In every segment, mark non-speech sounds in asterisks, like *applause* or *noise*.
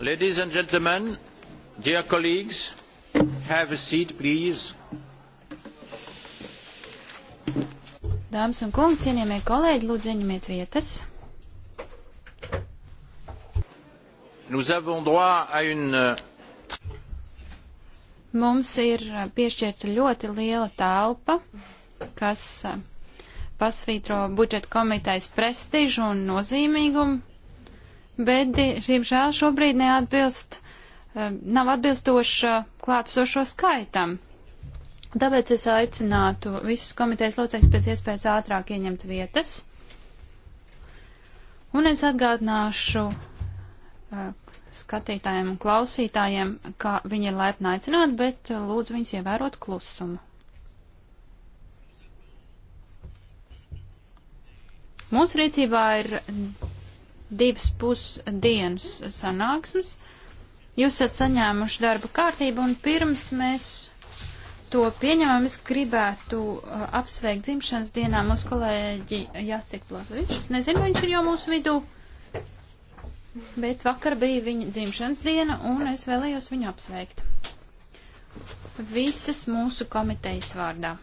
Ladies and gentlemen, dear colleagues, have a seat, please. Dāmas un kungi, cienījamie kolēģi, lūdzu, ieņemiet vietas. Nous avons droit à une euh, mums ir uh, piešķirta ļoti liela telpa, kas uh, pasvītro budžeta komitejas prestižu un nozīmīgumu bet, diemžēl, šobrīd neatbilst, eh, nav atbilstoša klātsošo skaitam. Tāpēc es aicinātu visus komitejas locekļus pēc iespējas ātrāk ieņemt vietas. Un es atgādināšu eh, skatītājiem un klausītājiem, ka viņi ir laipni aicināti, bet eh, lūdzu viņus ievērot klusumu. Mūsu rīcībā ir divas pusdienas sanāksmes. Jūs esat saņēmuši darba kārtību un pirms mēs to pieņemam, es gribētu uh, apsveikt dzimšanas dienā mūsu kolēģi Jācik Plotvičs. Es nezinu, vai viņš ir jau mūsu vidū, bet vakar bija viņa dzimšanas diena un es vēlējos viņu apsveikt. Visas mūsu komitejas vārdā.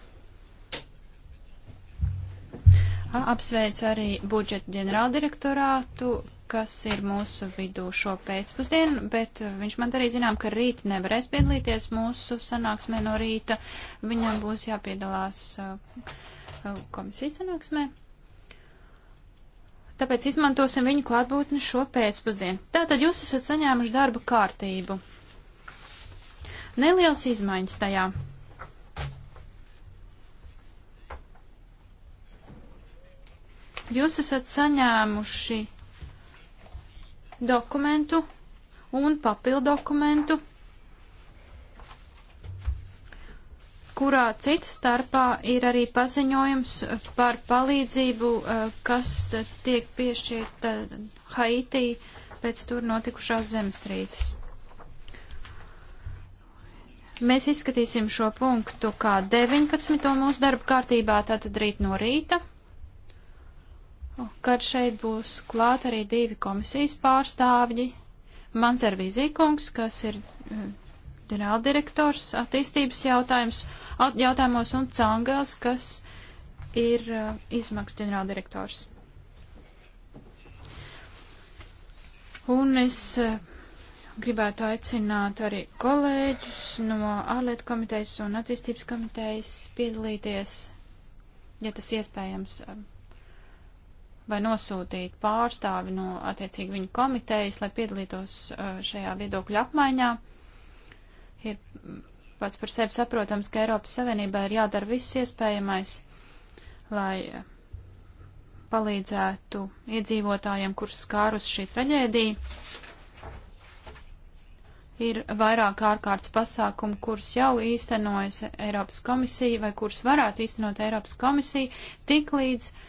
Apsveicu arī budžeta ģenerāldirektorātu, kas ir mūsu vidū šo pēcpusdienu, bet uh, viņš man arī zinām, ka rīt nevarēs piedalīties mūsu sanāksmē no rīta. Viņam būs jāpiedalās uh, uh, komisijas sanāksmē. Tāpēc izmantosim viņu klātbūtni šo pēcpusdienu. Tātad jūs esat saņēmuši darba kārtību. Nelielas izmaiņas tajā. Jūs esat saņēmuši dokumentu un papildu dokumentu, kurā cita starpā ir arī paziņojums par palīdzību, eh, kas tiek piešķirta Haitī pēc tur notikušās zemestrīces. Mēs izskatīsim šo punktu kā 19. mūsu darba kārtībā, tātad rīt no rīta. Nu, kad šeit būs klāt arī divi komisijas pārstāvji. Manzervīzīkungs, kas ir eh, ģenerāldirektors attīstības jautājums, jautājumos, un Cangels, kas ir eh, izmaksu ģenerāldirektors. Un es eh, gribētu aicināt arī kolēģus no ārlietu komitejas un attīstības komitejas piedalīties, ja tas iespējams, vai nosūtīt pārstāvi no attiecīgi viņu komitejas, lai piedalītos uh, šajā viedokļu apmaiņā. Ir pats par sevi saprotams, ka Eiropas Savienībā ir jādara viss iespējamais, lai palīdzētu iedzīvotājiem, kurus skārus šī traģēdija. Ir vairāk ārkārtas pasākumu, kurus jau īstenojas Eiropas komisija vai kurus varētu īstenot Eiropas komisija, tik līdz uh,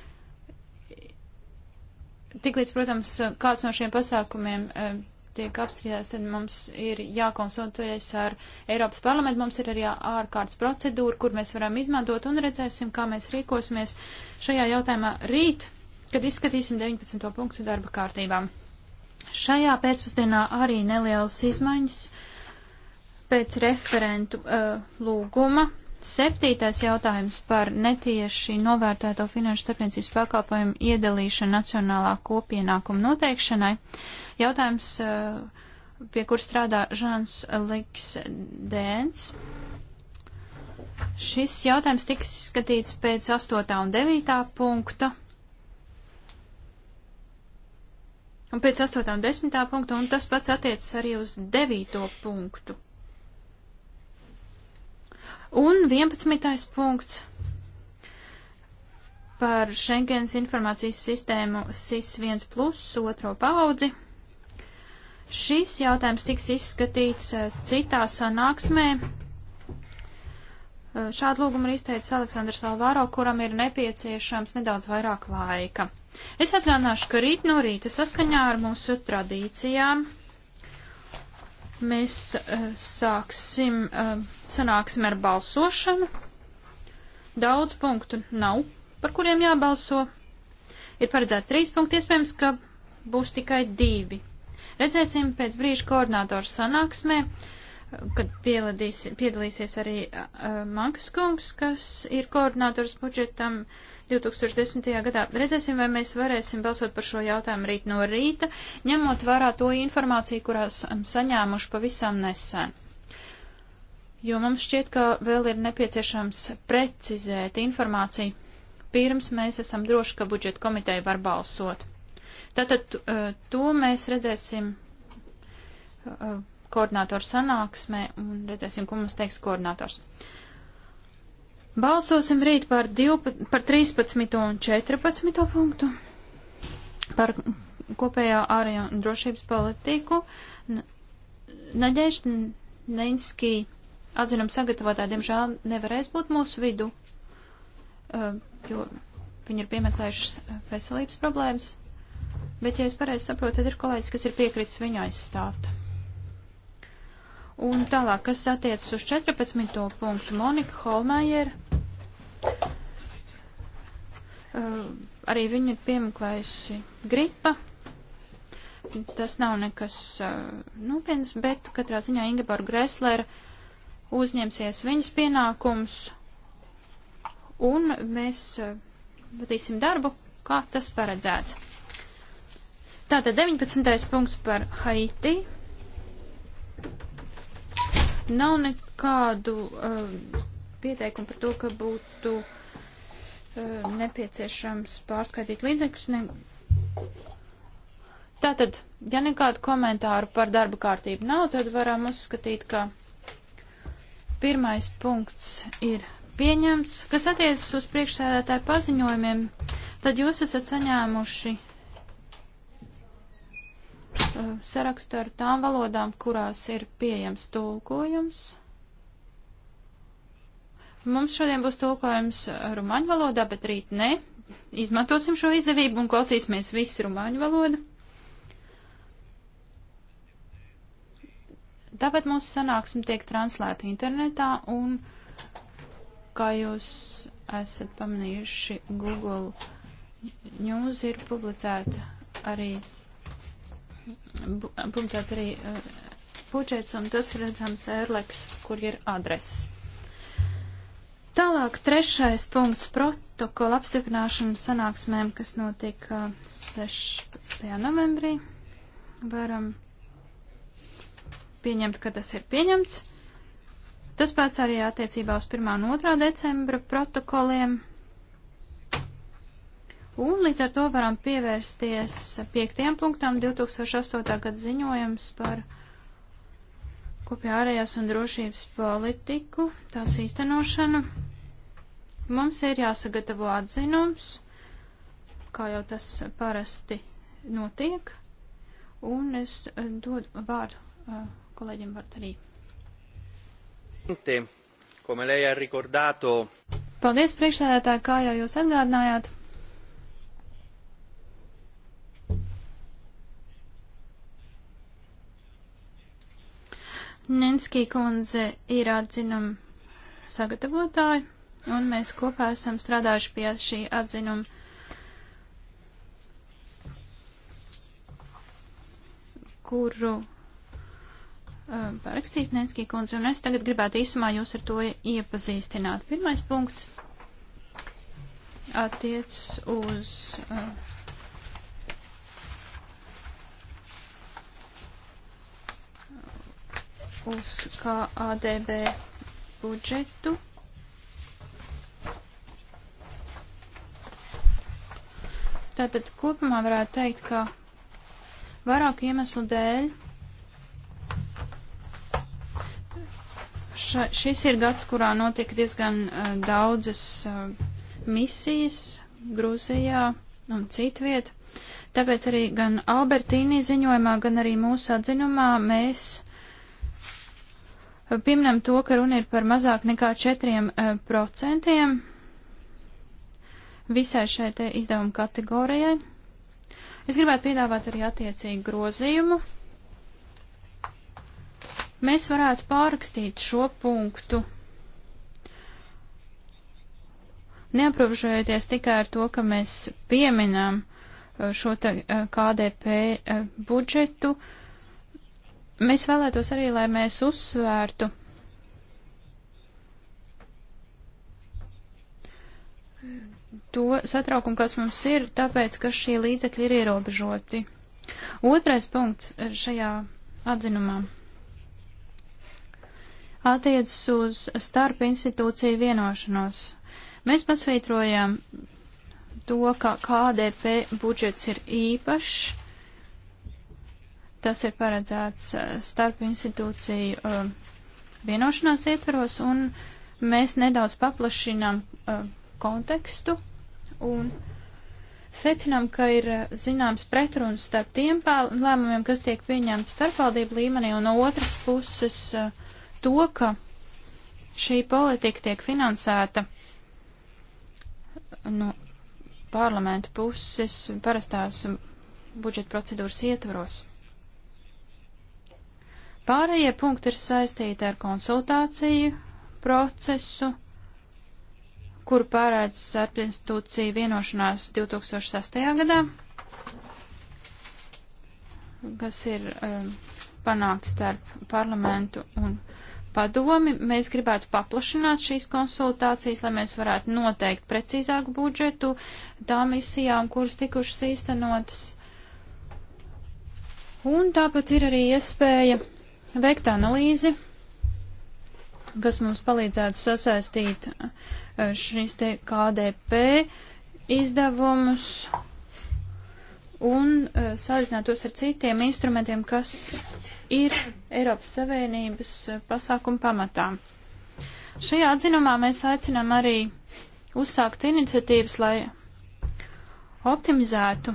tiklīdz, protams, kāds no šiem pasākumiem eh, tiek apstrīdēts, tad mums ir jākonsultējas ar Eiropas parlamentu, mums ir arī ārkārtas procedūra, kur mēs varam izmantot un redzēsim, kā mēs rīkosimies šajā jautājumā rīt, kad izskatīsim 19. punktu darba kārtībām. Šajā pēcpusdienā arī nelielas izmaiņas pēc referentu uh, lūguma Septītais jautājums par netieši novērtēto finanšu starpniecības pakalpojumu iedalīšanu nacionālā kopienākuma noteikšanai. Jautājums, eh, pie kur strādā Žāns Liks Dēns. Šis jautājums tiks skatīts pēc 8. un 9. punkta. Un pēc 8. un 10. punkta, un tas pats attiecas arī uz 9. punktu. Un 11. punkts par Schengens informācijas sistēmu SIS 1 plus otro paudzi. Šis jautājums tiks izskatīts eh, citā sanāksmē. Eh, šādu lūgumu ir izteicis Aleksandrs Alvaro, kuram ir nepieciešams nedaudz vairāk laika. Es atļaunašu, ka rīt no rīta saskaņā ar mūsu tradīcijām Mēs uh, sāksim uh, sanāksim ar balsošanu. Daudz punktu nav, par kuriem jābalso. Ir paredzēti trīs punkti, iespējams, ka būs tikai divi. Redzēsim pēc brīža koordinātoru sanāksmē, kad piedalīsies arī uh, Mankas kungs, kas ir koordinātors budžetam. Uh, 2010. gadā. Redzēsim, vai mēs varēsim balsot par šo jautājumu rīt no rīta, ņemot vērā to informāciju, kurās saņēmuši pavisam nesen. Jo mums šķiet, ka vēl ir nepieciešams precizēt informāciju, pirms mēs esam droši, ka budžeta komiteja var balsot. Tātad e, to mēs redzēsim e, e, koordinātoru sanāksmē un redzēsim, ko mums teiks koordinātors. Uh, Balsosim rīt par, 12, par 13. un 14. punktu par kopējā ārējā un drošības politiku. Naģēšana Neinski atzinam sagatavotāji, diemžēl nevarēs būt mūsu vidu, jo viņi ir piemeklējuši veselības problēmas. Bet, ja es pareizi saprotu, tad ir kolēģis, kas ir piekritis viņu aizstāt. Un tālāk, kas attiecas uz 14. punktu, Monika Holmējera Uh, arī viņi ir piemeklējusi gripa. Tas nav nekas uh, nopietnas, bet katrā ziņā Ingeborg Greslera uzņemsies viņas pienākums un mēs uh, vadīsim darbu, kā tas paredzēts. Tātad 19. punkts par Haiti. Nav nekādu uh, pieteikumu par to, ka būtu uh, nepieciešams pārskaitīt līdzekļus. Ne... Tātad, ja nekādu komentāru par darba kārtību nav, tad varam uzskatīt, ka pirmais punkts ir pieņemts. Kas attiecas uz priekšsēdētāju paziņojumiem, tad jūs esat saņēmuši e, sarakstu ar tām valodām, kurās ir pieejams tulkojums. Mums šodien būs tulkojums rumāņu valodā, bet rīt ne. Izmantosim šo izdevību un klausīsimies visu rumāņu valodu. Tāpēc mūsu sanāksme tiek translēta internetā un, kā jūs esat pamanījuši, Google News ir publicēta arī, publicēts arī uh, budžets un tas, redzams, Erleks, kur ir adreses. Tālāk trešais punkts protokola apstiprināšanu sanāksmēm, kas notika 16. novembrī. Varam pieņemt, ka tas ir pieņemts. Tas pats arī attiecībā uz 1. un 2. decembra protokoliem. Un līdz ar to varam pievērsties piektajam punktam 2008. gada ziņojums par kopējā ārējās un drošības politiku, tās īstenošanu. Mums ir jāsagatavo atzinums, kā jau tas parasti notiek, un es eh, dodu vārdu eh, kolēģiem Bartarī. Paldies, priekšsēdētāji, kā jau jūs atgādinājāt. Nenskī kundze ir atzinam sagatavotāju un mēs kopā esam strādājuši pie šī atzinuma. kuru uh, parakstīs Nenskī kundze, un es tagad gribētu īsumā jūs ar to iepazīstināt. Pirmais punkts attiec uz uh, uz KADB budžetu. Tātad kopumā varētu teikt, ka vairāku iemeslu dēļ ša, šis ir gads, kurā notika diezgan uh, daudzas uh, misijas Grūzijā un citviet. Tāpēc arī gan Albertīnī ziņojumā, gan arī mūsu atziņumā mēs eh, pieminam to, ka runa ir par mazāk nekā 4% visai šai te izdevuma kategorijai. Es gribētu piedāvāt arī attiecīgu grozījumu. Mēs varētu pārrakstīt šo punktu, neaprobežojoties tikai ar to, ka mēs pieminām uh, šo te uh, KDP uh, budžetu. Mēs vēlētos arī, lai mēs uzsvērtu to satraukumu, kas mums ir, tāpēc, ka šie līdzekļi ir ierobežoti. Otrais punkts šajā atzinumā attiecas uz starp institūciju vienošanos. Mēs pasvītrojām to, ka KDP budžets ir īpašs. Tas ir paredzēts eh, starp institūciju uh, vienošanās ietvaros, un mēs nedaudz paplašinām uh, kontekstu un secinām, ka ir eh, zināms pretruns starp tiem lēmumiem, kas tiek pieņemti starpvaldību līmenī, un no otras puses eh, to, ka šī politika tiek finansēta eh, no parlamenta puses parastās budžeta procedūras ietvaros. Pārējie punkti ir saistīti ar konsultāciju procesu kuru pārēdz starp institūciju vienošanās 2006. gadā, kas ir um, panākts starp parlamentu un padomi. Mēs gribētu paplašināt šīs konsultācijas, lai mēs varētu noteikt precīzāku budžetu tām misijām, kuras tikušas īstenotas. Un tāpat ir arī iespēja veikt analīzi, kas mums palīdzētu sasaistīt uh, šīs te KDP izdevumus un e, salīdzināt tos ar citiem instrumentiem, kas ir Eiropas Savienības e, pasākuma pamatā. Šajā atzinumā mēs aicinām arī uzsākt iniciatīvas, lai optimizētu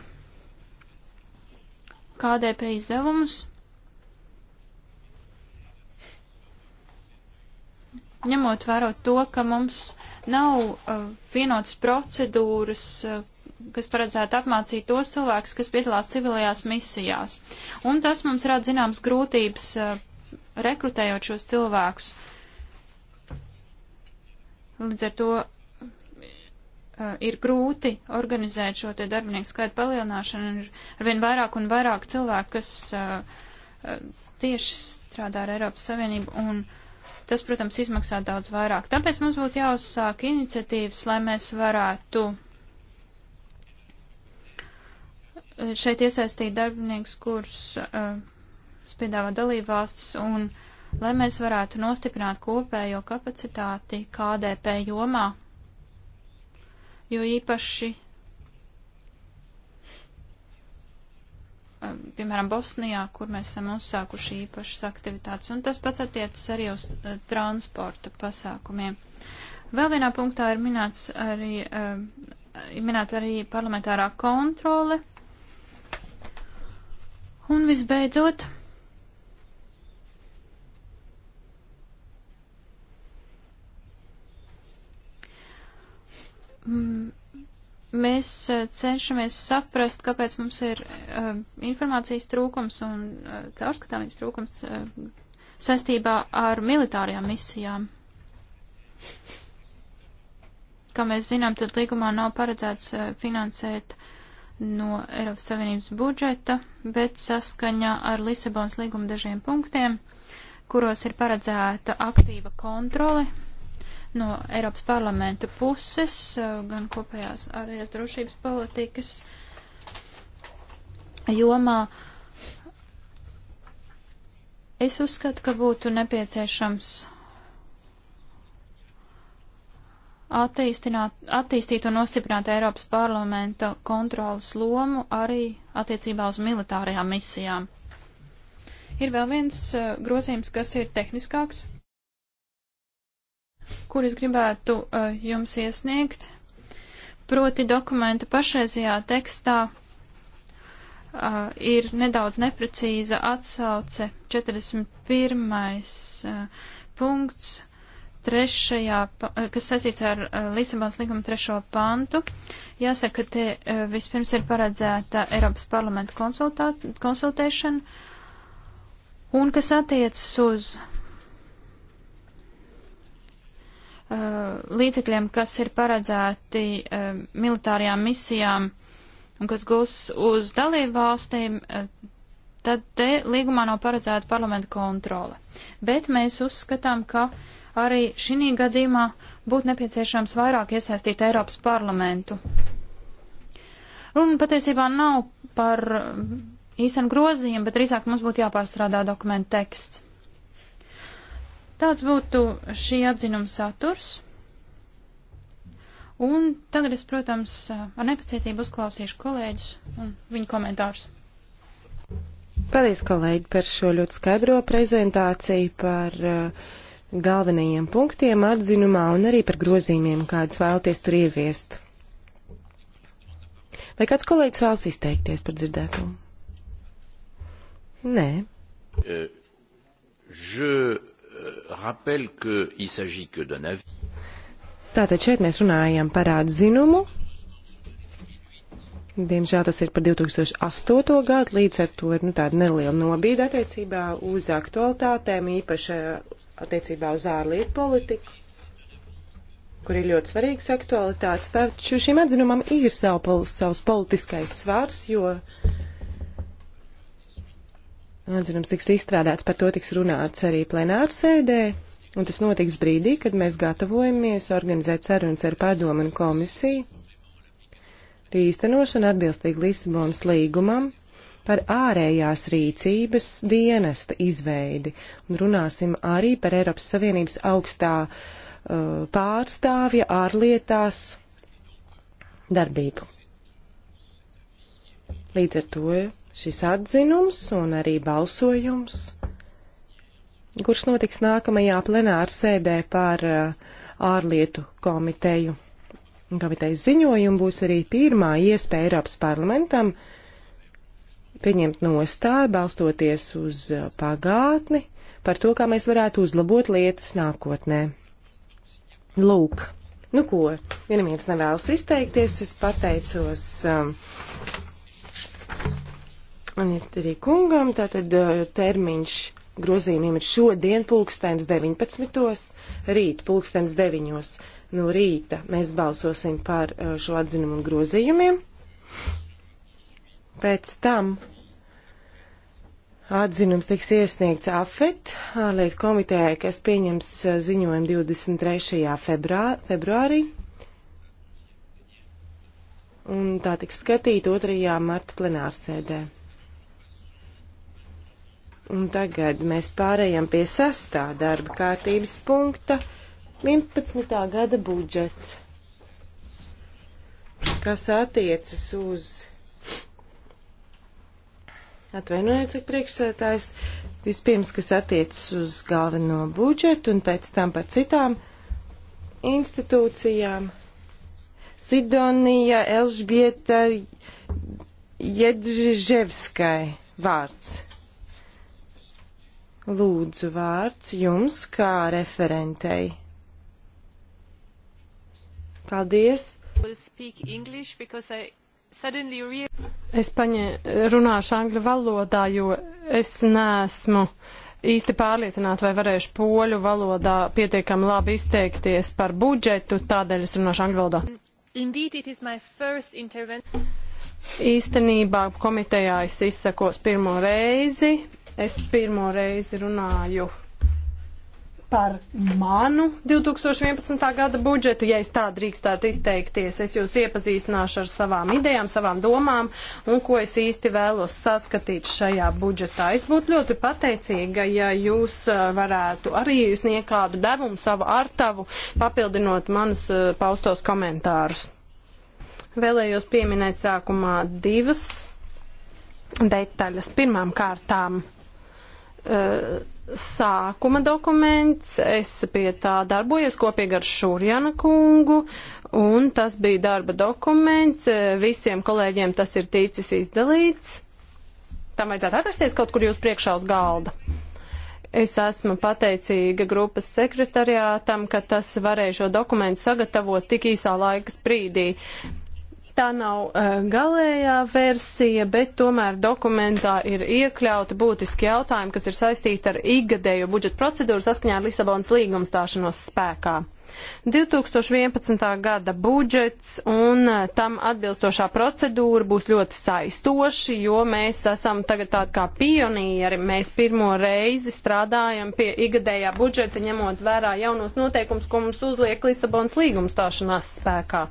KDP izdevumus, ņemot vērot to, ka mums Nav uh, vienotas procedūras, uh, kas paredzētu apmācīt tos cilvēkus, kas piedalās civilajās misijās. Un tas mums rada zināmas grūtības uh, rekrutējot šos cilvēkus. Līdz ar to uh, ir grūti organizēt šo te darbinieku skaitu palielināšanu. Ir arvien vairāk un vairāk cilvēku, kas uh, uh, tieši strādā ar Eiropas Savienību un uh, Tas, protams, izmaksā daudz vairāk. Tāpēc mums būtu jāuzsāk iniciatīvas, lai mēs varētu šeit iesaistīt darbiniekus, kurus uh, spiedāvā dalībvalstis, un lai mēs varētu nostiprināt kopējo kapacitāti KDP jomā, jo īpaši Um, piemēram, Bosnijā, kur mēs esam uzsākuši īpašas aktivitātes. Un tas pats attiecas arī uz uh, transporta pasākumiem. Vēl vienā punktā ir minēts arī, uh, minēta arī parlamentārā kontrole. Un visbeidzot. Mm mēs eh, cenšamies saprast, kāpēc mums ir uh, informācijas trūkums un uh, caurskatāmības trūkums uh, saistībā ar militārajām misijām. Kā mēs zinām, tad līgumā nav paredzēts uh, finansēt no Eiropas Savienības budžeta, bet saskaņā ar Lisabonas līguma dažiem punktiem, kuros ir paredzēta aktīva kontrole no Eiropas parlamenta puses, eh, gan kopējās ārējās drošības politikas jomā. Es uzskatu, ka būtu nepieciešams attīstīt un nostiprināt Eiropas parlamenta kontrolas lomu arī attiecībā uz militārajām misijām. Ir vēl viens eh, grozījums, kas ir tehniskāks kur es gribētu uh, jums iesniegt. Proti dokumenta pašreizajā tekstā uh, ir nedaudz neprecīza atsauce 41. Uh, eh, punkts, trešajā, uh, kas saistīts ar uh, Lisabons līguma trešo pantu. Jāsaka, ka te uh, vispirms ir paredzēta Eiropas parlamenta konsultēšana. Un kas attiecas uz Eh, līdzekļiem, kas ir paredzēti eh, militārajām misijām un kas gūs uz dalību valstīm, eh, tad te līgumā nav paredzēta parlamenta kontrole. Bet mēs uzskatām, ka arī šī gadījumā būtu nepieciešams vairāk iesaistīt Eiropas parlamentu. Runa patiesībā nav par īstenu grozījumu, bet drīzāk mums būtu jāpārstrādā dokumentu teksts. Tāds būtu šī atzinuma saturs. Un tagad es, protams, ar nepacietību uzklausīšu kolēģus un viņu komentārus. Paldies, kolēģi, par šo ļoti skaidro prezentāciju, par uh, galvenajiem punktiem atzinumā un arī par grozījumiem, kādus vēlties tur ieviest. Vai kāds kolēģis vēlas izteikties par dzirdētumu? Nē. Uh, je Euh, rappelle qu'il s'agit que d'un avis. Tātad šeit mēs runājam par atzinumu. Diemžēl tas ir par 2008. gadu, līdz ar to ir nu, tāda neliela nobīda attiecībā uz aktualitātēm, īpaši uh, attiecībā uz ārlietu politiku, kur ir ļoti svarīgas aktualitātes. Taču šim atzinumam ir savu, savs politiskais svars, jo uh, atzinums tiks izstrādāts, par to tiks runāts arī plenārsēdē, un tas notiks brīdī, kad mēs gatavojamies organizēt sarunas ar padomu un komisiju. Arī īstenošana atbilstīgi Lisabonas līgumam par ārējās rīcības dienesta izveidi, un runāsim arī par Eiropas Savienības augstā uh, pārstāvja ārlietās darbību. Līdz ar to šis atzinums un arī balsojums, kurš notiks nākamajā plenāra sēdē par uh, ārlietu komiteju. Komitejas ziņojumu būs arī pirmā iespēja Eiropas parlamentam pieņemt nostāju, balstoties uz uh, pagātni, par to, kā mēs varētu uzlabot lietas nākotnē. Lūk, nu ko, ja neviens nevēlas izteikties, es pateicos um, Man ir arī kungam, tātad uh, termiņš grozījumiem ir šodien pulkstens 19. rīt pulkstens 9. no rīta mēs balsosim par uh, šo atzinumu un grozījumiem. Pēc tam atzinums tiks iesniegts AFET, ārlietu komitējai, kas pieņems uh, ziņojumu 23. Februā, februārī. Un tā tiks skatīta 2. marta plenārsēdē. Un tagad mēs pārējām pie sastā darba kārtības punkta 11. gada budžets, kas attiecas uz. Atvainojiet, cik priekšsētājs vispirms, kas attiecas uz galveno budžetu un pēc tam par citām institūcijām. Sidonija Elžbieta Jedžiževskai vārds. Lūdzu, vārds jums kā referentei. Paldies! Es paņē, runāšu angļu valodā, jo es nesmu īsti pārliecināts, vai varēšu poļu valodā pietiekami labi izteikties par budžetu, tādēļ es runāšu angļu valodā. Indeed, Īstenībā komitejā es izsakos pirmo reizi, Es pirmo reizi runāju par manu 2011. gada budžetu, ja es tā drīkstētu izteikties. Es jūs iepazīstināšu ar savām idejām, savām domām un ko es īsti vēlos saskatīt šajā budžetā. Es būtu ļoti pateicīga, ja jūs uh, varētu arī sniegt kādu devumu, savu artavu, papildinot manus uh, paustos komentārus. Vēlējos pieminēt sākumā divas detaļas. Pirmām kārtām Eh, sākuma dokuments. Es pie tā darbojos kopīgi ar Šurjana kungu, un tas bija darba dokuments. Eh, visiem kolēģiem tas ir ticis izdalīts. Tam vajadzētu atrasties kaut kur jūs priekšā uz galda. Es esmu pateicīga grupas sekretariātam, ka tas varēja šo dokumentu sagatavot tik īsā laika sprīdī tā nav uh, galējā versija, bet tomēr dokumentā ir iekļauti būtiski jautājumi, kas ir saistīti ar ikgadējo budžeta procedūru saskaņā ar Lisabonas līgumu stāšanos spēkā. 2011. gada budžets un eh, tam atbilstošā procedūra būs ļoti saistoši, jo mēs esam tagad tādi kā pionieri. Mēs pirmo reizi strādājam pie igadējā budžeta, ņemot vērā jaunos noteikums, ko mums uzliek Lisabonas līgums stāšanās spēkā.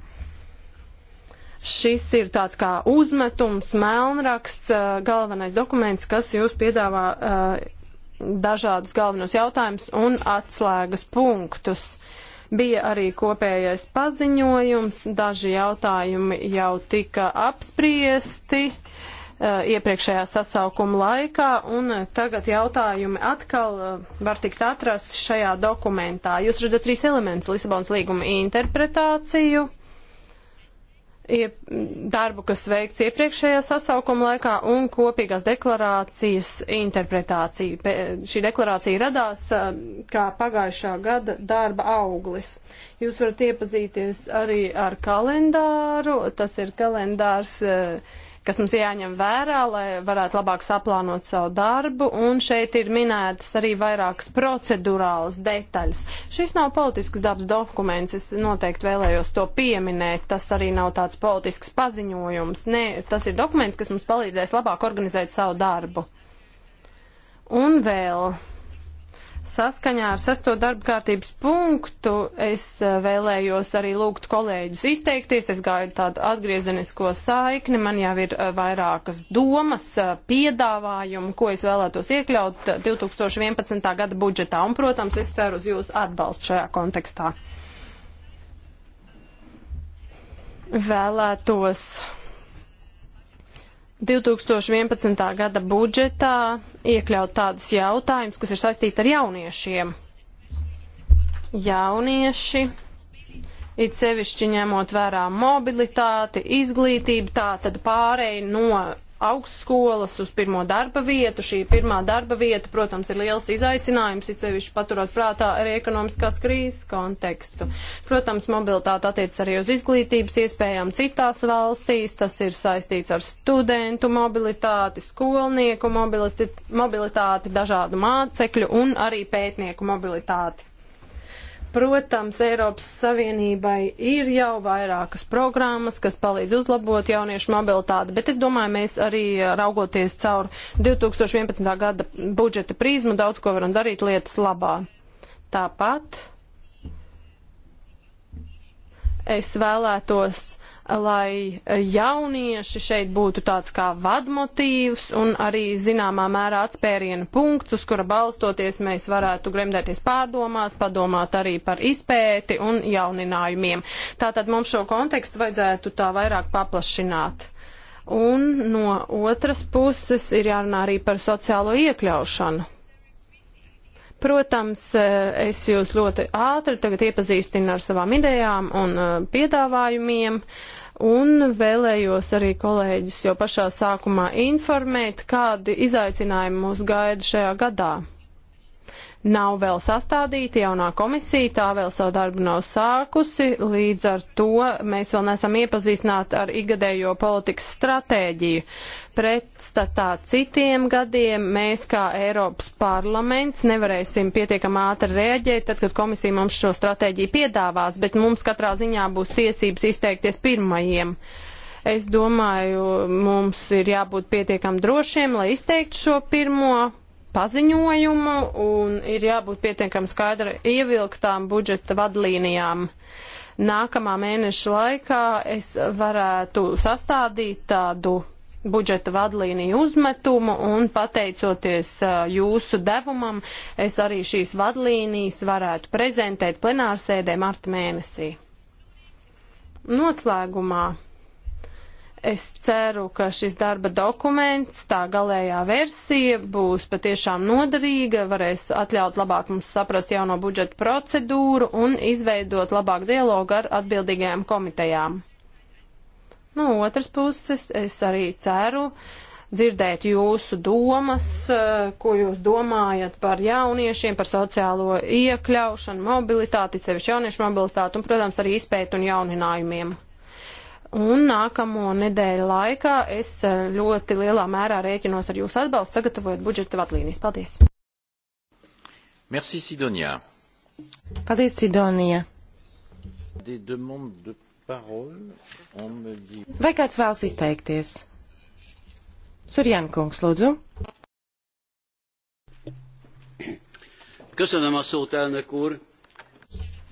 Šis ir tāds kā uzmetums, melnraksts, galvenais dokuments, kas jūs piedāvā dažādus galvenos jautājumus un atslēgas punktus. Bija arī kopējais paziņojums, daži jautājumi jau tika apspriesti iepriekšējā sasaukuma laikā, un tagad jautājumi atkal var tikt atrast šajā dokumentā. Jūs redzat trīs elementus - Lisabonas līguma interpretāciju, darbu, kas veikts iepriekšējā sasaukuma laikā un kopīgās deklarācijas interpretāciju. Pe, šī deklarācija radās kā pagājušā gada darba auglis. Jūs varat iepazīties arī ar kalendāru. Tas ir kalendārs. Uh, kas mums jāņem vērā, lai varētu labāk saplānot savu darbu, un šeit ir minētas arī vairākas procedurālas detaļas. Šis nav politisks dabas dokuments, es noteikti vēlējos to pieminēt, tas arī nav tāds politisks paziņojums. Nē, tas ir dokuments, kas mums palīdzēs labāk organizēt savu darbu. Un vēl Saskaņā ar sesto darba kārtības punktu es eh, vēlējos arī lūgt kolēģus izteikties. Es gāju tādu atgriezenisko saikni, man jau ir eh, vairākas domas, eh, piedāvājumu, ko es vēlētos iekļaut 2011. gada budžetā. Un, protams, es ceru uz jūsu atbalstu šajā kontekstā. Vēlētos 2011. gada budžetā iekļaut tādus jautājumus, kas ir saistīti ar jauniešiem. Jaunieši, it sevišķi ņemot vērā mobilitāti, izglītību, tā tad pārēj no augstskolas uz pirmo darba vietu. Šī pirmā darba vieta, protams, ir liels izaicinājums, it sevišķi paturot prātā arī ekonomiskās krīzes kontekstu. Protams, mobilitāte attiec arī uz izglītības iespējām citās valstīs. Tas ir saistīts ar studentu mobilitāti, skolnieku mobilitāti, mobilitāti dažādu mācekļu un arī pētnieku mobilitāti. Protams, Eiropas Savienībai ir jau vairākas programmas, kas palīdz uzlabot jauniešu mobilitāti, bet es domāju, mēs arī eh, raugoties caur 2011. gada budžeta prizmu daudz ko varam darīt lietas labā. Tāpat es vēlētos lai jaunieši šeit būtu tāds kā vadmotīvs un arī zināmā mērā atspēriena punkts, uz kura balstoties mēs varētu gremdēties pārdomās, padomāt arī par izpēti un jauninājumiem. Tātad mums šo kontekstu vajadzētu tā vairāk paplašināt. Un no otras puses ir jārunā arī par sociālo iekļaušanu. Protams, es jūs ļoti ātri tagad iepazīstinu ar savām idejām un eh, piedāvājumiem. Uh, un vēlējos arī kolēģus jau pašā sākumā informēt, kādi izaicinājumi mūs gaida šajā gadā nav vēl sastādīta, jaunā komisija tā vēl savu darbu nav sākusi, līdz ar to mēs vēl neesam iepazīstināti ar igadējo politikas stratēģiju. Pretstatā citiem gadiem mēs kā Eiropas parlaments nevarēsim pietiekam ātri rēģēt, tad, kad komisija mums šo stratēģiju piedāvās, bet mums katrā ziņā būs tiesības izteikties pirmajiem. Es domāju, mums ir jābūt pietiekam drošiem, lai izteiktu šo pirmo paziņojumu un ir jābūt pietiekami skaidri ievilktām budžeta vadlīnijām. Nākamā mēneša laikā es varētu sastādīt tādu budžeta vadlīniju uzmetumu un pateicoties jūsu devumam, es arī šīs vadlīnijas varētu prezentēt plenārsēdē marta mēnesī. Noslēgumā Es ceru, ka šis darba dokuments, tā galējā versija, būs patiešām noderīga, varēs atļaut labāk mums saprast jauno budžeta procedūru un izveidot labāk dialogu ar atbildīgajām komitejām. No nu, otras puses, es arī ceru dzirdēt jūsu domas, eh, ko jūs domājat par jauniešiem, par sociālo iekļaušanu, mobilitāti, sevišķi jauniešu mobilitāti un, protams, arī izpētu un jauninājumiem. Un nākamo nedēļu laikā es eh, ļoti lielā mērā rēķinos ar jūsu atbalstu, sagatavojot budžeta vadlīnijas. Paldies! Merci, Sidonija. Paldies, Sidonija. Vai kāds vēlas izteikties? Surjana kungs, lūdzu. Köszönöm a szót, elnök úr!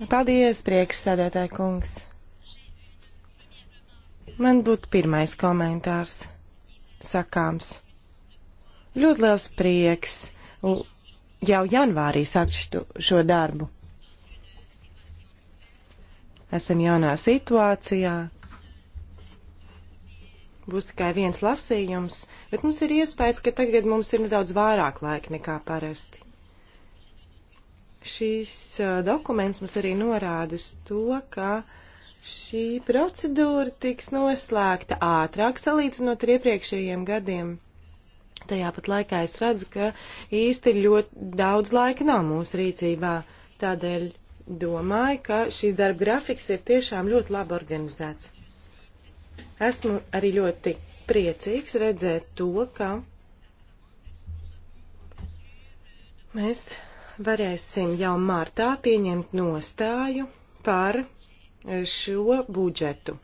Paldies, priekšsēdētāji kungs! Man būtu pirmais komentārs sakāms. Ļoti liels prieks jau janvārī sākt šo, šo darbu. Esam jaunā situācijā. Būs tikai viens lasījums, bet mums ir iespējas, ka tagad mums ir nedaudz vairāk laika nekā parasti. Šīs uh, dokuments mums arī norāda uz to, ka uh, Šī procedūra tiks noslēgta ātrāk salīdzinot ar iepriekšējiem gadiem. Tajā pat laikā es redzu, ka īsti ļoti daudz laika nav mūsu rīcībā. Tādēļ domāju, ka šīs darba grafiks ir tiešām ļoti labi organizēts. Esmu arī ļoti priecīgs redzēt to, ka mēs varēsim jau martā pieņemt nostāju par šo budžetu.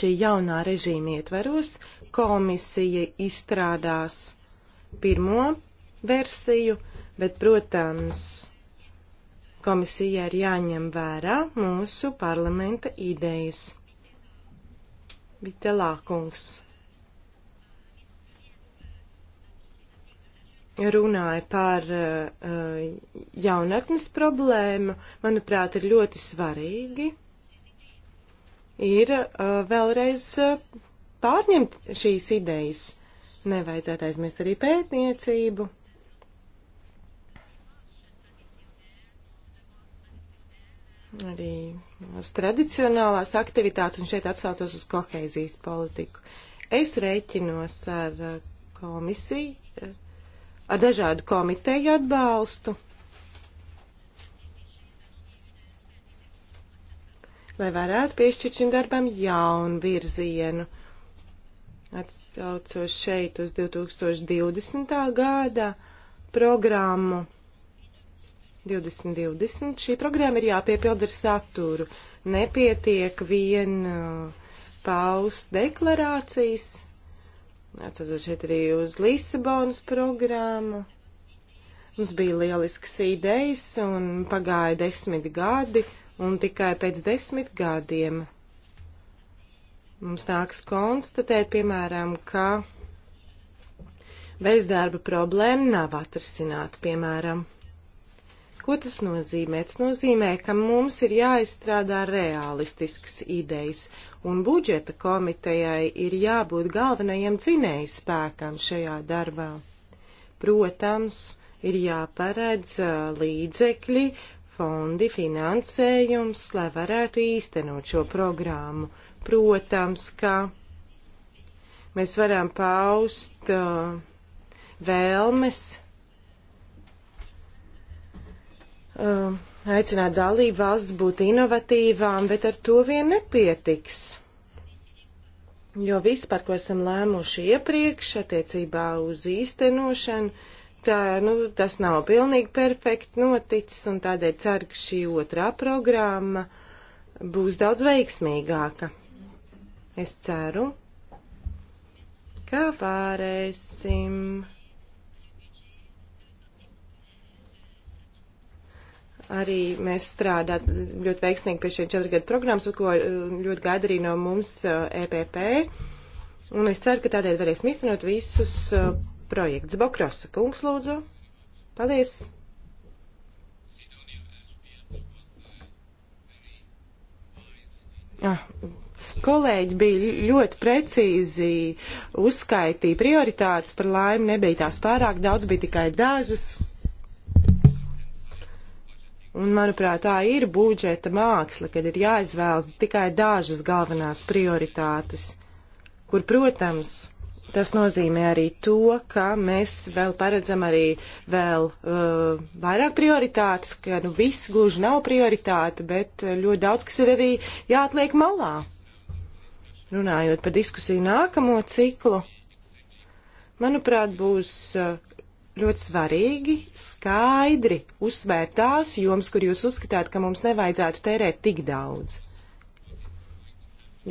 Šī jaunā režīma ietveros komisija izstrādās pirmo versiju, bet, protams, komisija ir jāņem vērā mūsu parlamenta idejas. Vitelākungs. runāja par uh, jaunatnes problēmu, manuprāt, ir ļoti svarīgi, ir uh, vēlreiz uh, pārņemt šīs idejas. Nevajadzētu aizmirst arī pētniecību. Arī uz tradicionālās aktivitātes, un šeit atsaucos uz koheizijas politiku. Es rēķinos ar komisiju ar dažādu komiteju atbalstu, lai varētu piešķirt šim darbam jaunu virzienu. Atsaucos šeit uz 2020. gada programmu 2020. Šī programma ir jāpiepilda ar saturu. Nepietiek vien uh, paust deklarācijas Atceros šeit arī uz Lisabonas programmu. Mums bija lielisks idejas un pagāja desmit gadi, un tikai pēc desmit gadiem mums nāks konstatēt, piemēram, ka bezdarba problēma nav atrisināta, piemēram. Ko tas nozīmē? Tas nozīmē, ka mums ir jāizstrādā realistisks idejas, un budžeta komitejai ir jābūt galvenajam dzinēju spēkam šajā darbā. Protams, ir jāparedz līdzekļi, fondi, finansējums, lai varētu īstenot šo programmu. Protams, ka mēs varam paust uh, vēlmes Um, aicināt dalību valsts būt inovatīvām, bet ar to vien nepietiks. Jo viss, par ko esam lēmuši iepriekš attiecībā uz īstenošanu, tā, nu, tas nav pilnīgi perfekti noticis, un tādēļ ceru, ka šī otrā programma būs daudz veiksmīgāka. Es ceru, ka varēsim Arī mēs strādājam ļoti veiksmīgi pie šiem četru gadu programmas, ko eh, ļoti gaida arī no mums EPP. Eh, e Un es ceru, ka tādēļ varēsim iztenot visus eh, projekts. Bokrosa kungs, lūdzu. Paldies! Ah, kolēģi bija ļoti precīzi uzskaitīja prioritātes, par laimi nebija tās pārāk daudz, bija tikai dažas. Un, manuprāt, tā ir budžeta māksla, kad ir jāizvēlas tikai dažas galvenās prioritātes, kur, protams, tas nozīmē arī to, ka mēs vēl paredzam arī vēl uh, vairāk prioritātes, ka nu, viss gluži nav prioritāte, bet uh, ļoti daudz, kas ir arī jāatliek malā. Runājot par diskusiju nākamo ciklu, manuprāt, būs uh, ļoti svarīgi skaidri uzsvērt tās jomas, kur jūs uzskatāt, ka mums nevajadzētu tērēt tik daudz.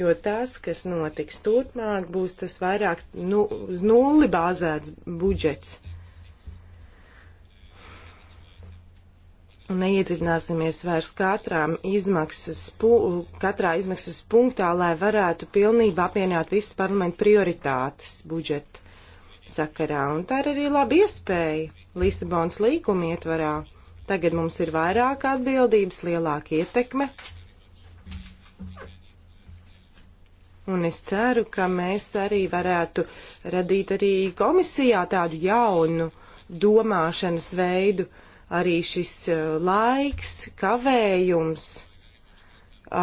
Jo tas, kas notiks turpmāk, būs tas vairāk nu, uz nulli bāzēts budžets. Un neiedziļināsimies vairs katrām izmaksas, pu, katrā izmaksas punktā, lai varētu pilnībā apvienot visas parlamenta prioritātes budžeta sakarā, un tā ir arī laba iespēja Lisabonas līkuma ietvarā. Tagad mums ir vairāk atbildības, lielāka ietekme. Un es ceru, ka mēs arī varētu radīt arī komisijā tādu jaunu domāšanas veidu, arī šis uh, laiks, kavējums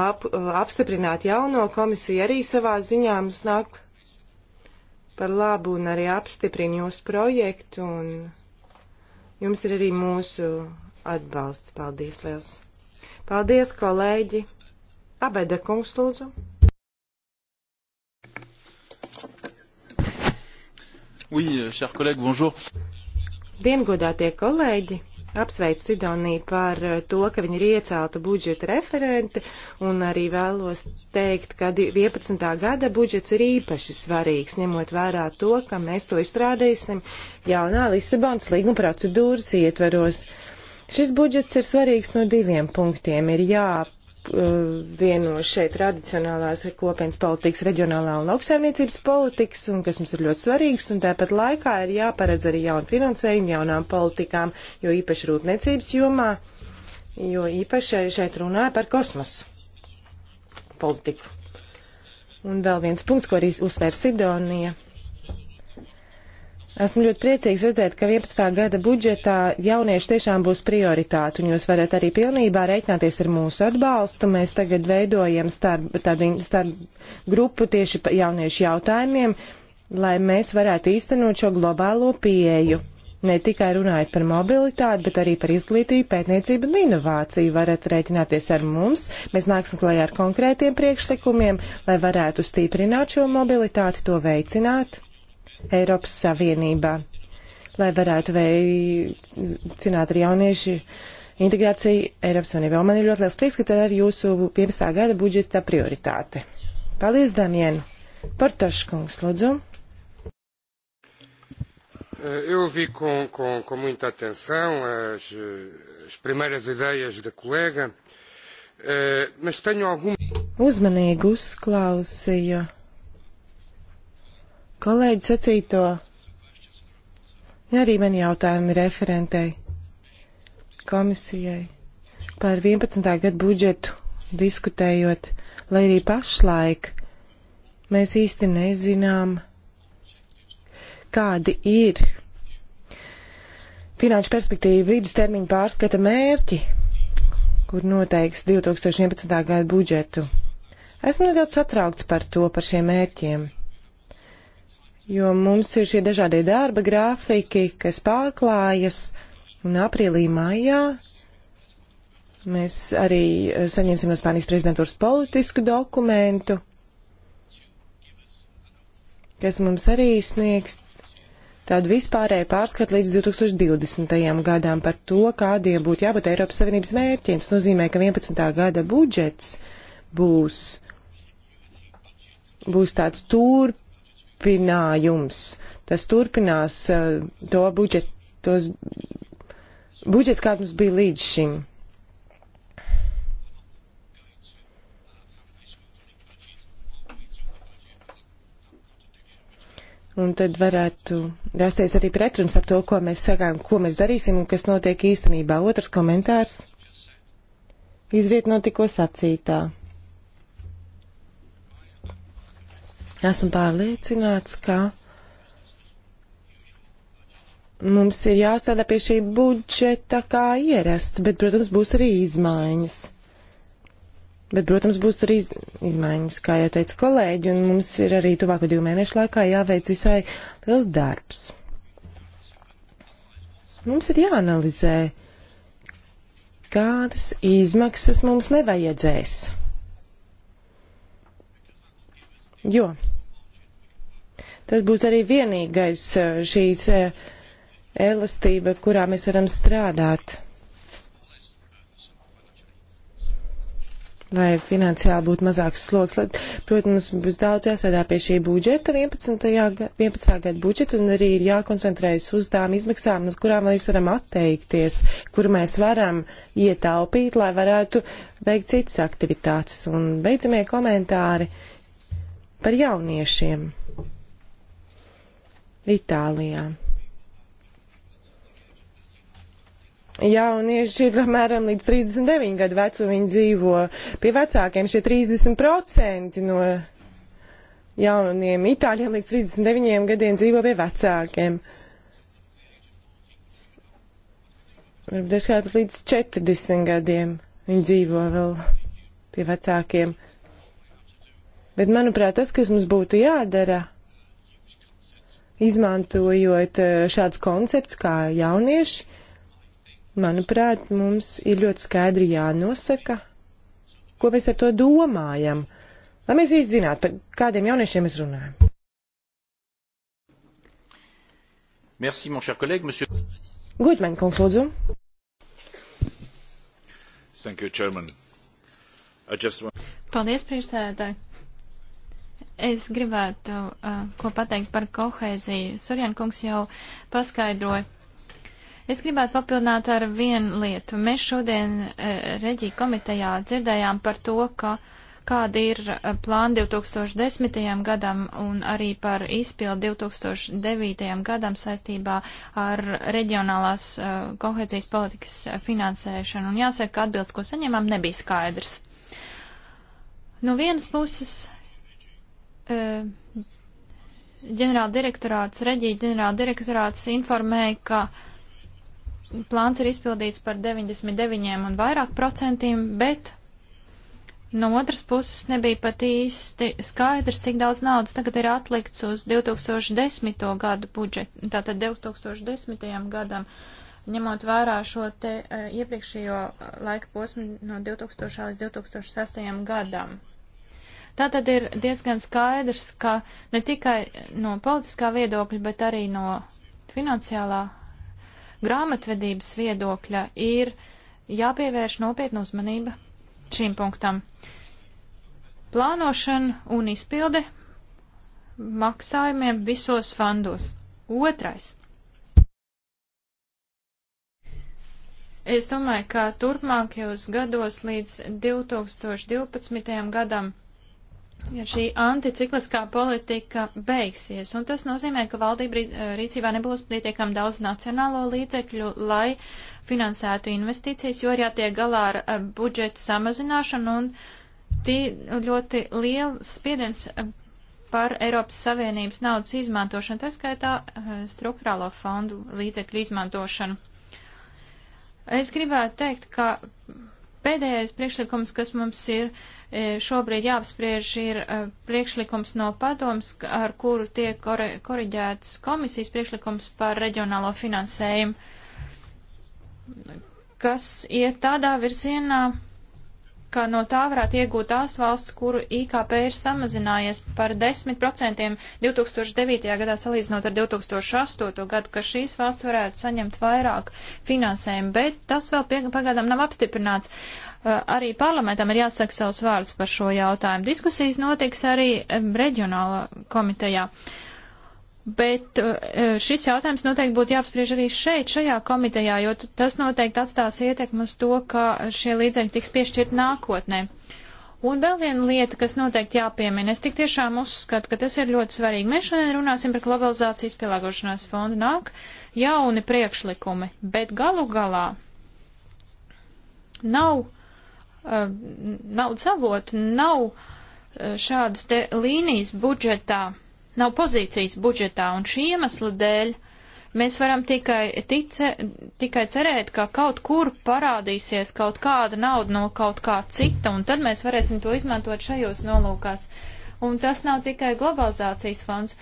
ap, uh, apstiprināt jauno komisiju arī savā ziņā mums nāk par labu un arī apstiprina jūsu projektu. Un jums ir arī mūsu atbalsts. Paldies, Liels! Paldies, kolēģi! Abeda kungs, lūdzu! Oui, euh, chers collègues, bonjour. Diengodātie kolēģi, apsveicu Sidoniju par eh, to, ka viņa ir iecelta budžeta referente, un arī vēlos teikt, ka 11. gada budžets ir īpaši svarīgs, ņemot vērā to, ka mēs to izstrādēsim jaunā Lisabonas līguma procedūras ietveros. Šis budžets ir svarīgs no diviem punktiem. Ir jā, apvieno šeit tradicionālās kopienas politikas, reģionālā un lauksaimniecības politikas, un kas mums ir ļoti svarīgs, un tāpat laikā ir jāparedz arī jaunu finansējumu jaunām politikām, jo īpaši rūpniecības jomā, jo īpaši šeit runāja par kosmosu politiku. Un vēl viens punkts, ko arī uzsvērs Sidonija Esmu ļoti priecīgs redzēt, ka 11. gada budžetā jaunieši tiešām būs prioritāte, un jūs varat arī pilnībā reiķināties ar mūsu atbalstu. Mēs tagad veidojam starp, tādu starp grupu tieši jauniešu jautājumiem, lai mēs varētu īstenot šo globālo pieeju. Ne tikai runājot par mobilitāti, bet arī par izglītību, pētniecību un inovāciju varat rēķināties ar mums. Mēs nāksim klajā ar konkrētiem priekšlikumiem, lai varētu stiprināt šo mobilitāti, to veicināt Eiropas Savienībā, lai varētu veicināt arī jauniešu integrāciju Eiropas Savienībā. Un man ir ļoti liels prieks, ka tā ir jūsu 15. gada budžeta prioritāte. Paldies, Damien! Portaškungs, lūdzu! Eh, eu ouvi com, com, com muita atenção as, as primeiras ideias da colega, eh, mas tenho algum. Uzmanīgi uzklausīju kolēģi sacīto. Ja arī man jautājumi referentei komisijai par 11. gadu budžetu diskutējot, lai arī pašlaik mēs īsti nezinām, kādi ir finanšu perspektīva vidustermiņa pārskata mērķi, kur noteiks 2011. gada budžetu. Esmu nedaudz satraukts par to, par šiem mērķiem jo mums ir šie dažādie darba grafiki, kas pārklājas, un aprīlī maijā mēs arī saņemsim no Spānijas prezidentūras politisku dokumentu, kas mums arī sniegs tādu vispārēju pārskatu līdz 2020. gadām par to, kādiem būtu jābūt Eiropas Savienības mērķiem. Tas nozīmē, ka 11. gada budžets būs, būs tāds tur, turpinājums. Tas turpinās uh, to budžetu, tos budžets, kāds mums bija līdz šim. Un tad varētu rasties arī pretruns ap to, ko mēs sakām, ko mēs darīsim un kas notiek īstenībā. Otrs komentārs izriet no tikko sacītā. Esmu pārliecināts, ka mums ir jāstrādā pie šī budžeta kā ierasts, bet, protams, būs arī izmaiņas. Bet, protams, būs arī iz... izmaiņas, kā jau teica kolēģi, un mums ir arī tuvāko divu mēnešu laikā jāveic visai liels darbs. Mums ir jāanalizē, kādas izmaksas mums nevajadzēs. Jo Tas būs arī vienīgais eh, šīs eh, elastība, kurā mēs varam strādāt. Lai finansiāli būtu mazāks sloks, lai, protams, būs daudz jāsēdā pie šī budžeta, 11. Gada, 11. gada budžeta, un arī ir jākoncentrējas uz tām izmaksām, no kurām mēs varam atteikties, kur mēs varam ietaupīt, lai varētu veikt citas aktivitātes. Un beidzamie komentāri par jauniešiem. Itālijā. Jaunieši ir apmēram līdz 39 gadu vecu, viņi dzīvo pie vecākiem. Šie 30% no jauniem itāļiem līdz 39 gadiem dzīvo pie vecākiem. Varbūt dažkārt līdz 40 gadiem viņi dzīvo vēl pie vecākiem. Bet, manuprāt, tas, kas mums būtu jādara, ir izmantojot eh, šādus koncepts kā jaunieši, manuprāt, mums ir ļoti skaidri jānosaka, ko mēs ar to domājam, lai mēs īsti zinātu, par kādiem jauniešiem mēs runājam. Merci, mon cher collègue, monsieur. Goodman, kungs, lūdzu. Thank you, chairman. I just want... Paldies, priekšsēdētāji. Es gribētu uh, ko pateikt par kohēziju. Surjan kungs jau paskaidroja. Es gribētu papildināt ar vienu lietu. Mēs šodien uh, reģiju komitejā dzirdējām par to, ka kāda ir uh, plāna 2010. gadam un arī par izpildu 2009. gadam saistībā ar reģionālās uh, kohēzijas politikas finansēšanu. Un jāsaka, ka atbildes, ko saņemam, nebija skaidrs. No vienas puses Eh, ģenerāla direktorāts, reģija ģenerāla direktorāts informēja, ka plāns ir izpildīts par 99 un vairāk procentiem, bet no otras puses nebija pat īsti skaidrs, cik daudz naudas tagad ir atlikts uz 2010. gadu budžetu, tātad 2010. gadam, ņemot vērā šo te eh, iepriekšējo laika posmu no 2000 līdz 2006. gadam. Tā tad ir diezgan skaidrs, ka ne tikai no politiskā viedokļa, bet arī no finansiālā grāmatvedības viedokļa ir jāpievērš nopietna uzmanība šim punktam. Plānošana un izpilde maksājumiem visos fondos. Otrais. Es domāju, ka turpmākajos gados līdz 2012. gadam ja šī anticikliskā politika beigsies, un tas nozīmē, ka valdība eh, rīcībā nebūs pietiekam daudz nacionālo līdzekļu, lai finansētu investīcijas, jo ir jātiek galā ar eh, budžeta samazināšanu un tie ļoti liels spiediens eh, par Eiropas Savienības naudas izmantošanu, tā skaitā struktūrālo fondu līdzekļu izmantošanu. Es gribētu teikt, ka Pēdējais priekšlikums, kas mums ir e, šobrīd jāapspriež, ir e, priekšlikums no padoms, ar kuru tiek koriģēts komisijas priekšlikums par reģionālo finansējumu, kas iet tādā virzienā, ka no tā varētu iegūt tās valsts, kuru IKP ir samazinājies par 10% 2009. gadā salīdzinot ar 2008. gadu, ka šīs valsts varētu saņemt vairāk finansējumu, bet tas vēl pagaidām nav apstiprināts. Uh, arī parlamentam ir jāsaka savs vārds par šo jautājumu. Diskusijas notiks arī um, reģionāla komitejā. Uh, Bet uh, eh, šis jautājums noteikti būtu jāapspriež arī šeit, šajā komitejā, jo tas noteikti atstās ietekmi uz to, ka šie līdzekļi tiks piešķirt nākotnē. Un vēl viena lieta, kas noteikti jāpiemina, es tik tiešām uzskatu, ka tas ir ļoti svarīgi. Mēs šodien runāsim par globalizācijas pielāgošanās fondu, nāk jauni priekšlikumi, bet galu galā nav uh, eh, naudas avotu, nav uh, šādas te līnijas budžetā. Uh, nav pozīcijas budžetā, un šī iemesla dēļ mēs varam tikai, tice, tikai cerēt, ka kaut kur parādīsies kaut kāda nauda no kaut kā cita, un tad mēs varēsim to izmantot šajos nolūkās. Un tas nav tikai globalizācijas fonds.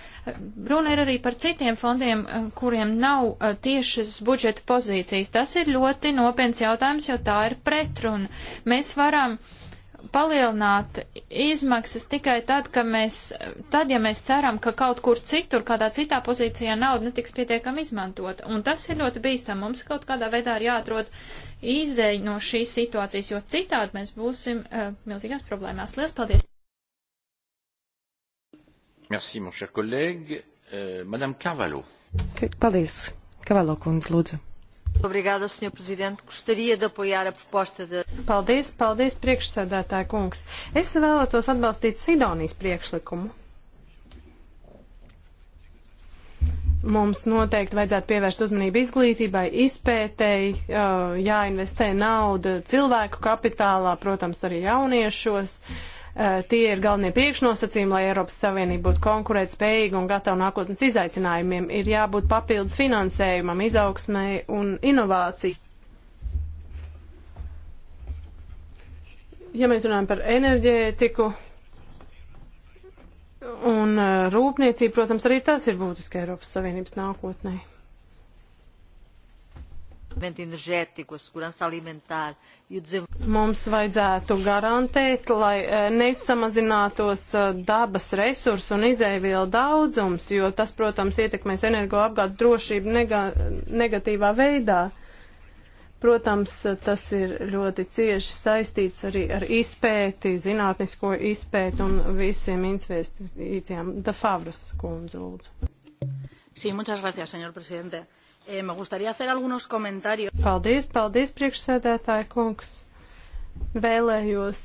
Runa ir arī par citiem fondiem, eh, kuriem nav eh, tiešas budžeta pozīcijas. Tas ir ļoti nopietns jautājums, jo tā ir pretruna. Mēs varam uh, palielināt izmaksas tikai tad, ka mēs, tad, ja mēs ceram, ka kaut kur citur, kādā citā pozīcijā nauda netiks pietiekami izmantot. Un tas ir ļoti bīstam. Mums kaut kādā veidā ir jāatrod izēja no šīs situācijas, jo citādi mēs būsim uh, milzīgās problēmās. Lielas paldies! Merci, mon cher collègue. Euh, Madame Carvalho. Paldies. Carvalho kundze, lūdzu. Obrigada, Sr. Prezidente. Gostaria de apoiar a proposta de. Paldies, paldies, priekšsēdētāja kungs. Es vēlētos atbalstīt Sidonijas priekšlikumu. Mums noteikti vajadzētu pievērst uzmanību izglītībai, izpētēji, jāinvestē nauda cilvēku kapitālā, protams, arī jauniešos. Uh, Eh, tie ir galvenie priekšnosacījumi, lai Eiropas Savienība būtu konkurētspējīga un gatava nākotnes izaicinājumiem. Ir jābūt papildus finansējumam, izaugsmai un inovācijai. Ja mēs runājam par enerģētiku un eh, rūpniecību, protams, arī tas ir būtiski Eiropas Savienības nākotnē. E Mums vajadzētu garantēt, lai eh, nesamazinātos eh, dabas resursu un izēvielu daudzums, jo tas, protams, ietekmēs energoapgādes drošību nega negatīvā veidā. Protams, tas ir ļoti cieši saistīts arī ar izpēti, zinātnisko izpēti un visiem investīcijām. Da Favras kundze, lūdzu. Sí, muchas gracias, señor presidente. Uh, Eh, me gustaría hacer algunos comentarios. Paldies, paldies, priekšsēdētāja kungs. Vēlējos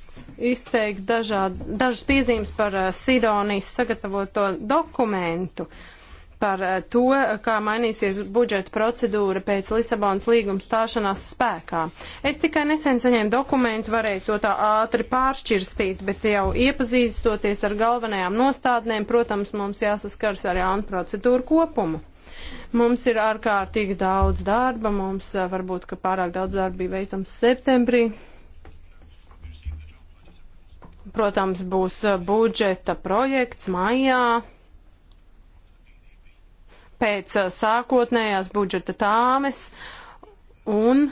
izteikt dažādas, dažas piezīmes par uh, Sidonijas sagatavoto dokumentu, par uh, to, kā mainīsies budžeta procedūra pēc Lisabonas līguma stāšanās spēkā. Es tikai nesen saņēmu dokumentu, varēju to tā ātri pāršķirstīt, bet jau iepazīstoties ar galvenajām nostādnēm, protams, mums jāsaskars ar jaunu procedūru kopumu. Mums ir ārkārtīgi daudz darba, mums varbūt, ka pārāk daudz darba bija veicams septembrī. Protams, būs budžeta projekts maijā. Pēc sākotnējās budžeta tāmes un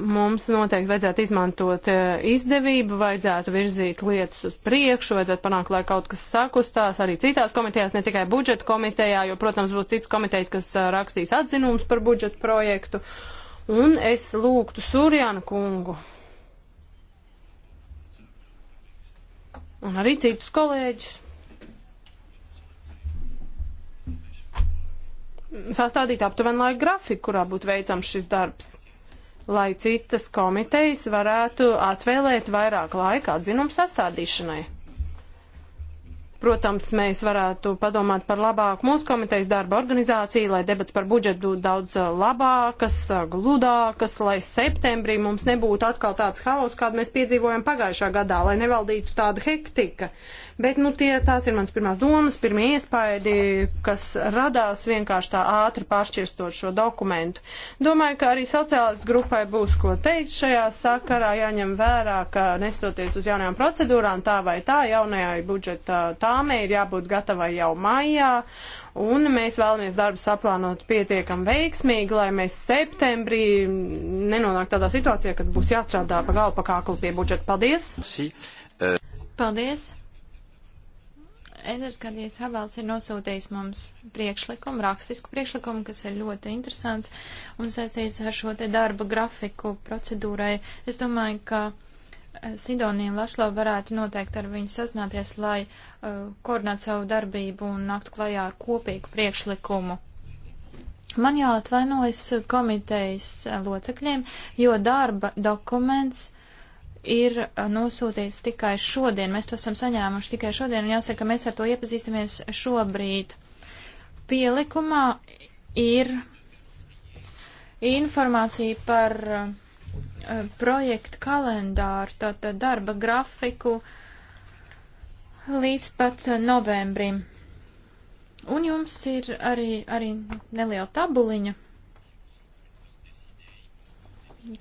mums noteikti vajadzētu izmantot e, izdevību, vajadzētu virzīt lietas uz priekšu, vajadzētu panākt, lai kaut kas sakustās arī citās komitejās, ne tikai budžeta komitejā, jo, protams, būs cits komitejas, kas e, rakstīs atzinums par budžeta projektu. Un es lūgtu Surjanu kungu un arī citus kolēģus sastādīt aptuvenu laika grafiku, kurā būtu veicams šis darbs lai citas komitejas varētu atvēlēt vairāk laika atzinumu sastādīšanai. Protams, mēs varētu padomāt par labāku mūsu komitejas darba organizāciju, lai debats par budžetu daudz labākas, gludākas, lai septembrī mums nebūtu atkal tāds haoss, kādu mēs piedzīvojam pagājušā gadā, lai nevaldītu tāda hektika. Bet, nu, tie, tās ir mans pirmās domas, pirmie iespaidi, kas radās vienkārši tā ātri pāršķirstot šo dokumentu. Domāju, ka arī sociālistu grupai būs ko teikt šajā sakarā, jāņem vērā, ka nestoties uz jaunajām procedūrām, tā vai tā, jaunajai budžeta tā prāmē ir jābūt gatavai jau maijā, un mēs vēlamies darbu saplānot pietiekam veiksmīgi, lai mēs septembrī nenonāktu tādā situācijā, kad būs jāstrādā pa galu pa kāklu pie budžeta. Paldies! Paldies! Edgars Gadījis Habels ir nosūtījis mums priekšlikumu, rakstisku priekšlikumu, kas ir ļoti interesants un saistīts ar šo te darba grafiku procedūrai. Es domāju, ka Sidonija un Lašlo varētu noteikti ar viņu sazināties, lai uh, koordinētu savu darbību un nākt klajā ar kopīgu priekšlikumu. Man jāatvainojas komitejas locekļiem, jo darba dokuments ir uh, nosūtīts tikai šodien. Mēs to esam saņēmuši tikai šodien, un jāsaka, mēs ar to iepazīstamies šobrīd. Pielikumā ir informācija par uh, Eh, projektu kalendāru, tātad darba grafiku līdz pat eh, novembrim. Un jums ir arī, arī neliela tabuliņa,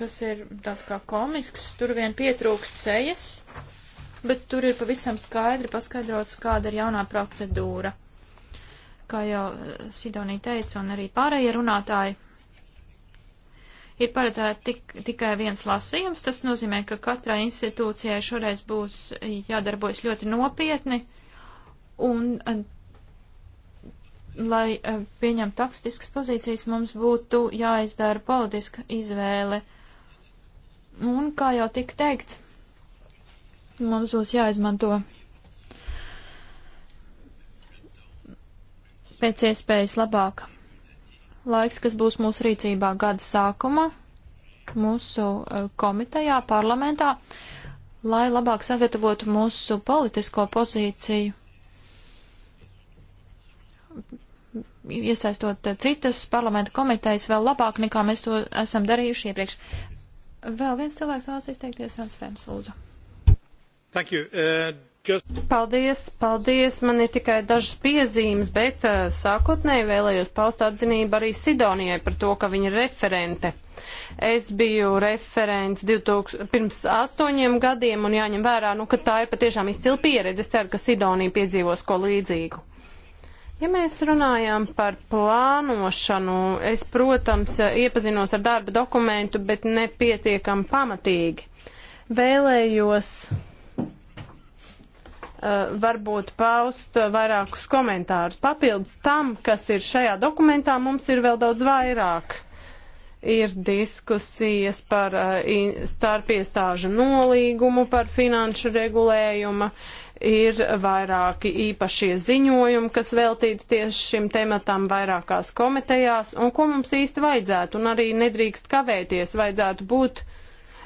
kas ir tāds kā komiks, tur vien pietrūkst sejas, bet tur ir pavisam skaidri paskaidrots, kāda ir jaunā procedūra. Kā jau eh, Sidonija teica, un arī pārējie runātāji ir paredzēta tik, tikai viens lasījums. Tas nozīmē, ka katrai institūcijai šoreiz būs jādarbojas ļoti nopietni un, eh, lai eh, pieņemtu takstiskas pozīcijas, mums būtu jāizdara politiska izvēle. Un, kā jau tika teikts, mums būs jāizmanto pēc iespējas labāka laiks, kas būs mūsu rīcībā gada sākuma mūsu e, komitejā, parlamentā, lai labāk sagatavotu mūsu politisko pozīciju, iesaistot e, citas parlamenta komitejas vēl labāk, nekā mēs to esam darījuši iepriekš. Vēl viens cilvēks vēlas izteikties, Rans Fēms, lūdzu. Thank you. Uh... Kas... Paldies, paldies. Man ir tikai dažas piezīmes, bet uh, sākotnēji vēlējos paust atzinību arī Sidonijai par to, ka viņa ir referente. Es biju referents 2000, pirms astoņiem gadiem un jāņem vērā, nu, ka tā ir patiešām izcila pieredze. Es ceru, ka Sidonija piedzīvos ko līdzīgu. Ja mēs runājam par plānošanu, es, protams, iepazinos ar darba dokumentu, bet nepietiekam pamatīgi. Vēlējos Eh, varbūt paust vairākus komentārus. Papildus tam, kas ir šajā dokumentā, mums ir vēl daudz vairāk. Ir diskusijas par eh, starpiestāžu nolīgumu, par finanšu regulējumu, ir vairāki īpašie ziņojumi, kas veltīti tieši šim tematam vairākās komitejās, un ko mums īsti vajadzētu, un arī nedrīkst kavēties, vajadzētu būt uh,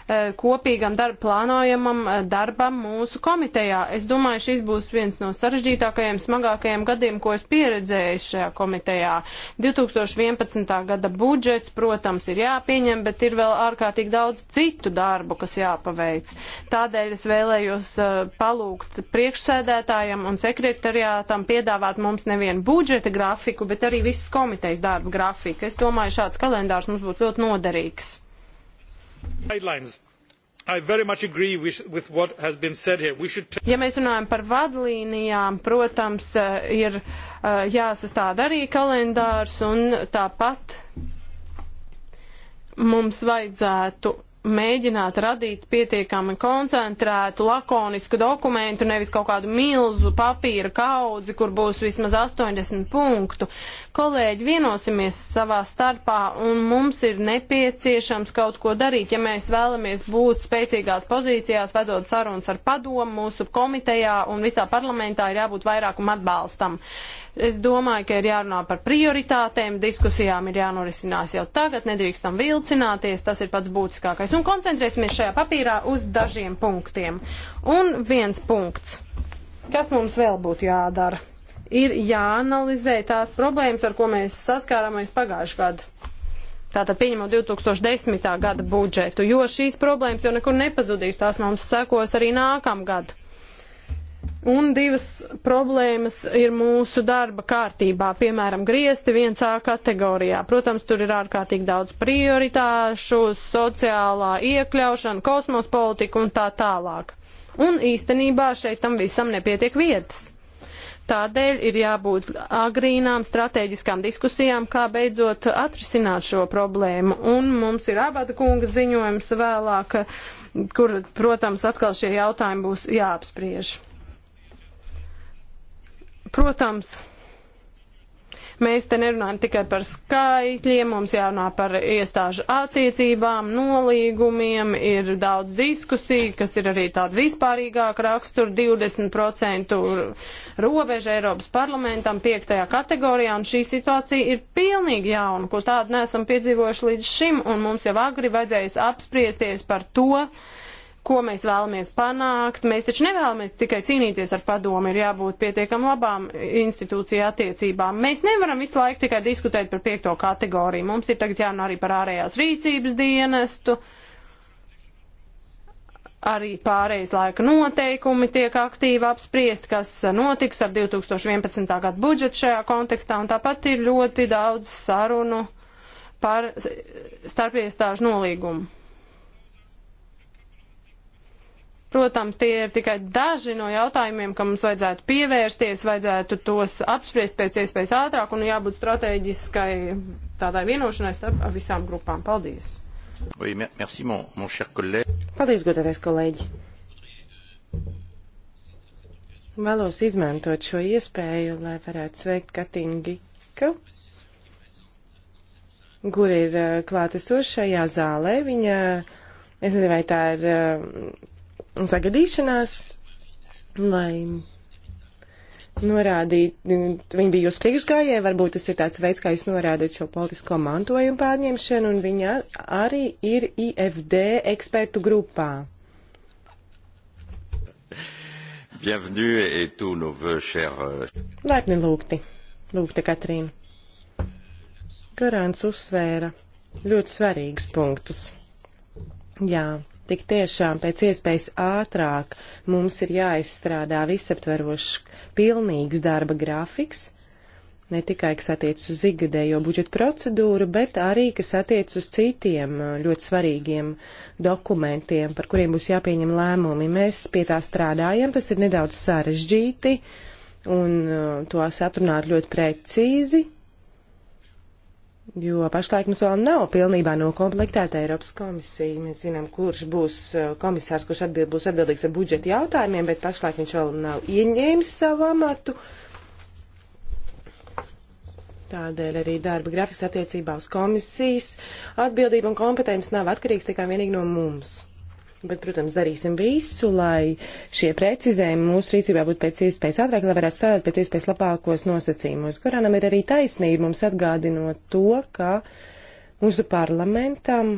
Eh, kopīgam darba plānojamam eh, darbam mūsu komitejā. Es domāju, šis būs viens no sarežģītākajiem, smagākajiem gadiem, ko es pieredzēju šajā komitejā. 2011. gada budžets, protams, ir jāpieņem, bet ir vēl ārkārtīgi daudz citu darbu, kas jāpaveic. Tādēļ es vēlējos eh, palūgt priekšsēdētājiem un sekretariātam piedāvāt mums nevienu budžeta grafiku, bet arī visas komitejas darba grafiku. Es domāju, šāds kalendārs mums būtu ļoti noderīgs. Ja mēs runājam par vadlīnijām, protams, eh, ir eh, jāsastāda arī kalendārs un tāpat mums vajadzētu mēģināt radīt pietiekami koncentrētu, lakonisku dokumentu, nevis kaut kādu milzu papīra kaudzi, kur būs vismaz 80 punktu. Kolēģi, vienosimies savā starpā un mums ir nepieciešams kaut ko darīt, ja mēs vēlamies būt spēcīgās pozīcijās, vedot sarunas ar padomu mūsu komitejā un visā parlamentā ir jābūt vairākum atbalstam. Uh, Es domāju, ka ir jārunā par prioritātēm, diskusijām ir jānorisinās jau tagad, nedrīkstam vilcināties, tas ir pats būtiskākais. Un koncentrēsimies šajā papīrā uz dažiem punktiem. Un viens punkts. Kas mums vēl būtu jādara? Ir jāanalizē tās problēmas, ar ko mēs saskārāmies pagājušajā gadā tātad pieņemot 2010. gada budžetu, jo šīs problēmas jau nekur nepazudīs, tās mums sekos arī nākamgad. Un divas problēmas ir mūsu darba kārtībā, piemēram, griezti viens A kategorijā. Protams, tur ir ārkārtīgi daudz prioritāšu, sociālā iekļaušana, kosmos politika un tā tālāk. Un īstenībā šeit tam visam nepietiek vietas. Tādēļ ir jābūt agrīnām strateģiskām diskusijām, kā beidzot atrisināt šo problēmu. Un mums ir abata kunga ziņojums vēlāk, kur, protams, atkal šie jautājumi būs jāapspriež. Protams, mēs te nerunājam tikai par skaitļiem, mums jārunā par iestāžu attiecībām, nolīgumiem, ir daudz diskusiju, kas ir arī tāda vispārīgāka rakstura, 20% robeža Eiropas parlamentam, 5. kategorijā, un šī situācija ir pilnīgi jauna, ko tādu neesam piedzīvojuši līdz šim, un mums jau agri vajadzējas apspriesties par to, uh, ko mēs vēlamies panākt. Mēs taču nevēlamies tikai cīnīties ar padomu, ir jābūt pietiekam labām institūciju attiecībām. Mēs nevaram visu laiku tikai diskutēt par piekto kategoriju. Mums ir tagad jārunā arī par ārējās rīcības dienestu. Arī pārējais laika noteikumi tiek aktīvi apspriest, kas notiks ar 2011. gadu budžetu šajā kontekstā, un tāpat ir ļoti daudz sarunu par starpiestāžu nolīgumu. Protams, tie ir tikai daži no jautājumiem, kam mums vajadzētu pievērsties, vajadzētu tos apspriest pēc iespējas ātrāk un jābūt strateģiskai tādai vienošanai starp visām grupām. Paldies! Oui, merci, mon, mon cher collègue. Paldies, godātais kolēģi! Vēlos izmantot šo iespēju, lai varētu sveikt Katīnu Giku, kur ir eh, klātesošajā zālē. Viņa, es nezinu, vai tā ir eh, sagadīšanās, lai norādīt, viņi bija jūsu priekšgājēji, varbūt tas ir tāds veids, kā jūs norādāt šo politisko mantojumu pārņemšanu, un viņa arī ir IFD ekspertu grupā. Bienvenue et tous nos voeux, chers. Euh, Laipni lūgti, lūgti Katrīna. Korāns uzsvēra ļoti svarīgus punktus. Jā, Tik tiešām pēc iespējas ātrāk mums ir jāizstrādā visaptverošs pilnīgs darba grafiks, ne tikai kas attiec uz ikgadējo budžetu procedūru, bet arī kas attiec uz citiem uh, ļoti svarīgiem dokumentiem, par kuriem būs jāpieņem lēmumi. Mēs pie tā strādājam, tas ir nedaudz sarežģīti un uh, to satrunāt ļoti precīzi, jo pašlaik mums vēl nav pilnībā nokomplektēta Eiropas komisija. Mēs zinām, kurš būs eh, komisārs, kurš atbild, būs atbildīgs ar budžeta jautājumiem, bet pašlaik viņš vēl nav ieņēmis savu amatu. Tādēļ arī darba grafiks attiecībā uz komisijas atbildību un kompetences nav atkarīgs tikai vienīgi no mums. Bet, protams, darīsim visu, lai šie precizējumi mūsu rīcībā būtu pēc iespējas ātrāk, lai varētu strādāt pēc iespējas labākos nosacījumos. Koranam ir arī taisnība mums atgādinot to, ka mūsu parlamentam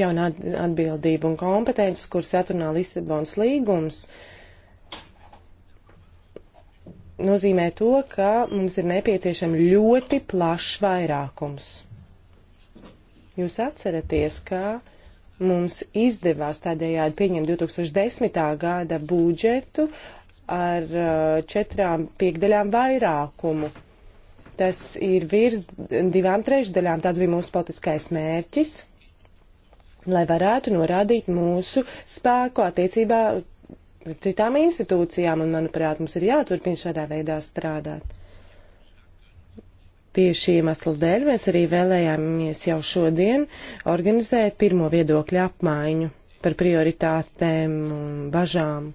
jauna atbildība un kompetences, kuras atrunā Lisabonas līgums, nozīmē to, ka mums ir nepieciešama ļoti plašs vairākums. Jūs atceraties, ka Mums izdevās tādējādi pieņemt 2010. gada budžetu ar uh, četrām piekdaļām vairākumu. Tas ir virs divām trešdaļām. Tāds bija mūsu politiskais mērķis, lai varētu norādīt mūsu spēku attiecībā citām institūcijām, un, manuprāt, mums ir jāturpina šādā veidā strādāt. Tieši šī iemesla dēļ mēs arī vēlējāmies jau šodien organizēt pirmo viedokļu apmaiņu par prioritātēm un bažām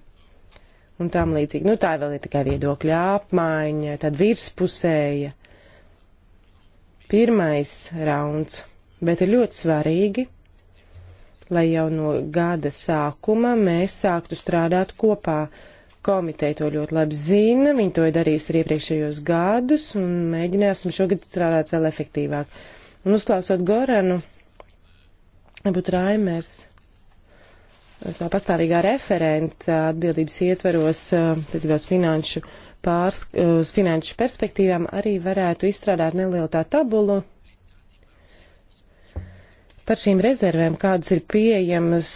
un tam līdzīgi. Nu, tā vēl ir tikai viedokļa apmaiņa, tad virspusēja. Pirmais rauns, bet ir ļoti svarīgi, lai jau no gada sākuma mēs sāktu strādāt kopā komiteja to ļoti labi zina, viņi to ir darījis arī iepriekšējos gadus un mēģināsim šogad strādāt vēl efektīvāk. Un uzklausot Goranu, būtu Raimers, tā pastāvīgā referenta atbildības ietveros pēc gals finanšu pārs, finanšu perspektīvām arī varētu izstrādāt nelielu tā tabulu par šīm rezervēm, kādas ir pieejamas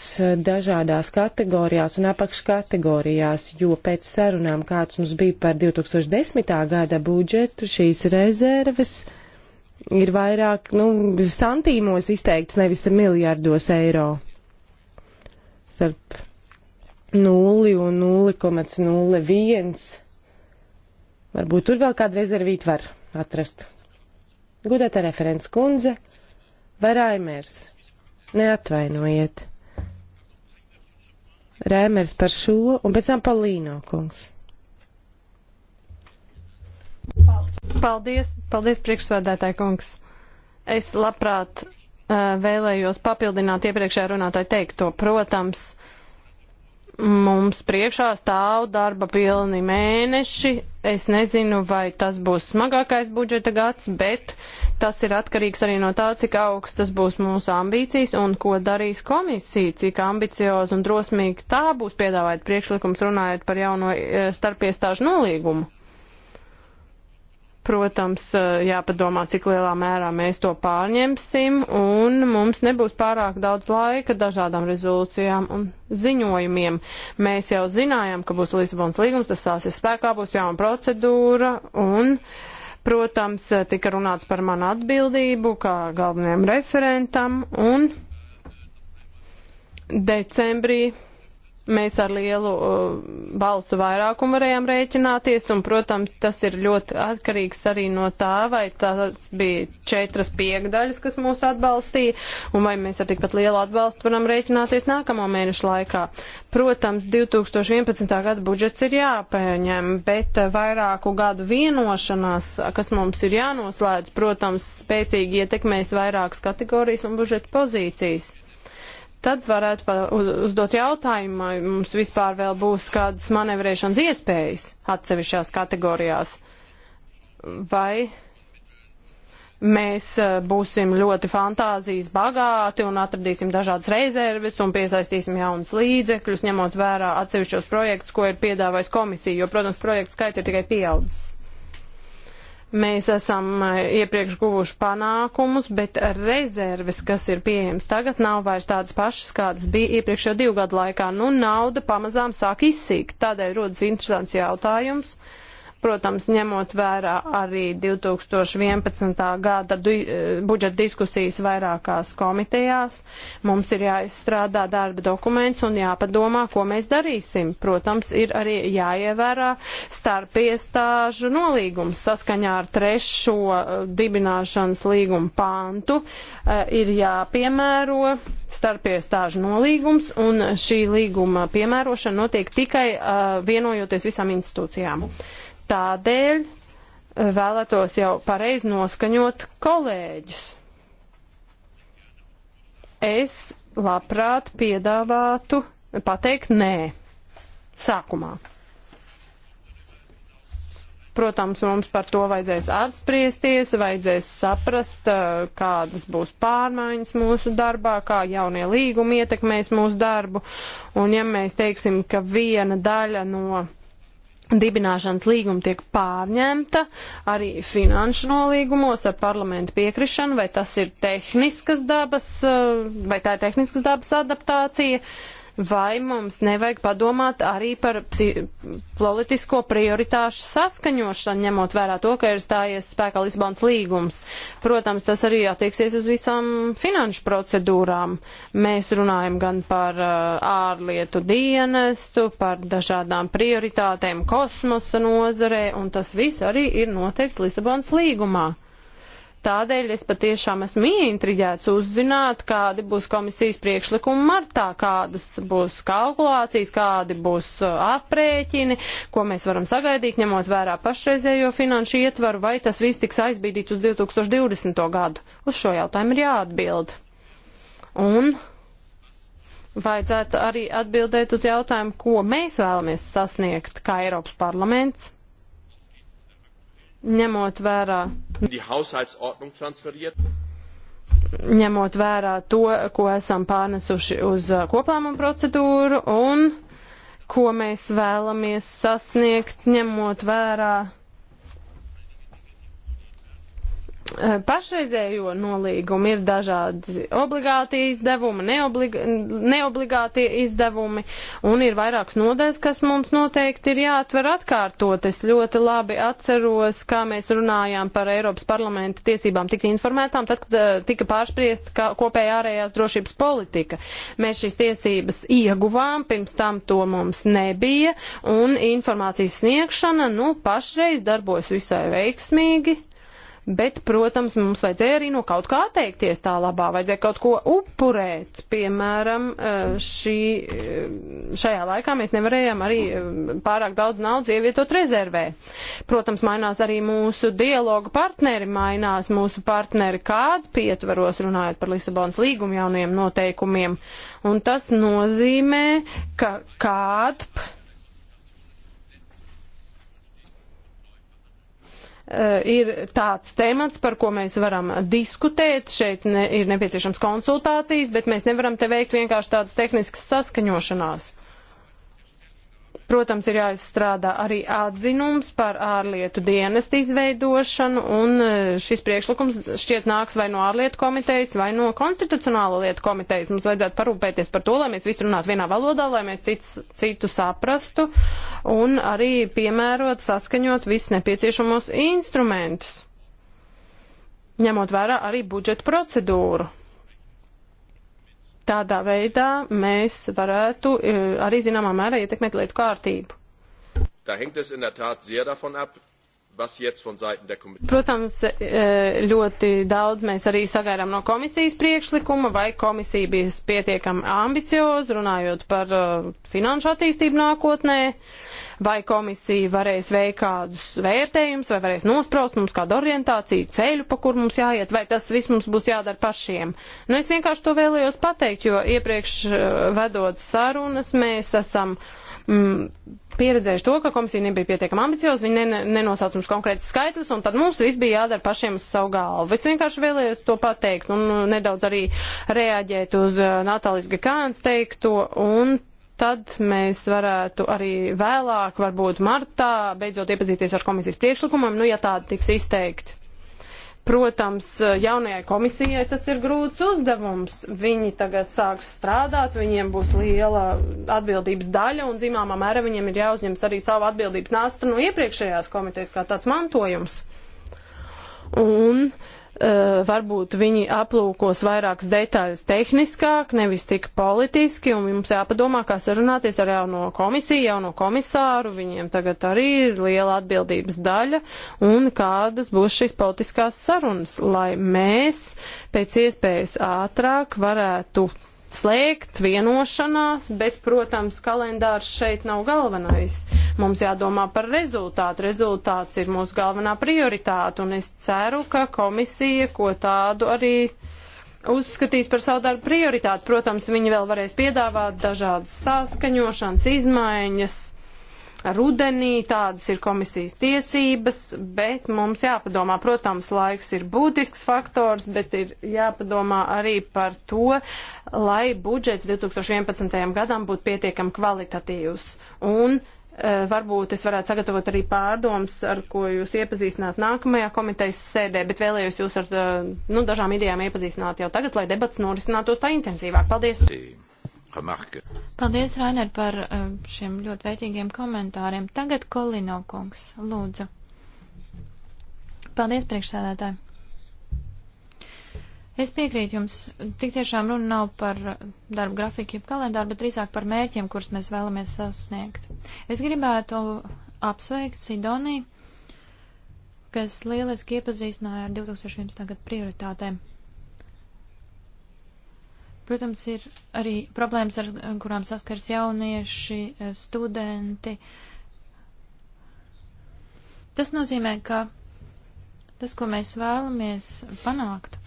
dažādās kategorijās un apakškategorijās, jo pēc sarunām, kāds mums bija par 2010. gada budžetu, šīs rezerves ir vairāk, nu, santīmos izteikts, nevis miljardos eiro. Starp 0 un 0,01. Varbūt tur vēl kādu rezervītu var atrast. Gudēta referents kundze. Vai Raimers? Neatvainojiet. Rēmers par šo, un pēc tam Palīno kungs. Paldies, paldies priekšsādātāji kungs. Es labprāt vēlējos papildināt iepriekšējā runātāja teikto. Protams, mums priekšā stāv darba pilni mēneši. Es nezinu, vai tas būs smagākais budžeta gads, bet tas ir atkarīgs arī no tā, cik augstas būs mūsu ambīcijas un ko darīs komisija, cik ambiciozi un drosmīgi tā būs piedāvāt priekšlikums runājot par jauno e, starpiestāžu nolīgumu. Protams, jāpadomā, cik lielā mērā mēs to pārņemsim, un mums nebūs pārāk daudz laika dažādām rezolūcijām un ziņojumiem. Mēs jau zinājām, ka būs Lisabonas līgums, tas sāksies spēkā, būs jauna procedūra, un, protams, tika runāts par manu atbildību kā galvenajam referentam, un decembrī mēs ar lielu uh, balsu vairākumu varējām rēķināties, un, protams, tas ir ļoti atkarīgs arī no tā, vai tas bija četras piekdaļas, kas mūs atbalstīja, un vai mēs ar tikpat lielu atbalstu varam rēķināties nākamā mēneša laikā. Protams, 2011. gada budžets ir jāpieņem, bet uh, vairāku gadu vienošanās, kas mums ir jānoslēdz, protams, spēcīgi ietekmēs vairākas kategorijas un budžeta pozīcijas tad varētu pa, uz, uzdot jautājumu, vai mums vispār vēl būs kādas manevrēšanas iespējas atsevišķās kategorijās, vai mēs eh, būsim ļoti fantāzijas bagāti un atradīsim dažādas rezerves un piesaistīsim jaunus līdzekļus, ņemot vērā atsevišķos projektus, ko ir piedāvājis komisija, jo, protams, projektu skaits ir tikai pieaudzis. Mēs esam eh, iepriekš guvuši panākumus, bet rezerves, kas ir pieejamas tagad, nav vairs tādas pašas, kādas bija iepriekšējo divu gadu laikā. Nu, nauda pamazām sāk izsīkt, tādēļ rodas interesants jautājums. Uh, protams, ņemot vērā arī 2011. gada du, e, budžeta diskusijas vairākās komitejās, mums ir jāizstrādā darba dokuments un jāpadomā, ko mēs darīsim. Protams, ir arī jāievērā starp iestāžu nolīgums saskaņā ar trešo e, dibināšanas līgumu pāntu. E, ir jāpiemēro starp iestāžu nolīgums un šī līguma piemērošana notiek tikai vienojoties visām institūcijām. Tādēļ eh, vēlētos jau pareizi noskaņot kolēģus. Es labprāt piedāvātu pateikt nē sākumā. Protams, mums par to vajadzēs apspriesties, vajadzēs saprast, eh, kādas būs pārmaiņas mūsu darbā, kā jaunie līgumi ietekmēs mūsu darbu. Un ja mēs teiksim, ka viena daļa no dibināšanas līguma tiek pārņemta arī finanšu nolīgumos ar parlamentu piekrišanu, vai tas ir tehniskas dabas, eh, vai tā ir tehniskas dabas adaptācija. Uh, vai mums nevajag padomāt arī par politisko prioritāšu saskaņošanu, ņemot vērā to, ka ir stājies spēkā Lisbonas līgums. Protams, tas arī attieksies uz visām finanšu procedūrām. Mēs runājam gan par uh, ārlietu dienestu, par dažādām prioritātēm kosmosa nozarē, un tas viss arī ir noteikts Lisabonas līgumā. Tādēļ es patiešām esmu ieintriģēts uzzināt, kādi būs komisijas priekšlikumi martā, kādas būs kalkulācijas, kādi būs uh, aprēķini, ko mēs varam sagaidīt, ņemot vērā pašreizējo finanšu ietvaru, vai tas viss tiks aizbīdīts uz 2020. gadu. Uz šo jautājumu ir jāatbild. Un vajadzētu arī atbildēt uz jautājumu, ko mēs vēlamies sasniegt kā Eiropas parlaments ņemot vērā. Ņemot vērā to, ko esam pārnesuši uz uh, koplēmumu procedūru un ko mēs vēlamies sasniegt, ņemot vērā Eh, pašreizējo nolīgumu ir dažādi obligāti izdevumi, neobliga, neobligāti izdevumi, un ir vairākas nodaļas, kas mums noteikti ir jāatver atkārtot. Es ļoti labi atceros, kā mēs runājām par Eiropas parlamenta tiesībām tikt informētām, tad, kad eh, tika pārspriest kopējā ārējās drošības politika. Mēs šīs tiesības ieguvām, pirms tam to mums nebija, un informācijas sniegšana, nu, pašreiz darbojas visai veiksmīgi Bet, protams, mums vajadzēja arī no kaut kā atteikties tā labā, vajadzēja kaut ko upurēt. Piemēram, eh, šī, eh, šajā laikā mēs nevarējām arī eh, pārāk daudz naudas ievietot rezervē. Protams, mainās arī mūsu dialogu partneri, mainās mūsu partneri kādu pietvaros runājot par Lisabonas līgumu jauniem noteikumiem. Un tas nozīmē, ka kādu Eh, ir tāds temats, par ko mēs varam diskutēt. Šeit ne, ir nepieciešams konsultācijas, bet mēs nevaram te veikt vienkārši tādas tehniskas saskaņošanās. Protams, ir jāizstrādā arī atzinums par ārlietu dienestu izveidošanu, un e, šis priekšlikums šķiet nāks vai no ārlietu komitejas, vai no konstitucionālo lietu komitejas. Mums vajadzētu parūpēties par to, lai mēs visu runātu vienā valodā, lai mēs cits, citu saprastu, un arī piemērot, saskaņot visus nepieciešamos instrumentus ņemot vērā arī budžeta procedūru. Tādā veidā mēs varētu eh, arī zināmā mērā ietekmēt lietu kārtību. Da hängt es in der Tat sehr davon ab, was jetzt von Seiten der Kommission? Protams, e, ļoti daudz mēs arī sagaidām no komisijas priekšlikuma, vai komisija bija pietiekami ambicioza, runājot par e, finanšu attīstību nākotnē, vai komisija varēs veikt kādus vērtējumus, vai varēs nospraust mums kādu orientāciju, ceļu, pa kur mums jāiet, vai tas viss mums būs jādara pašiem. Nu, es vienkārši to vēlējos pateikt, jo iepriekš e, vedot sarunas mēs esam. Uh, mm, pieredzējuši to, ka komisija nebija pietiekami ambicioza, viņi ne, nenosauca mums konkrētas skaitļus, un tad mums viss bija jādara pašiem uz savu galvu. Es vienkārši vēlējos to pateikt un nu, nedaudz arī reaģēt uz uh, Natālijas Gakāns teikto, un tad mēs varētu arī vēlāk, varbūt martā, beidzot iepazīties ar komisijas priekšlikumiem, nu, ja tāda tiks izteikti. Protams, jaunajai komisijai tas ir grūts uzdevums. Viņi tagad sāks strādāt, viņiem būs liela atbildības daļa un zināmā mērā viņiem ir jāuzņems arī savu atbildības nāstu no iepriekšējās komitejas kā tāds mantojums. Un uh, Eh, varbūt viņi aplūkos vairākas detaļas tehniskāk, nevis tik politiski, un mums jāpadomā, kā sarunāties ar jauno komisiju, jauno komisāru, viņiem tagad arī ir liela atbildības daļa, un kādas būs šīs politiskās sarunas, lai mēs pēc iespējas ātrāk varētu slēgt vienošanās, bet, protams, kalendārs šeit nav galvenais. Mums jādomā par rezultātu. Rezultāts ir mūsu galvenā prioritāte, un es ceru, ka komisija ko tādu arī uzskatīs par savu darbu prioritāti. Protams, viņi vēl varēs piedāvāt dažādas saskaņošanas, izmaiņas, rudenī, tādas ir komisijas tiesības, bet mums jāpadomā, protams, laiks ir būtisks faktors, bet ir jāpadomā arī par to, lai budžets 2011. gadam būtu pietiekam kvalitatīvs. Un e, varbūt es varētu sagatavot arī pārdomas, ar ko jūs iepazīstināt nākamajā komitejas sēdē, bet vēlējos jūs ar e, nu, dažām idejām iepazīstināt jau tagad, lai debats norisinātos tā intensīvāk. Paldies! Tīm remarque. Paldies, Rainer, par eh, šiem ļoti vērtīgiem komentāriem. Tagad Kolino kungs, lūdzu. Paldies, priekšsēdētāji. Es piekrītu jums, tik tiešām runa nav par darbu grafiku, jeb kalendāru, bet drīzāk par mērķiem, kurus mēs vēlamies sasniegt. Es gribētu apsveikt Sidoniju, kas lieliski iepazīstināja ar 2011. gadu prioritātēm. Protams, ir arī problēmas, ar kurām saskars jaunieši, studenti. Tas nozīmē, ka tas, ko mēs vēlamies panākt,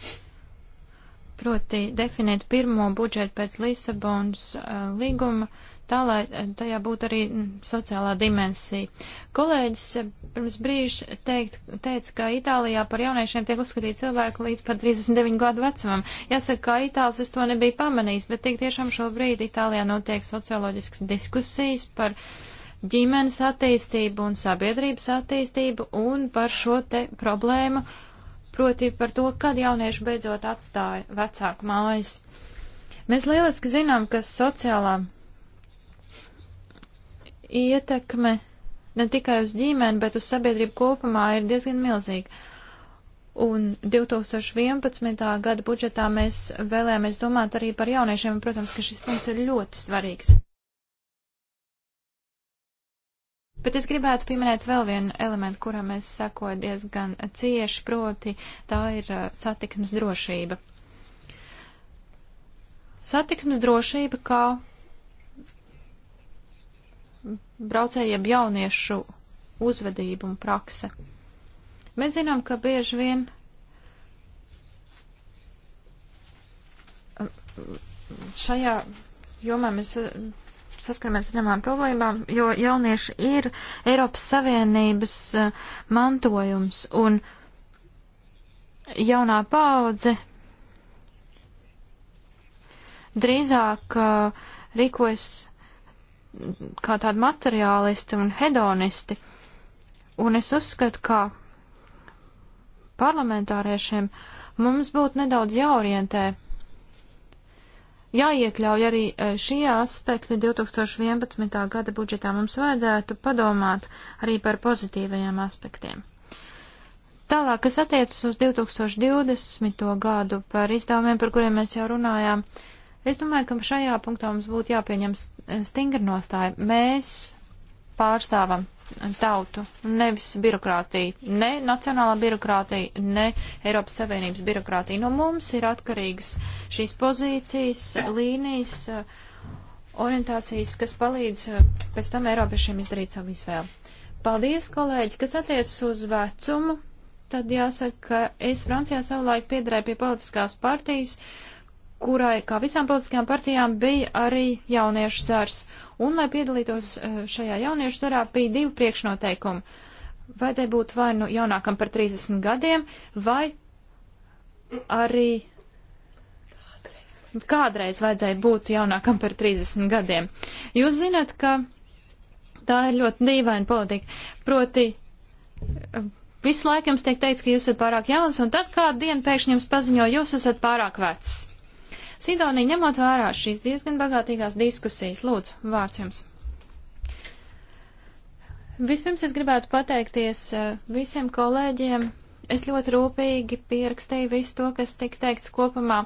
proti definēt pirmo budžetu pēc Lisabonas uh, līguma, uh, tā lai eh, tajā būtu arī mm, sociālā dimensija. Kolēģis eh, pirms brīža teikt, teica, ka Itālijā par jauniešiem tiek uzskatīti cilvēki līdz pat 39 gadu vecumam. Jāsaka, kā Itālis es to nebiju pamanījis, bet tik tiešām šobrīd Itālijā notiek socioloģiskas diskusijas par ģimenes attīstību un sabiedrības attīstību un par šo te problēmu, proti par to, kad jaunieši beidzot atstāja vecāku mājas. Mēs lieliski zinām, ka sociālā ietekme ne tikai uz ģimeni, bet uz sabiedrību kopumā ir diezgan milzīga. Un 2011. gada budžetā mēs vēlējāmies domāt arī par jauniešiem, un, protams, ka šis punkts ir ļoti svarīgs. Bet es gribētu pieminēt vēl vienu elementu, kuram es sakoju diezgan cieši, proti tā ir uh, satiksmes drošība. Satiksmes drošība kā braucējiem jauniešu uzvedību un prakse. Mēs zinām, ka bieži vien šajā jomā mēs eh, saskaramies zināmām problēmām, jo jaunieši ir Eiropas Savienības eh, mantojums un jaunā paudze drīzāk eh, rīkojas kā tādi materiālisti un hedonisti, un es uzskatu, ka parlamentāriešiem mums būtu nedaudz jāorientē, jāiekļauj arī e, šie aspekti 2011. gada budžetā. Mums vajadzētu padomāt arī par pozitīvajiem aspektiem. Tālāk, kas attiecas uz 2020. gadu par izdevumiem, par kuriem mēs jau runājām, uh, Es domāju, ka šajā punktā mums būtu jāpieņem eh, stingra nostāja. Mēs pārstāvam tautu, nevis birokrātiju, ne nacionālā birokrātija, ne Eiropas Savienības birokrātija. No mums ir atkarīgas šīs pozīcijas, līnijas, eh, orientācijas, kas palīdz eh, pēc tam Eiropiešiem izdarīt savu izvēlu. Paldies, kolēģi, kas attiecas uz vecumu. Tad jāsaka, ka es Francijā savulaik piedarēju pie politiskās partijas, uh, kurai, kā visām politiskajām partijām, bija arī jauniešu zars. Un, lai piedalītos e, šajā jauniešu zarā, bija divi priekšnoteikumi. Vajadzēja būt vai nu jaunākam par 30 gadiem, vai arī kādreiz vajadzēja būt jaunākam par 30 gadiem. Jūs zināt, ka tā ir ļoti dīvaina politika. Proti, e, visu laiku jums tiek teikts, ka jūs esat pārāk jauns, un tad kādu dienu pēkšņi jums paziņo, jūs esat pārāk vecs. Sidonija, ņemot vērā šīs diezgan bagātīgās diskusijas, lūdzu, vārds jums. Vispirms es gribētu pateikties eh, visiem kolēģiem. Es ļoti rūpīgi pierakstīju visu to, kas tika teikts kopumā.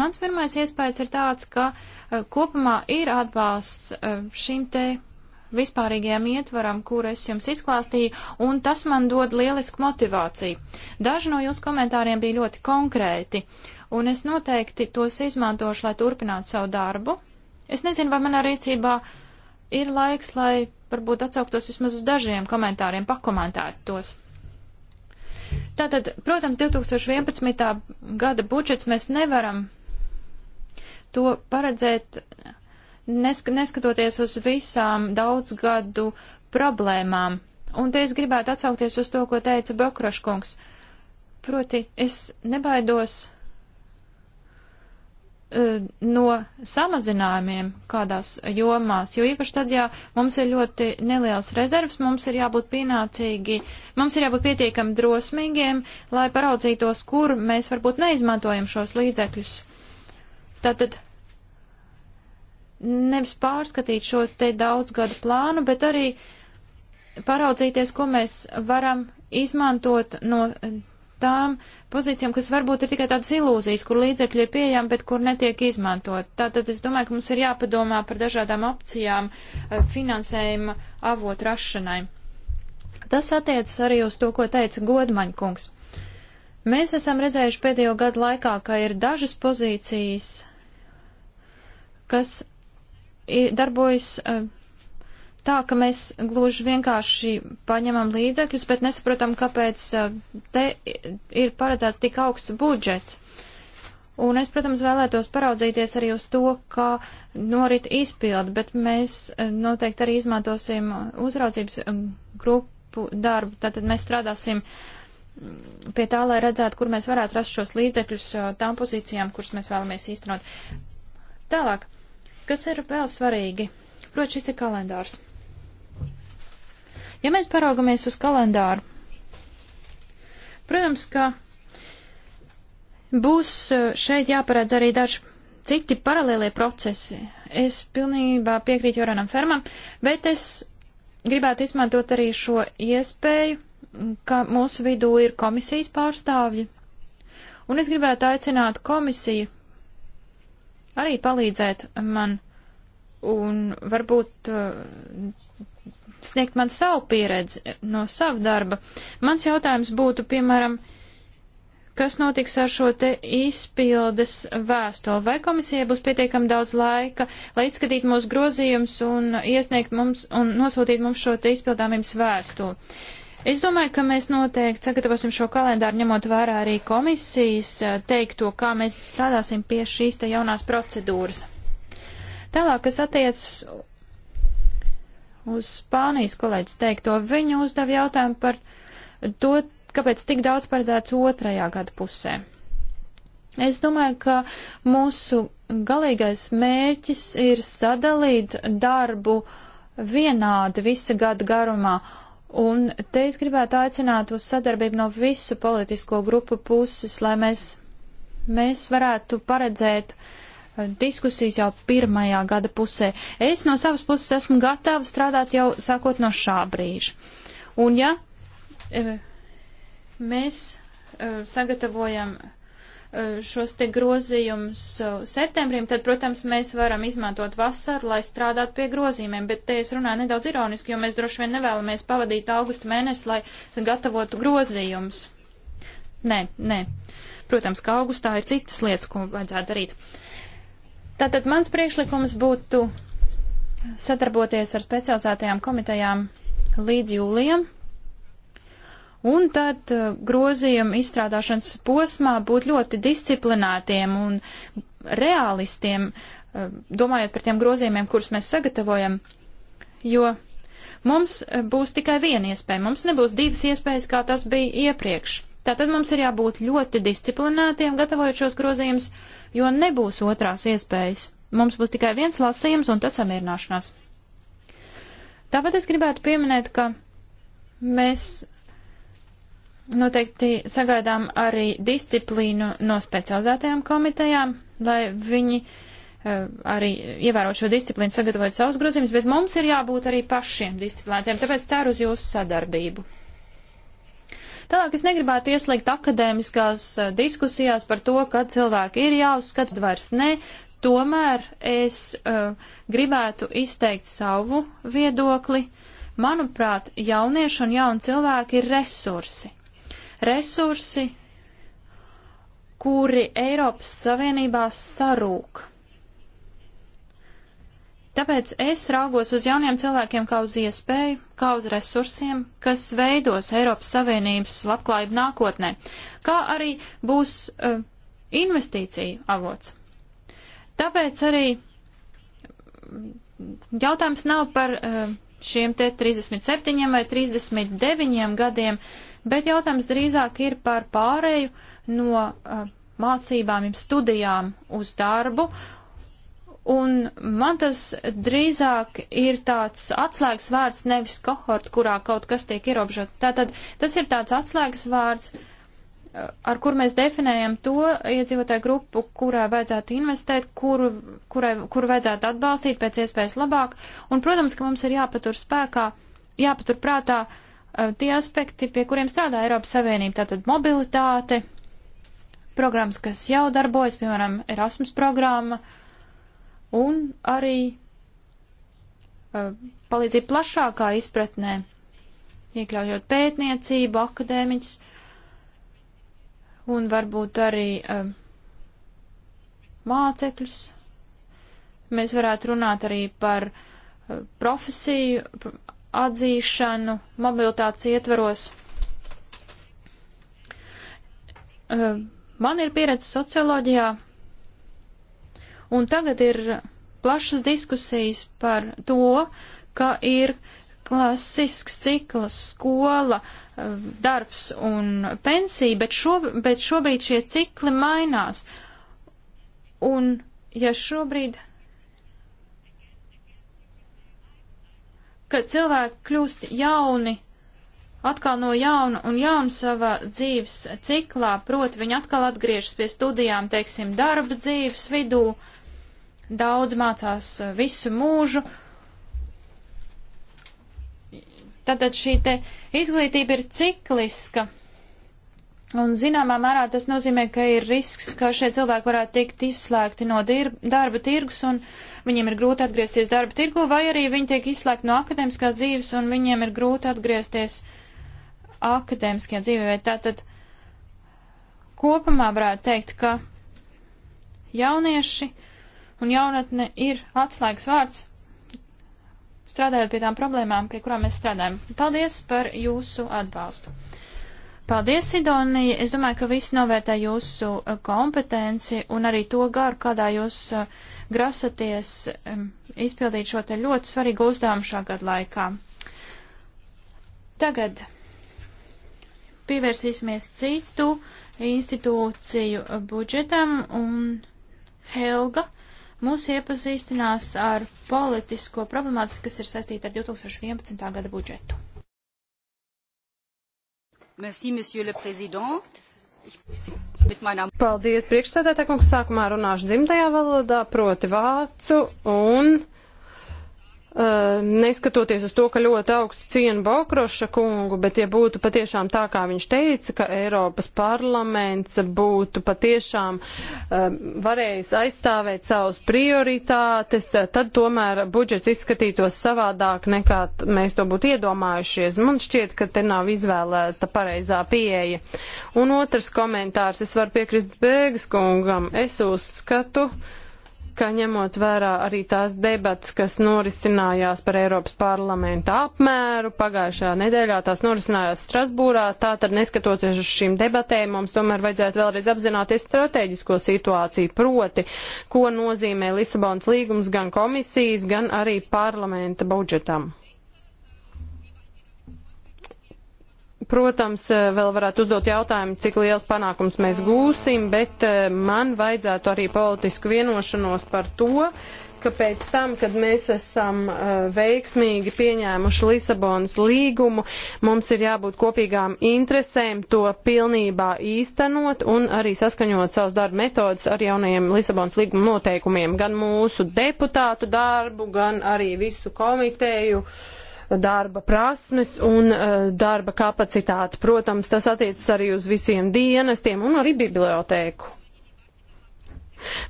Mans pirmais iespējas ir tāds, ka eh, kopumā ir atbalsts eh, šim te vispārīgajam ietvaram, kur es jums izklāstīju, un tas man dod lielisku motivāciju. Daži no jūsu komentāriem bija ļoti konkrēti. Uh, un es noteikti tos izmantošu, lai turpinātu savu darbu. Es nezinu, vai manā rīcībā ir laiks, lai varbūt atsauktos vismaz uz dažiem komentāriem, pakomentētu tos. Tātad, protams, 2011. gada budžets mēs nevaram to paredzēt, nesk neskatoties uz visām daudzgadu problēmām. Un te es gribētu atsaukties uz to, ko teica Bokroškungs. Proti, es nebaidos E, no samazinājumiem kādās jomās, jo īpaši tad, ja mums ir ļoti neliels rezervs, mums ir jābūt pienācīgi, mums ir jābūt pietiekami drosmīgiem, lai paraudzītos, kur mēs varbūt neizmantojam šos līdzekļus. Tātad nevis pārskatīt šo te daudzgadu plānu, bet arī paraudzīties, ko mēs varam izmantot no tām pozīcijām, kas varbūt ir tikai tādas ilūzijas, kur līdzekļi ir pieejami, bet kur netiek izmantot. Tātad es domāju, ka mums ir jāpadomā par dažādām opcijām eh, finansējuma avotu rašanai. Tas attiecas arī uz to, ko teica Godmaņkungs. Mēs esam redzējuši pēdējo gadu laikā, ka ir dažas pozīcijas, kas darbojas eh, tā, ka mēs gluži vienkārši paņemam līdzekļus, bet nesaprotam, kāpēc te ir paredzēts tik augsts budžets. Un es, protams, vēlētos paraudzīties arī uz to, kā norit izpildi, bet mēs noteikti arī izmantosim uzraudzības grupu darbu. Tātad mēs strādāsim pie tā, lai redzētu, kur mēs varētu rast šos līdzekļus tām pozīcijām, kuras mēs vēlamies īstenot. Tālāk, kas ir vēl svarīgi? Protams, šis ir kalendārs. Ja mēs paraugamies uz kalendāru, protams, ka būs e, šeit jāparedz arī daži citi paralēlie procesi. Es pilnībā piekrītu Joranam Fermam, bet es gribētu izmantot arī šo iespēju, ka mūsu vidū ir komisijas pārstāvji. Un es gribētu aicināt komisiju arī palīdzēt man un varbūt e, sniegt man savu pieredzi no savu darba. Mans jautājums būtu, piemēram, kas notiks ar šo te izpildes vēstuli? Vai komisija būs pietiekami daudz laika, lai izskatītu mūsu grozījumus un iesniegt mums un nosūtīt mums šo te izpildāmības vēstuli? Es domāju, ka mēs noteikti sagatavosim šo kalendāru, ņemot vērā arī komisijas eh, teikto, kā mēs strādāsim pie šīs te jaunās procedūras. Tālāk, kas attiecas uz Spānijas kolēģis teikto. Viņa uzdev jautājumu par to, kāpēc tik daudz paredzēts otrajā gada pusē. Es domāju, ka mūsu galīgais mērķis ir sadalīt darbu vienādi visa gada garumā. Un te es gribētu aicināt uz sadarbību no visu politisko grupu puses, lai mēs, mēs varētu paredzēt uh, diskusijas jau pirmajā gada pusē. Es no savas puses esmu gatava strādāt jau sākot no šā brīža. Un ja e, mēs e, sagatavojam e, šos te grozījumus septembrim, tad, protams, mēs varam izmantot vasaru, lai strādātu pie grozījumiem, bet te es runāju nedaudz ironiski, jo mēs droši vien nevēlamies pavadīt augustu mēnesi, lai gatavotu grozījumus. Nē, nē. Protams, ka augustā ir citas lietas, ko vajadzētu darīt. Uh, Tātad mans priekšlikums būtu sadarboties ar specializētajām komitejām līdz jūlijam, un tad uh, grozījuma izstrādāšanas posmā būt ļoti disciplinētiem un realistiem, uh, domājot par tiem grozījumiem, kurus mēs sagatavojam, jo mums uh, būs tikai viena iespēja, mums nebūs divas iespējas, kā tas bija iepriekš. Tātad mums ir jābūt ļoti disciplinētiem, gatavojot šos grozījumus jo nebūs otrās iespējas. Mums būs tikai viens lasījums un tad samierināšanās. Tāpat es gribētu pieminēt, ka mēs noteikti sagaidām arī disciplīnu no specializētajām komitejām, lai viņi eh, arī ievērot šo disciplīnu, sagatavot savus grozījumus, bet mums ir jābūt arī pašiem disciplinētiem, tāpēc ceru uz jūsu sadarbību. Tālāk es negribētu ieslēgt akadēmiskās eh, diskusijās par to, ka cilvēki ir jāuzskata, vairs ne. Tomēr es uh, gribētu izteikt savu viedokli. Manuprāt, jaunieši un jauni cilvēki ir resursi. Resursi, kuri Eiropas Savienībā sarūk. Tāpēc es raugos uz jauniem cilvēkiem kā uz iespēju, kā uz resursiem, kas veidos Eiropas Savienības labklājību nākotnē, kā arī būs uh, investīcija avots. Tāpēc arī jautājums nav par uh, šiem te 37 vai 39 gadiem, bet jautājums drīzāk ir par pārēju no uh, mācībām, studijām uz darbu Un man tas drīzāk ir tāds atslēgas vārds, nevis kohort, kurā kaut kas tiek ierobežots. Tātad tas ir tāds atslēgas vārds, eh, ar kur mēs definējam to iedzīvotāju grupu, kurā vajadzētu investēt, kuru, kurai, kuru vajadzētu atbalstīt pēc iespējas labāk. Un, protams, ka mums ir jāpatur spēkā, jāpatur prātā eh, tie aspekti, pie kuriem strādā Eiropas Savienība. Tātad mobilitāte, programmas, kas jau darbojas, piemēram, Erasmus programma un arī uh, palīdzību plašākā izpratnē, iekļaujot pētniecību, akadēmiķus un varbūt arī uh, mācekļus. Mēs varētu runāt arī par uh, profesiju atzīšanu mobilitātes ietveros. Uh, man ir pieredze socioloģijā, Un tagad ir plašas diskusijas par to, ka ir klasisks cikls skola, darbs un pensija, bet, šo, bet šobrīd šie cikli mainās. Un ja šobrīd, kad cilvēki kļūst jauni atkal no jauna un jauna savā dzīves ciklā, proti viņi atkal atgriežas pie studijām, teiksim, darba dzīves vidū, daudz mācās eh, visu mūžu. Tātad šī te izglītība ir cikliska. Un zināmā mērā tas nozīmē, ka ir risks, ka šie cilvēki varētu tikt izslēgti no darba tirgus un viņiem ir grūti atgriezties darba tirgu, vai arī viņi tiek izslēgti no akadēmiskās dzīves un viņiem ir grūti atgriezties uh, akadēmiskajā dzīvē. Tātad kopumā varētu teikt, ka jaunieši un jaunatne ir atslēgas vārds strādājot pie tām problēmām, pie kurām mēs strādājam. Paldies par jūsu atbalstu. Paldies, Sidonija. Es domāju, ka visi novērtē jūsu eh, kompetenci un arī to garu, kādā jūs eh, grasaties izpildīt šo te ļoti svarīgu uzdevumu šā gada laikā. Tagad pievērsīsimies citu institūciju budžetam un Helga mūs iepazīstinās ar politisko problemātiku, kas ir saistīta ar 2011. gada budžetu. Merci, monsieur le président. Paldies, priekšsēdētāj kungs, sākumā runāšu dzimtajā valodā, proti vācu un. Eh, neskatoties uz to, ka ļoti augstu cienu Bokroša kungu, bet ja būtu patiešām tā, kā viņš teica, ka Eiropas parlaments būtu patiešām eh, varējis aizstāvēt savus prioritātes, tad tomēr budžets izskatītos savādāk nekā mēs to būtu iedomājušies. Man šķiet, ka te nav izvēlēta pareizā pieeja. Un otrs komentārs, es varu piekrist Bēgas kungam, es uzskatu, uh, ka ņemot vērā arī tās debats, kas norisinājās par Eiropas parlamenta apmēru pagājušā nedēļā, tās norisinājās Strasbūrā, tā tad neskatoties uz šīm debatēm, mums tomēr vajadzētu vēlreiz apzināties strateģisko situāciju, proti, ko nozīmē Lisabons līgums gan komisijas, gan arī parlamenta budžetam. Protams, eh, vēl varētu uzdot jautājumu, cik liels panākums mēs gūsim, bet eh, man vajadzētu arī politisku vienošanos par to, ka pēc tam, kad mēs esam uh, veiksmīgi pieņēmuši Lisabonas līgumu, mums ir jābūt kopīgām interesēm to pilnībā īstenot un arī saskaņot savus darba metodus ar jaunajiem Lisabonas līguma noteikumiem, gan mūsu deputātu darbu, gan arī visu komiteju. Uh, darba prasmes un eh, darba kapacitāti. Protams, tas attiecas arī uz visiem dienestiem un arī bibliotēku.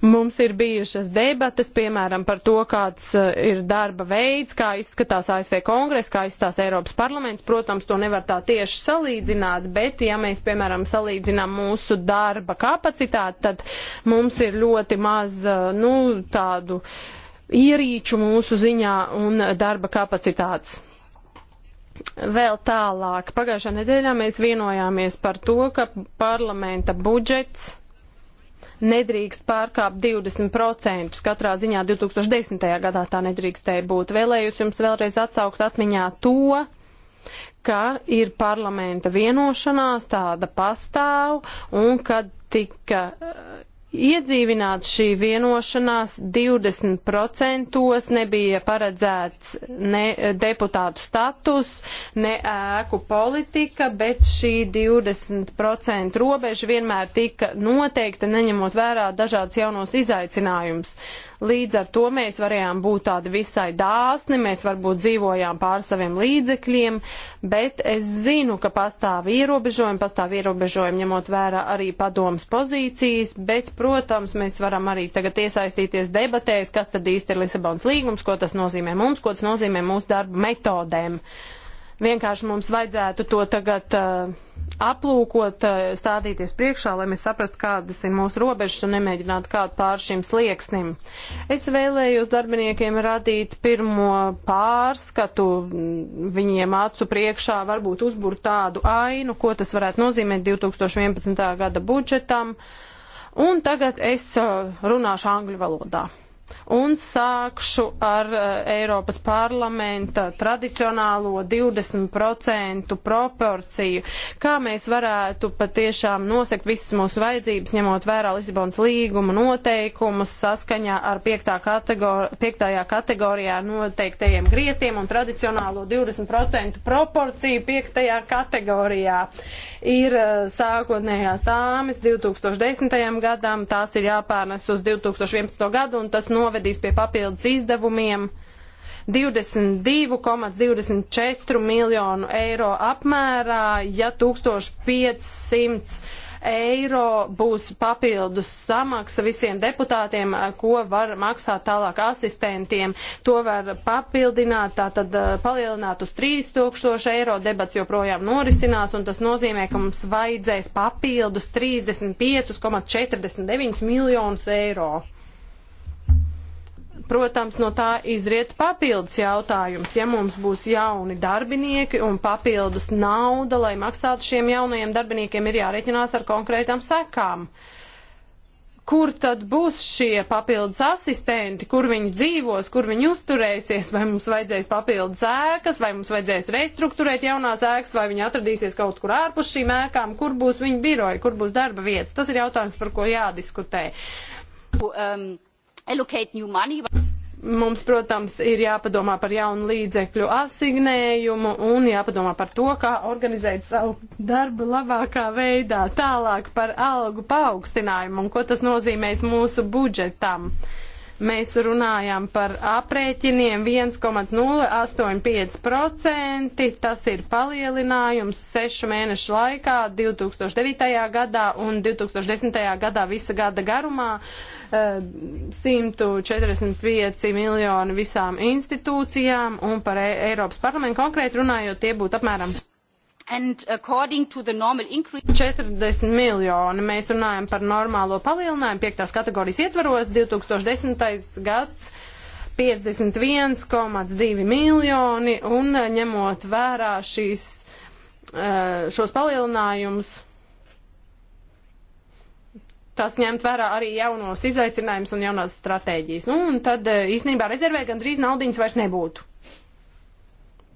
Mums ir bijušas debates, piemēram, par to, kāds eh, ir darba veids, kā izskatās ASV kongress, kā izskatās Eiropas parlaments. Protams, to nevar tā tieši salīdzināt, bet ja mēs, piemēram, salīdzinām mūsu darba kapacitāti, tad mums ir ļoti maz, eh, nu, tādu ierīču mūsu ziņā un darba kapacitātes. Vēl tālāk, pagājušā nedēļā mēs vienojāmies par to, ka parlamenta budžets nedrīkst pārkāpt 20%. Katrā ziņā 2010. gadā tā nedrīkstēja būt. Vēlējos jums vēlreiz atsaukt atmiņā to, ka ir parlamenta vienošanās tāda pastāv un kad tika iedzīvināt šī vienošanās 20% nebija paredzēts ne deputātu status, ne ēku politika, bet šī 20% robeža vienmēr tika noteikta, neņemot vērā dažādas jaunos izaicinājumus. Līdz ar to mēs varējām būt tādi visai dāsni, mēs varbūt dzīvojām pār saviem līdzekļiem, bet es zinu, ka pastāv ierobežojumi, pastāv ierobežojumi ņemot vērā arī padomas pozīcijas, bet, protams, mēs varam arī tagad iesaistīties debatēs, kas tad īsti ir Lisabons līgums, ko tas nozīmē mums, ko tas nozīmē mūsu darba metodēm. Vienkārši mums vajadzētu to tagad uh, aplūkot, eh, stādīties priekšā, lai mēs saprastu, kādas ir mūsu robežas un nemēģinātu kādu pār šim slieksnim. Es vēlējos darbiniekiem radīt pirmo pārskatu, mm, viņiem acu priekšā varbūt uzburt tādu ainu, ko tas varētu nozīmēt 2011. gada budžetam. Un tagad es eh, runāšu angļu valodā. Un sākšu ar uh, Eiropas parlamenta tradicionālo 20% proporciju. Kā mēs varētu patiešām nosekt visas mūsu vajadzības, ņemot vērā Lisabonas līguma noteikumus saskaņā ar 5. Kategor kategorijā noteiktajiem griestiem un tradicionālo 20% proporciju 5. kategorijā. Ir uh, sākotnējās tāmes 2010. gadam, tās ir jāpārnes uz 2011. gadu un tas novedīs pie papildus izdevumiem 22,24 miljonu eiro apmērā, ja 1500 eiro būs papildus samaksa visiem deputātiem, ko var maksāt tālāk asistentiem. To var papildināt, tātad palielināt uz 3000 eiro. Debats joprojām norisinās, un tas nozīmē, ka mums vajadzēs papildus 35,49 miljonus eiro protams, no tā izriet papildus jautājums. Ja mums būs jauni darbinieki un papildus nauda, lai maksātu šiem jaunajiem darbiniekiem, ir jārēķinās ar konkrētām sekām. Kur tad būs šie papildus asistenti, kur viņi dzīvos, kur viņi uzturēsies, vai mums vajadzēs papildus ēkas, vai mums vajadzēs restruktūrēt jaunās ēkas, vai viņi atradīsies kaut kur ārpus šīm ēkām, kur būs viņa biroja, kur būs darba vietas. Tas ir jautājums, par ko jādiskutē. Um allocate new money. But mums, protams, ir jāpadomā par jaunu līdzekļu asignējumu un jāpadomā par to, kā organizēt savu darbu labākā veidā. Tālāk par algu paaugstinājumu un ko tas nozīmēs mūsu budžetam. Uh, Mēs runājam par aprēķiniem 1,085%, tas ir palielinājums 6 mēnešu laikā 2009. gadā un 2010. gadā visa gada garumā. 145 eh, miljoni visām institūcijām un par e- Eiropas parlamentu konkrēti runājot, tie būtu apmēram Increase... 40 miljoni. Mēs runājam par normālo palielinājumu piektās kategorijas ietvaros. 2010. gads 51,2 miljoni un eh, ņemot vērā šīs, eh, šos palielinājumus, tas ņemt vērā arī jaunos izaicinājumus un jaunās stratēģijas. Nu, un tad eh, īstenībā rezervē gandrīz naudiņas vairs nebūtu.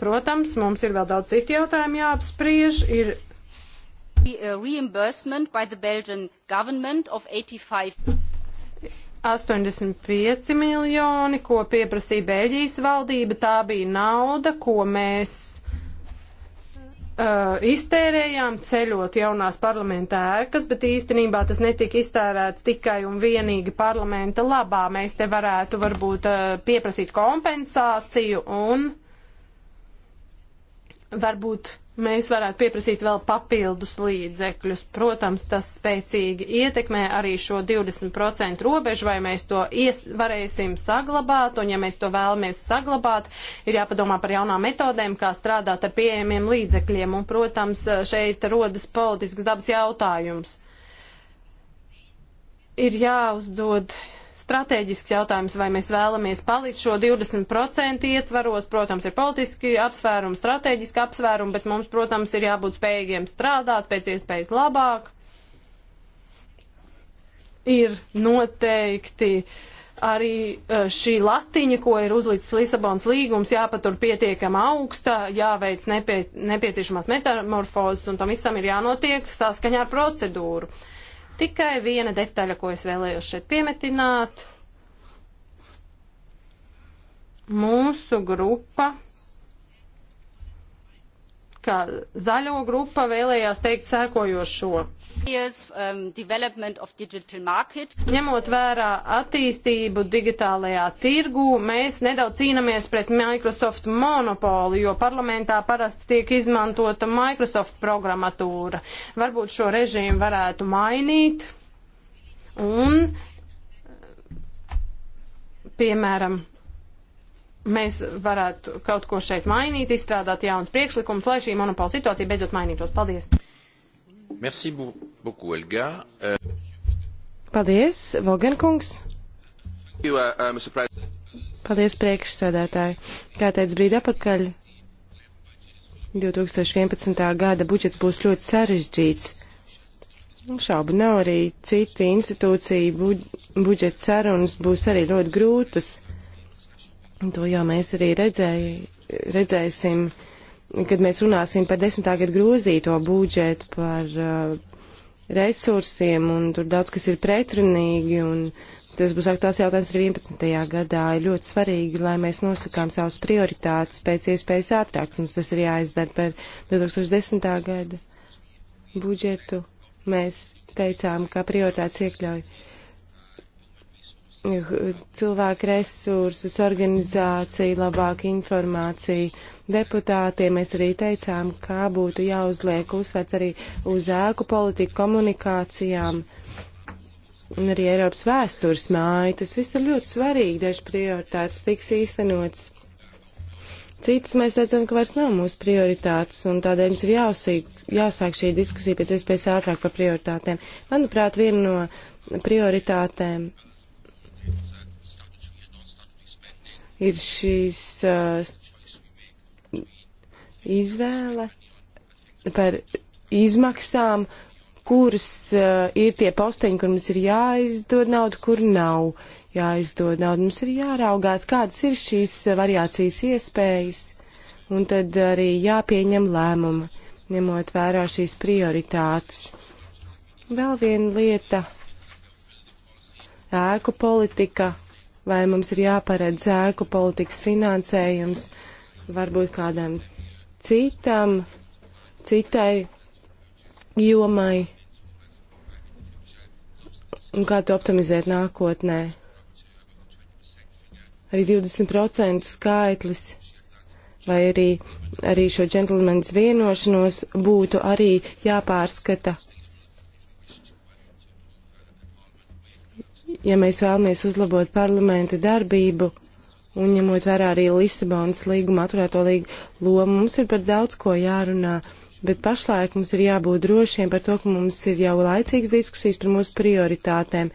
Protams, mums ir vēl daudz citu jautājumu jāapspriež. Ir uh, reimbursement by the Belgian government of 85. 85 miljoni, ko pieprasīja Bēļģijas valdība, tā bija nauda, ko mēs uh, iztērējām ceļot jaunās parlamenta ēkas, bet īstenībā tas netika iztērēts tikai un vienīgi parlamenta labā. Mēs te varētu varbūt uh, pieprasīt kompensāciju un varbūt mēs varētu pieprasīt vēl papildus līdzekļus. Protams, tas spēcīgi ietekmē arī šo 20% robežu, vai mēs to ies, varēsim saglabāt, un ja mēs to vēlamies saglabāt, ir jāpadomā par jaunām metodēm, kā strādāt ar pieejamiem līdzekļiem, un, protams, šeit rodas politisks dabas jautājums. Ir jāuzdod stratēģisks jautājums, vai mēs vēlamies palikt šo 20% ietvaros. Protams, ir politiski apsvērumi, stratēģiski apsvērumi, bet mums, protams, ir jābūt spējīgiem strādāt pēc iespējas labāk. Ir noteikti arī eh, šī latiņa, ko ir uzlicis Lisabons līgums, jāpatur pietiekama augsta, jāveic nepie, nepieciešamās metamorfozes, un tam visam ir jānotiek saskaņā ar procedūru. Uh, Tikai viena detaļa, ko es vēlējos šeit piemetināt. Mūsu grupa ka zaļo grupa vēlējās teikt sēkojošo. Um, Ņemot vērā attīstību digitālajā tirgū, mēs nedaudz cīnāmies pret Microsoft monopolu, jo parlamentā parasti tiek izmantota Microsoft programmatūra. Varbūt šo režīmu varētu mainīt un, piemēram, mēs varētu kaut ko šeit mainīt, izstrādāt jaunas priekšlikumus, lai šī monopola situācija beidzot mainītos. Paldies! Merci beaucoup, Elga. Euh, Paldies, Vogenkungs. Uh, uh, Paldies, priekšsēdētāji. Kā teica brīdi apakaļ, 2011. gada budžets būs ļoti sarežģīts. Nu, šaubu nav arī citu institūciju budžeta sarunas būs arī ļoti grūtas To jau mēs arī redzēj, redzēsim, kad mēs runāsim par desmitā gadu grozīto budžetu, par uh, resursiem, un tur daudz kas ir pretrunīgi, un tas būs aktuāls jautājums arī 11. gadā. Ir ļoti svarīgi, lai mēs nosakām savus prioritātus pēc iespējas ātrāk, mums tas ir jāizdara par 2010. gada budžetu. Mēs teicām, ka prioritātes iekļauj cilvēku resursus, organizāciju, labāku informāciju deputātiem. Mēs arī teicām, kā būtu jāuzliek uzsvērts arī uz ēku politiku komunikācijām un arī Eiropas vēstures māju. Tas viss ir ļoti svarīgi, dažs prioritātes tiks īstenots. Citas mēs redzam, ka vairs nav mūsu prioritātes, un tādēļ mums ir jāsīk, jāsāk šī diskusija pēc iespējas ātrāk par prioritātēm. Manuprāt, viena no prioritātēm ir šīs uh, izvēle par izmaksām, kuras uh, ir tie posteņi, kur mums ir jāizdod naudu, kur nav jāizdod naudu. Mums ir jāraugās, kādas ir šīs variācijas iespējas, un tad arī jāpieņem lēmumi, ņemot vērā šīs prioritātes. Vēl viena lieta - ēku politika vai mums ir jāparedz ēku politikas finansējums varbūt kādam citam, citai jomai un kā to optimizēt nākotnē. Arī 20% skaitlis vai arī, arī šo džentlmenis vienošanos būtu arī jāpārskata ja mēs vēlamies uzlabot parlamenta darbību un ņemot vērā arī Lisabonas līguma atturēto līgu lomu, mums ir par daudz ko jārunā. Bet pašlaik mums ir jābūt drošiem par to, ka mums ir jau laicīgas diskusijas par mūsu prioritātēm.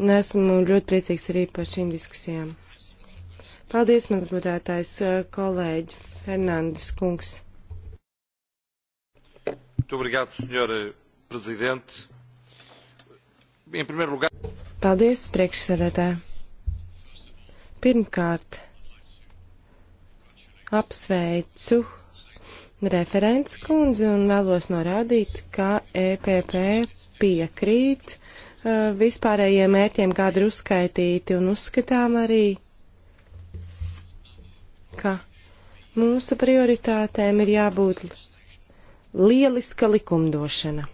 Un esmu ļoti priecīgs arī par šīm diskusijām. Paldies, man godētājs uh, kolēģi Fernandes kungs. Obrigado, senhora Presidente. Paldies, priekšsēdētāji. Pirmkārt, apsveicu referents kundzi un vēlos norādīt, ka EPP piekrīt uh, vispārējiem mērķiem, kādi ir uzskaitīti, un uzskatām arī, ka mūsu prioritātēm ir jābūt lieliska likumdošana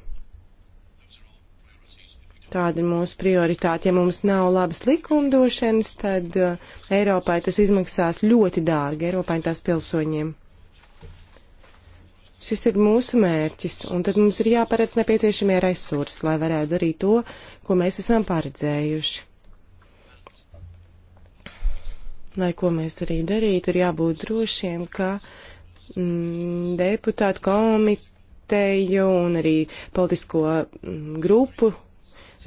kāda ir mūsu prioritāte. Ja mums nav labas likumdošanas, tad uh, Eiropai tas izmaksās ļoti dārgi, Eiropai un tās pilsoņiem. Šis ir mūsu mērķis, un tad mums ir jāparedz nepieciešamie resursi, lai varētu arī to, ko mēs esam paredzējuši. Lai ko mēs arī darītu, ir jābūt drošiem, ka mm, deputātu komiteju un arī politisko mm, grupu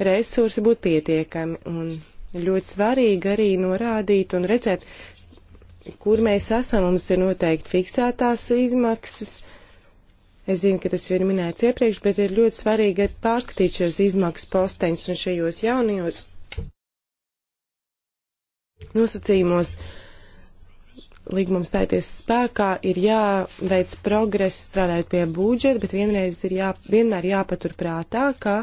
resursi būtu pietiekami. Un ļoti svarīgi arī norādīt un redzēt, kur mēs esam. Mums ir noteikti fiksētās izmaksas. Es zinu, ka tas jau ir minēts iepriekš, bet ir ļoti svarīgi pārskatīt šos izmaksu posteņus un šajos jaunajos nosacījumos līgumam stāties spēkā, ir jāveic progress strādājot pie budžeta, bet vienreiz ir jā, vienmēr jāpatur prātā, ka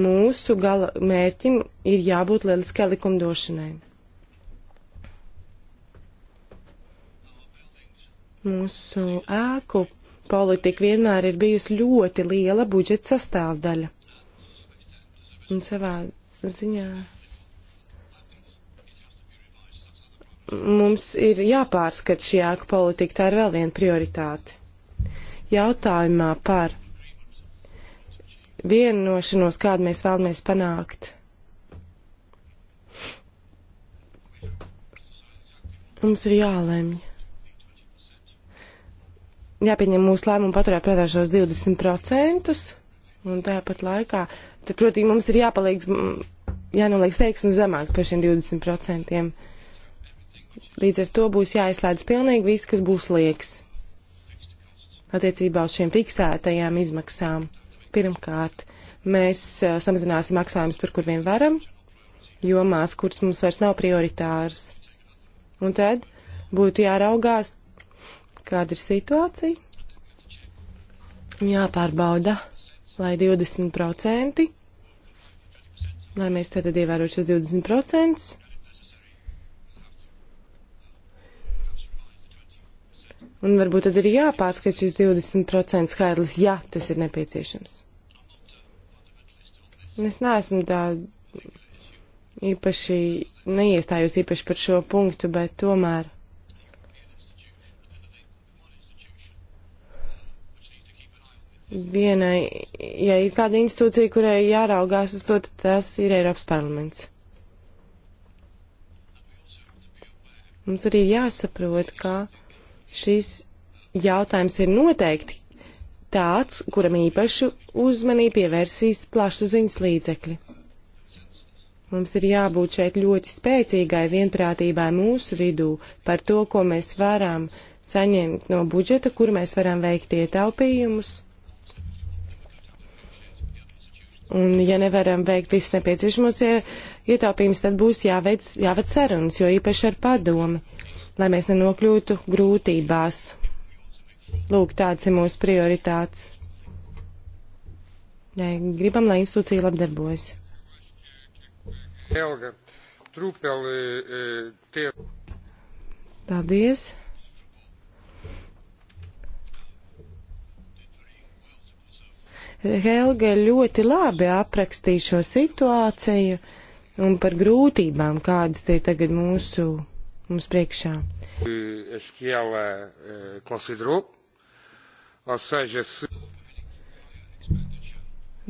mūsu gala mērķim ir jābūt lieliskai likumdošanai. Mūsu ēku politika vienmēr ir bijusi ļoti liela budžeta sastāvdaļa. Un savā ziņā mums ir jāpārskata šī ēku politika, tā ir vēl viena prioritāte. Jautājumā par vienošanos, kādu mēs vēlamies panākt. Mums ir jālemj. Jāpieņem mūsu lēmumu paturēt prātā šos 20%, un tāpat laikā, tad, protams, mums ir jāpalīdz, jānoliek steiksni zemāks par šiem 20%. Līdz ar to būs jāizslēdz pilnīgi viss, kas būs liekas attiecībā uz šiem fiksētajām izmaksām. Pirmkārt, mēs samazināsim maksājumus tur, kur vien varam, jomās, kuras mums vairs nav prioritāras. Un tad būtu jāraugās, kāda ir situācija. Jāpārbauda, lai 20%, lai mēs tātad ievērotu šos 20%, Un varbūt tad ir jāpārskat šis 20% skaidrs, ja tas ir nepieciešams. Es neesmu tā īpaši, neiestājos īpaši par šo punktu, bet tomēr. Vienai, ja ir kāda institūcija, kurai jāraugās uz to, tad tas ir Eiropas parlaments. Mums arī jāsaprot, ka. Kā Šis jautājums ir noteikti tāds, kuram īpašu uzmanību pievērsīs plašsaziņas līdzekļi. Mums ir jābūt šeit ļoti spēcīgai vienprātībai mūsu vidū par to, ko mēs varam saņemt no budžeta, kur mēs varam veikt ietaupījumus. Un, ja nevaram veikt visus nepieciešamos ietaupījumus, tad būs jāveic, jāved sarunas, jo īpaši ar padomi lai mēs nenokļūtu grūtībās. Lūk, tāds ir mūsu prioritāts. Ja gribam, lai institūcija labdarbojas. Helga, trūpeli e, tie. Paldies. Helga ļoti labi aprakstīja šo situāciju un par grūtībām, kādas tie tagad mūsu mums priekšā. Eh,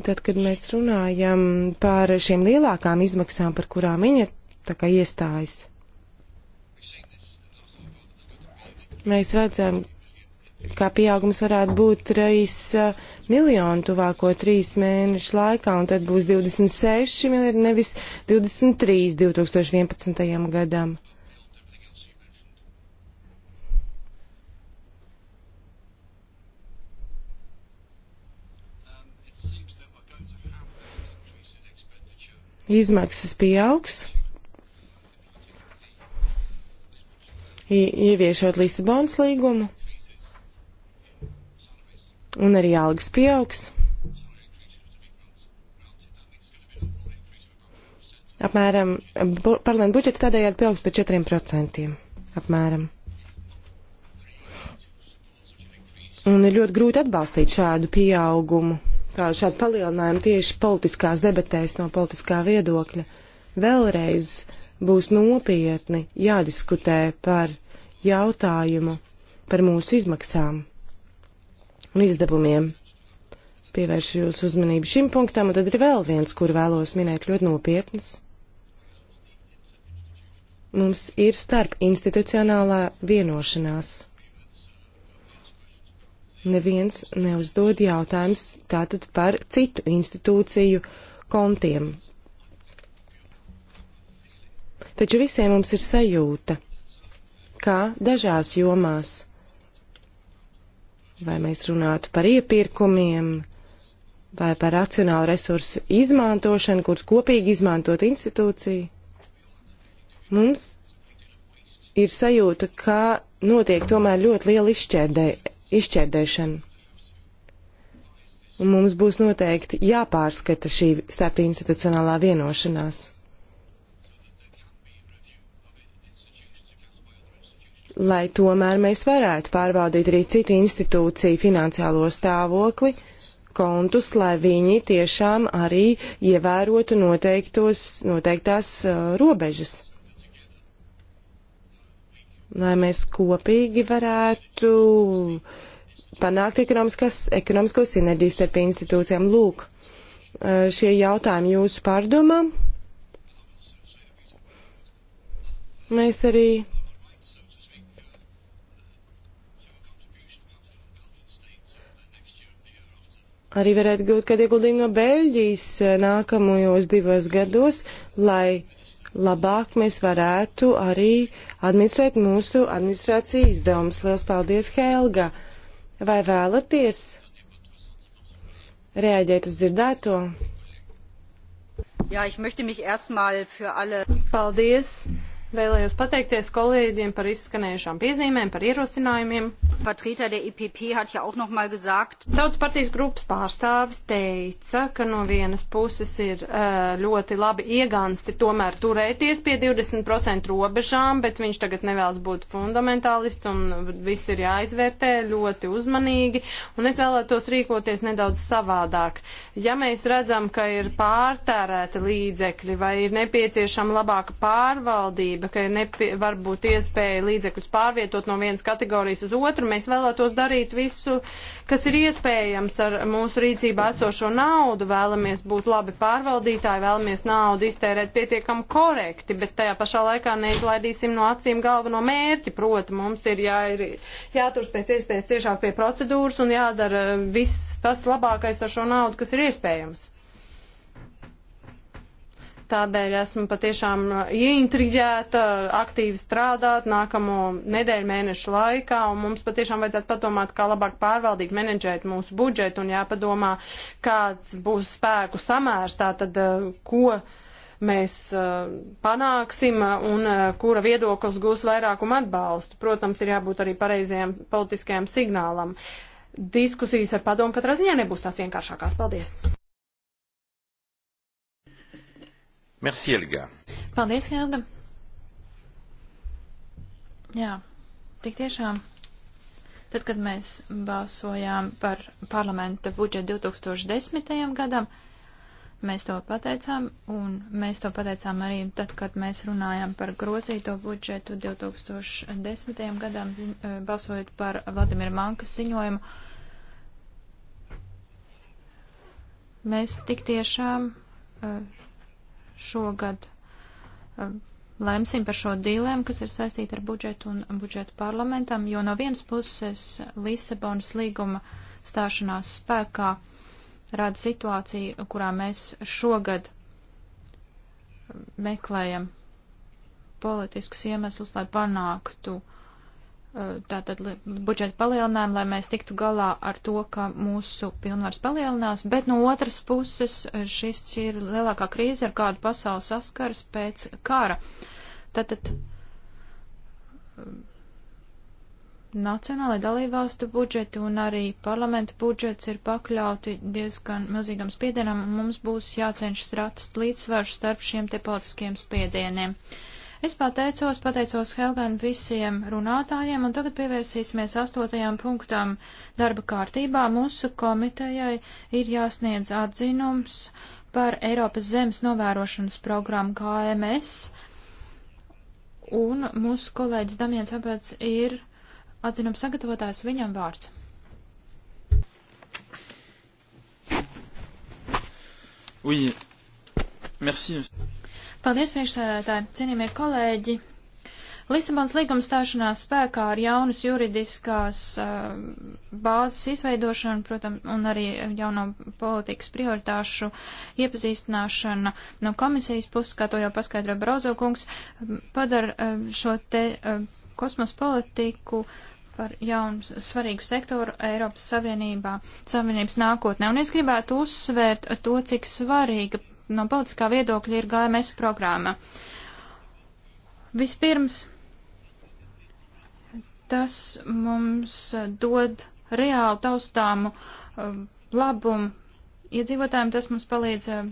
tad, kad mēs runājam par šīm lielākām izmaksām, par kurām viņa tā kā iestājas, mēs redzam, kā pieaugums varētu būt reiz uh, miljonu tuvāko trīs mēnešu laikā, un tad būs 26 miljoni, nevis 23 2011. gadam. izmaksas pieaugs. Ieviešot Lisabonas līgumu, un arī algas pieaugs. Apmēram, bu, parlamenta budžets tādējādi pieaugs par 4%. Apmēram. Un ir ļoti grūti atbalstīt šādu pieaugumu kā šādu palielinājumu tieši politiskās debatēs no politiskā viedokļa. Vēlreiz būs nopietni jādiskutē par jautājumu par mūsu izmaksām un izdevumiem. Pievēršu jūsu uzmanību šim punktam, un tad ir vēl viens, kur vēlos minēt ļoti nopietns. Mums ir starp institucionālā vienošanās neviens neuzdod jautājums tātad par citu institūciju kontiem. Taču visiem mums ir sajūta, ka dažās jomās, vai mēs runātu par iepirkumiem, vai par racionālu resursu izmantošanu, kurus kopīgi izmantot institūciju, mums ir sajūta, ka notiek tomēr ļoti liela izšķērdē, izšķērdēšanu. Un mums būs noteikti jāpārskata šī starpinstitucionālā vienošanās. Lai tomēr mēs varētu pārbaudīt arī citu institūciju finansiālo stāvokli, kontus, lai viņi tiešām arī ievērotu noteiktos, noteiktās uh, robežas lai mēs kopīgi varētu panākt ekonomisko sinerģiju starp institūcijām. Lūk, eh, šie jautājumi jūsu pārdomā. Mēs arī arī varētu gūt kādu ieguldījumu no Beļģijas eh, nākamajos divos gados, lai labāk mēs varētu arī administrēt mūsu administrāciju izdevumus. Lielas paldies, Helga! Vai vēlaties reaģēt uz dzirdēto? Jā, ich möchte mich erstmal für alle. Paldies! Vēlējos pateikties kolēģiem par izskanējušām piezīmēm, par ierosinājumiem. E Tautas partijas grupas pārstāvis teica, ka no vienas puses ir ļoti labi iegansti tomēr turēties pie 20% robežām, bet viņš tagad nevēlas būt fundamentālists un viss ir jāizvērtē ļoti uzmanīgi. Un es vēlētos rīkoties nedaudz savādāk. Ja mēs redzam, ka ir pārtērēti līdzekļi vai ir nepieciešama labāka pārvaldība, taisnība, ka nepie, var būt iespēja līdzekļus pārvietot no vienas kategorijas uz otru. Mēs vēlētos darīt visu, kas ir iespējams ar mūsu rīcībā esošo naudu. Vēlamies būt labi pārvaldītāji, vēlamies naudu iztērēt pietiekami korekti, bet tajā pašā laikā neizlaidīsim no acīm galveno mērķi. Proti, mums ir, jā, ir jāturs pēc iespējas ciešāk pie procedūras un jādara viss tas labākais ar šo naudu, kas ir iespējams. Tādēļ esmu patiešām ieintriģēta, aktīvi strādāt nākamo nedēļu mēnešu laikā, un mums patiešām vajadzētu padomāt, kā labāk pārvaldīt, menedžēt mūsu budžetu, un jāpadomā, kāds būs spēku samērs, tātad eh, ko mēs uh, panāksim un uh, kura viedoklis gūs vairākumu atbalstu. Protams, ir jābūt arī pareizajam politiskajam signālam. Diskusijas ar padomu katrā ziņā nebūs tās vienkāršākās. Paldies! Merci, Helga. Paldies, Helga. Jā, tik tiešām. Tad, kad mēs balsojām par parlamenta budžetu 2010. gadam, mēs to pateicām, un mēs to pateicām arī tad, kad mēs runājām par grozīto budžetu 2010. gadam, ziņ, eh, balsojot par Vladimira Mankas ziņojumu. Mēs tik tiešām eh, šogad eh, lemsim par šo dīlēm, kas ir saistīta ar budžetu un budžetu parlamentam, jo no vienas puses Lisabonas līguma stāšanās spēkā rada situāciju, kurā mēs šogad meklējam politiskus iemeslus, lai panāktu tātad budžeta palielinājumu, lai mēs tiktu galā ar to, ka mūsu pilnvars palielinās, bet no otras puses šis ir lielākā krīze, ar kādu pasauli saskars pēc kara. Tātad um, nacionālai dalībvalstu budžeti un arī parlamenta budžets ir pakļauti diezgan mazīgam spiedienam, un mums būs jācenšas ratast līdzsvaru starp šiem te politiskiem spiedieniem. Uh, Es pateicos, pateicos Helgan visiem runātājiem, un tagad pievērsīsimies astotajām punktām darba kārtībā. Mūsu komitejai ir jāsniedz atzinums par Eiropas zemes novērošanas programmu KMS, un mūsu kolēģis Damiens Apēc ir atzinums sagatavotājs viņam vārds. Oui. Merci. Paldies, priekšsēdētāji, cienījamie kolēģi. Lisabons līguma stāšanās spēkā ar jaunas juridiskās uh, bāzes izveidošanu, protams, un arī jauno politikas prioritāšu iepazīstināšana no komisijas puses, kā to jau paskaidroja Brozokungs, um, padara uh, šo te uh, kosmos politiku par jaunu svarīgu sektoru Eiropas Savienībā, Savienības nākotnē. Un es gribētu uzsvērt to, cik svarīga no politiskā viedokļa ir GMS programma. Vispirms, tas mums dod reāli taustāmu um, labumu iedzīvotājiem, tas mums palīdz um,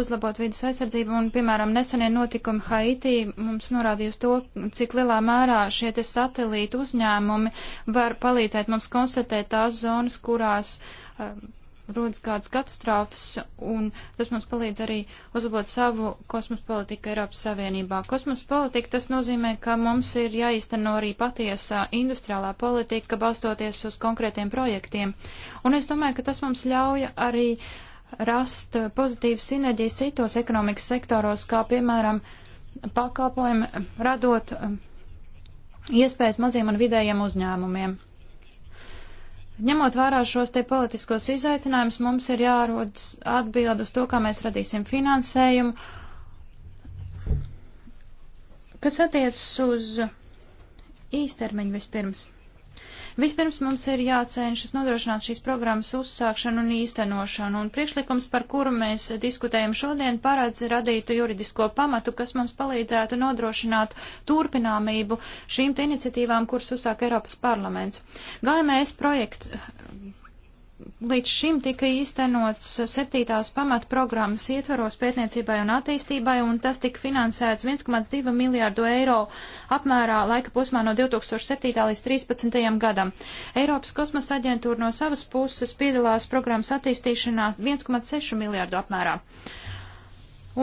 uzlabot vidas aizsardzību, un, piemēram, nesenie notikumi Haitī mums norādīja uz to, cik lielā mērā šie te satelīti uzņēmumi var palīdzēt mums konstatēt tās zonas, kurās um, rodas kādas katastrofas, un tas mums palīdz arī uzlabot savu kosmosa politiku Eiropas Savienībā. Kosmosa politika tas nozīmē, ka mums ir jāizteno arī patiesā industriālā politika, balstoties uz konkrētiem projektiem. Un es domāju, ka tas mums ļauj arī rast pozitīvas sinerģijas citos ekonomikas sektoros, kā piemēram pakalpojumi, radot um, iespējas maziem un vidējiem uzņēmumiem. Ņemot vērā šos te politiskos izaicinājumus, mums ir jārod atbild uz to, kā mēs radīsim finansējumu. Kas attiecas uz īstermiņu vispirms? Vispirms mums ir jācenšas nodrošināt šīs programmas uzsākšanu un īstenošanu, un priekšlikums, par kuru mēs diskutējam šodien, paredz radīt juridisko pamatu, kas mums palīdzētu nodrošināt turpināmību šīm te iniciatīvām, kuras uzsāk Eiropas parlaments. GMS projekts līdz šim tika īstenots septītās pamatprogrammas ietvaros pētniecībai un attīstībai, un tas tika finansēts 1,2 miljārdu eiro apmērā laika posmā no 2007. līdz 2013. gadam. Eiropas kosmosa aģentūra no savas puses piedalās programmas attīstīšanā 1,6 miljārdu apmērā.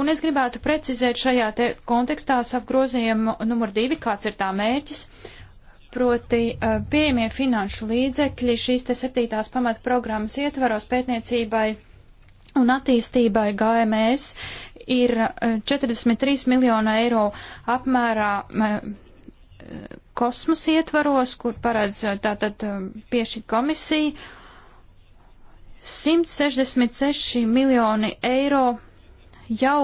Un es gribētu precizēt šajā kontekstā savu grozījumu numur divi, kāds ir tā mērķis. Uh, proti eh, pieejamie finanšu līdzekļi šīs te septītās pamatprogrammas ietvaros pētniecībai un attīstībai GMS ir 43 eh, miljonu eiro apmērā eh, kosmos ietvaros, kur paredz tātad pieši komisija, 166 miljoni eiro jau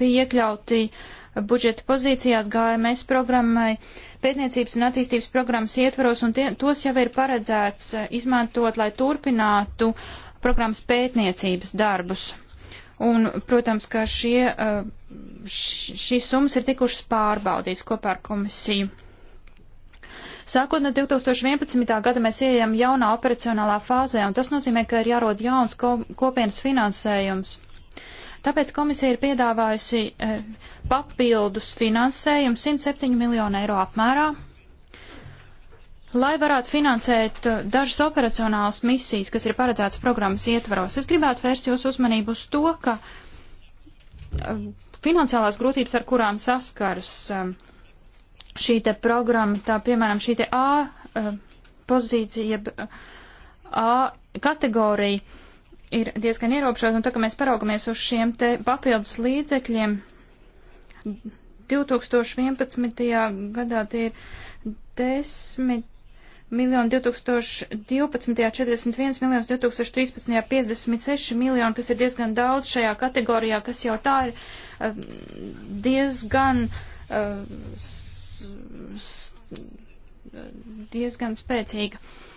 bija iekļauti uh, budžeta pozīcijās GMS programmai, pētniecības un attīstības programmas ietvaros, un tie, tos jau ir paredzēts eh, izmantot, lai turpinātu programmas pētniecības darbus. Un, protams, ka šie, eh, šīs summas ir tikušas pārbaudīts kopā ar komisiju. Sākot no 2011. gada mēs ieejam jaunā operacionālā fāzē, un tas nozīmē, ka ir jārod jauns kopienas finansējums. Tāpēc komisija ir piedāvājusi e, papildus finansējumu 107 miljonu eiro apmērā, lai varētu finansēt e, dažas operacionālas misijas, kas ir paredzētas programmas ietvaros. Es gribētu vērst jūsu uzmanību uz to, ka e, finansiālās grūtības, ar kurām saskaras šī te programma, tā piemēram šī te A pozīcija, A kategorija, ir diezgan ierobežot, un tā, ka mēs paraugamies uz šiem te papildus līdzekļiem, 2011. gadā tie ir 10 miljoni, 2012. 41 miljonus, 2013. 56 miljoni, kas ir diezgan daudz šajā kategorijā, kas jau tā ir eh, diezgan eh, diezgan spēcīga. Uh,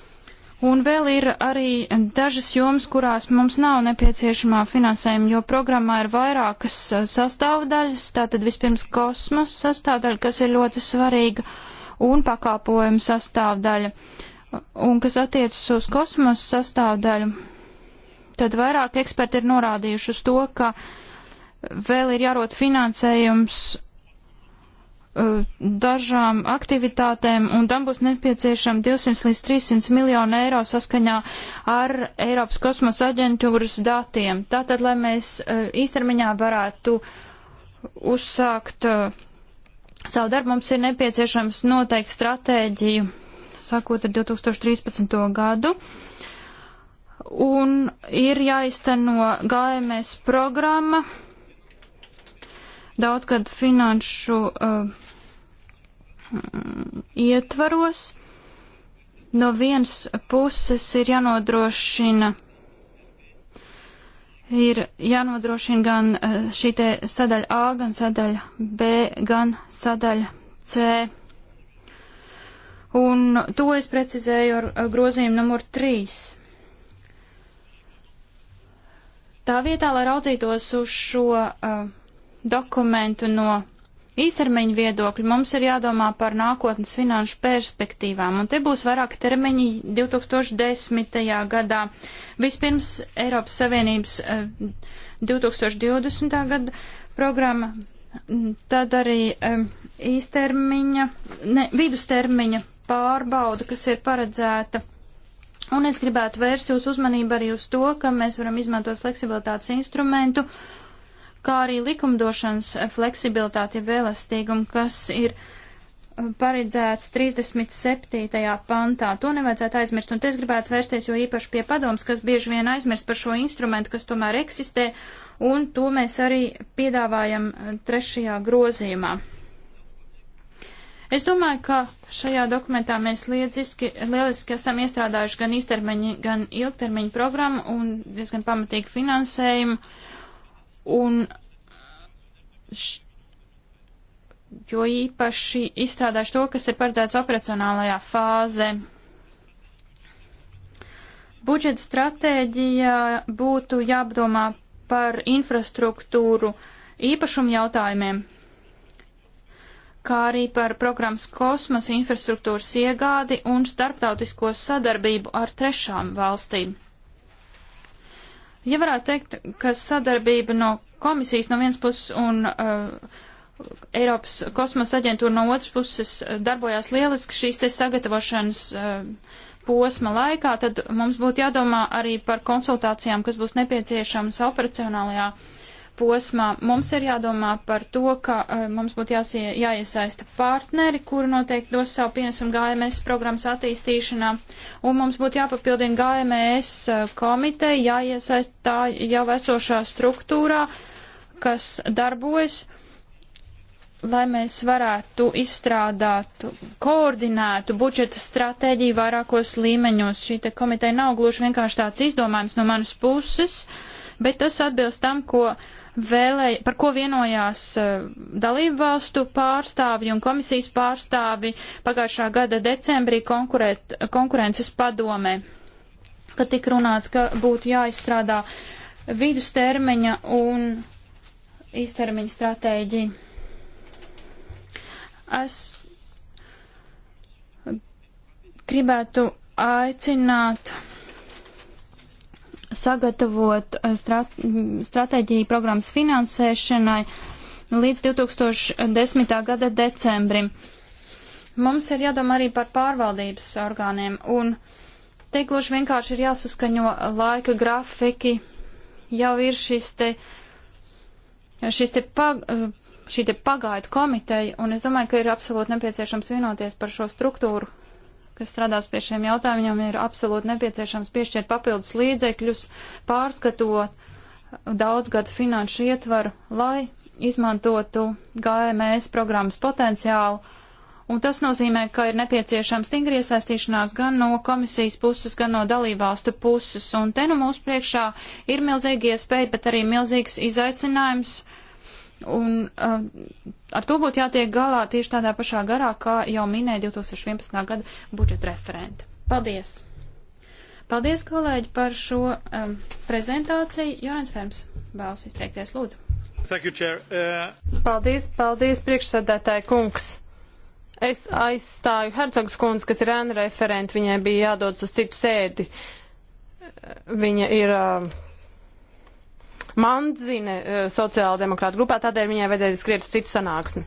Un vēl ir arī dažas jomas, kurās mums nav nepieciešamā finansējuma, jo programmā ir vairākas sastāvdaļas. Tātad vispirms kosmosa sastāvdaļa, kas ir ļoti svarīga, un pakāpojuma sastāvdaļa. Un kas attiecas uz kosmosa sastāvdaļu, tad vairāk eksperti ir norādījuši uz to, ka vēl ir jārot finansējums dažām aktivitātēm, un tam būs nepieciešama 200 līdz 300 miljonu eiro saskaņā ar Eiropas kosmosa aģentūras datiem. Tātad, lai mēs e, īstermiņā varētu uzsākt e, savu darbu, mums ir nepieciešams noteikt stratēģiju, sākot ar 2013. gadu. Un ir jāizteno GMS programma, daudzgad finanšu uh, ietvaros. No vienas puses ir jānodrošina ir jānodrošina gan uh, šī te sadaļa A, gan sadaļa B, gan sadaļa C. Un to es precizēju ar uh, grozījumu numur 3. Tā vietā, lai raudzītos uz šo uh, dokumentu no īstermiņa viedokļa, mums ir jādomā par nākotnes finanšu perspektīvām, un te būs vairāk termiņi 2010. gadā. Vispirms Eiropas Savienības 2020. Eh, gada programma, mm, tad arī eh, īstermiņa, ne, vidustermiņa pārbauda, kas ir paredzēta. Un es gribētu vērst jūsu uzmanību arī uz to, ka mēs varam izmantot fleksibilitātes instrumentu uh, kā arī likumdošanas fleksibilitāti vēlastīgumu, kas ir uh, paredzēts 37. pantā. To nevajadzētu aizmirst, un te es gribētu vērsties jo īpaši pie padoms, kas bieži vien aizmirst par šo instrumentu, kas tomēr eksistē, un to mēs arī piedāvājam uh, trešajā grozījumā. Es domāju, ka šajā dokumentā mēs liedziski, lieliski esam iestrādājuši gan īstermiņa, gan ilgtermiņa programmu un diezgan pamatīgi finansējumu. Uh, Un š, jo īpaši izstrādāšu to, kas ir paredzēts operacionālajā fāzē. Budžeta stratēģija būtu jāapdomā par infrastruktūru īpašumu jautājumiem, kā arī par programmas kosmosa infrastruktūras iegādi un starptautisko sadarbību ar trešām valstīm. Ja varētu teikt, ka sadarbība no komisijas no vienas puses un uh, Eiropas kosmosa aģentūra no otras puses uh, darbojās lieliski šīs te sagatavošanas uh, posma laikā, tad mums būtu jādomā arī par konsultācijām, kas būs nepieciešamas operacionālajā uh, posmā mums ir jādomā par to, ka uh, mums būtu jāsie, jāiesaista partneri, kuri noteikti dos savu pienesumu GMS programmas attīstīšanā, un mums būtu jāpapildina GMS eh, komiteja, jāiesaista tā jau esošā struktūrā, kas darbojas, lai mēs varētu izstrādāt koordinētu budžeta stratēģiju vairākos līmeņos. Šī te komiteja nav gluži vienkārši tāds izdomājums no manas puses, bet tas atbilst tam, ko uh, vēlēja, par ko vienojās eh, dalību valstu pārstāvi un komisijas pārstāvi pagājušā gada decembrī konkurēt, konkurences padomē, kad tik runāts, ka būtu jāizstrādā vidustermiņa un īstermiņa stratēģija. Es gribētu aicināt sagatavot eh, strat stratēģiju programmas finansēšanai līdz 2010. gada decembrim. Mums ir jādomā arī par pārvaldības orgāniem, un te gluži vienkārši ir jāsaskaņo laika grafiki, jau ir šis te, šis te pag, eh, šī te pagaidu komiteja, un es domāju, ka ir absolūti nepieciešams vienoties par šo struktūru kas strādās pie šiem jautājumiem, ir absolūti nepieciešams piešķirt papildus līdzekļus, pārskatot daudzgadu finanšu ietvaru, lai izmantotu GMS programmas potenciālu. Un tas nozīmē, ka ir nepieciešama stingra iesaistīšanās gan no komisijas puses, gan no dalībvalstu puses. Un te nu mūsu priekšā ir milzīga iespēja, bet arī milzīgs izaicinājums Un uh, ar to būtu jātiek galā tieši tādā pašā garā, kā jau minēja 2011. gada budžeta referente. Paldies! Paldies, kolēģi, par šo um, prezentāciju. Jānis Ferms vēlas izteikties, lūdzu. Thank you, chair. uh... Paldies, paldies, priekšsēdētāji kungs. Es aizstāju Hercogs kundz, kas ir ēna referenti, viņai bija jādodas uz citu sēdi. Viņa ir uh, Mandzine eh, sociāla demokrāta grupā, tādēļ viņai vajadzēja skriet uz citu sanāksmi.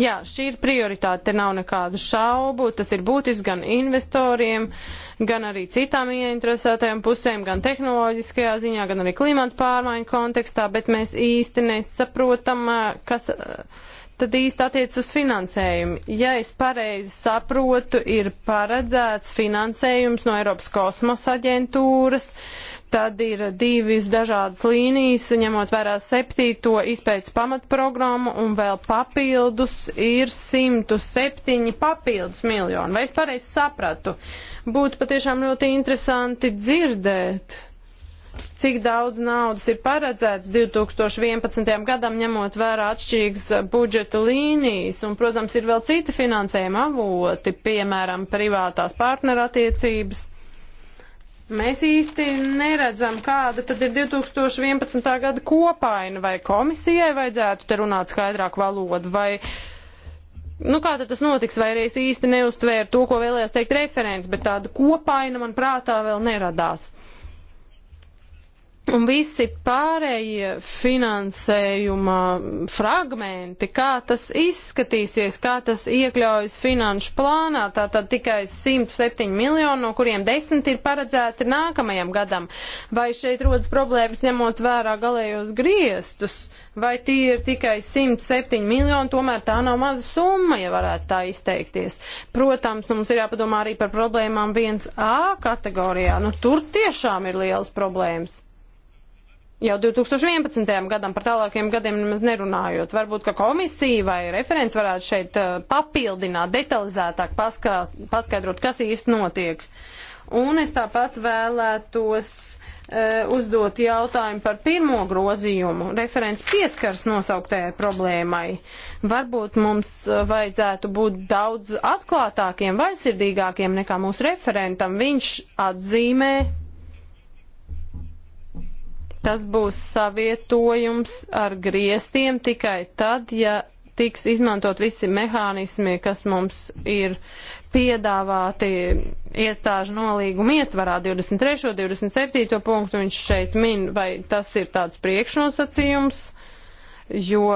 Jā, šī ir prioritāte, te nav nekādu šaubu, tas ir būtiski gan investoriem, gan arī citām ieinteresētajām pusēm, gan tehnoloģiskajā ziņā, gan arī klimata pārmaiņu kontekstā, bet mēs īsti nesaprotam, eh, kas eh, tad īsti attiec uz finansējumu. Ja es pareizi saprotu, ir paredzēts finansējums no Eiropas kosmosa aģentūras, Tad ir divas dažādas līnijas, ņemot vērā septīto izpētes pamatprogrammu un vēl papildus ir 107 papildus miljoni. Vai es pareizi sapratu? Būtu patiešām ļoti interesanti dzirdēt cik daudz naudas ir paredzēts 2011. gadam, ņemot vērā atšķirīgas budžeta līnijas, un, protams, ir vēl citi finansējuma avoti, piemēram, privātās partnerattiecības. Mēs īsti neredzam, kāda tad ir 2011. gada kopaina, vai komisijai vajadzētu te runāt skaidrāku valodu, vai nu, kā tad tas notiks, vai arī es īsti neuztvēru to, ko vēlējās teikt referents, bet tāda kopaina man prātā vēl neradās. Un visi pārējie finansējuma fragmenti, kā tas izskatīsies, kā tas iekļaujas finanšu plānā, tātad tikai 107 miljoni, no kuriem 10 ir paredzēti nākamajam gadam. Vai šeit rodas problēmas ņemot vērā galējos griestus, vai tie ir tikai 107 miljoni, tomēr tā nav maza summa, ja varētu tā izteikties. Protams, mums ir jāpadomā arī par problēmām 1A kategorijā. Nu, tur tiešām ir liels problēmas jau 2011. gadam, par tālākiem gadiem nemaz nerunājot. Varbūt, ka komisija vai referents varētu šeit uh, papildināt, detalizētāk paskā, paskaidrot, kas īsti notiek. Un es tāpat vēlētos e, uzdot jautājumu par pirmo grozījumu. Referents pieskars nosauktējai problēmai. Varbūt mums vajadzētu būt daudz atklātākiem, vaisirdīgākiem nekā mūsu referentam. Viņš atzīmē Tas būs savietojums ar griestiem tikai tad, ja tiks izmantot visi mehānismi, kas mums ir piedāvāti iestāžu nolīguma ietvarā 23. 27. punktu viņš šeit min, vai tas ir tāds priekšnosacījums, jo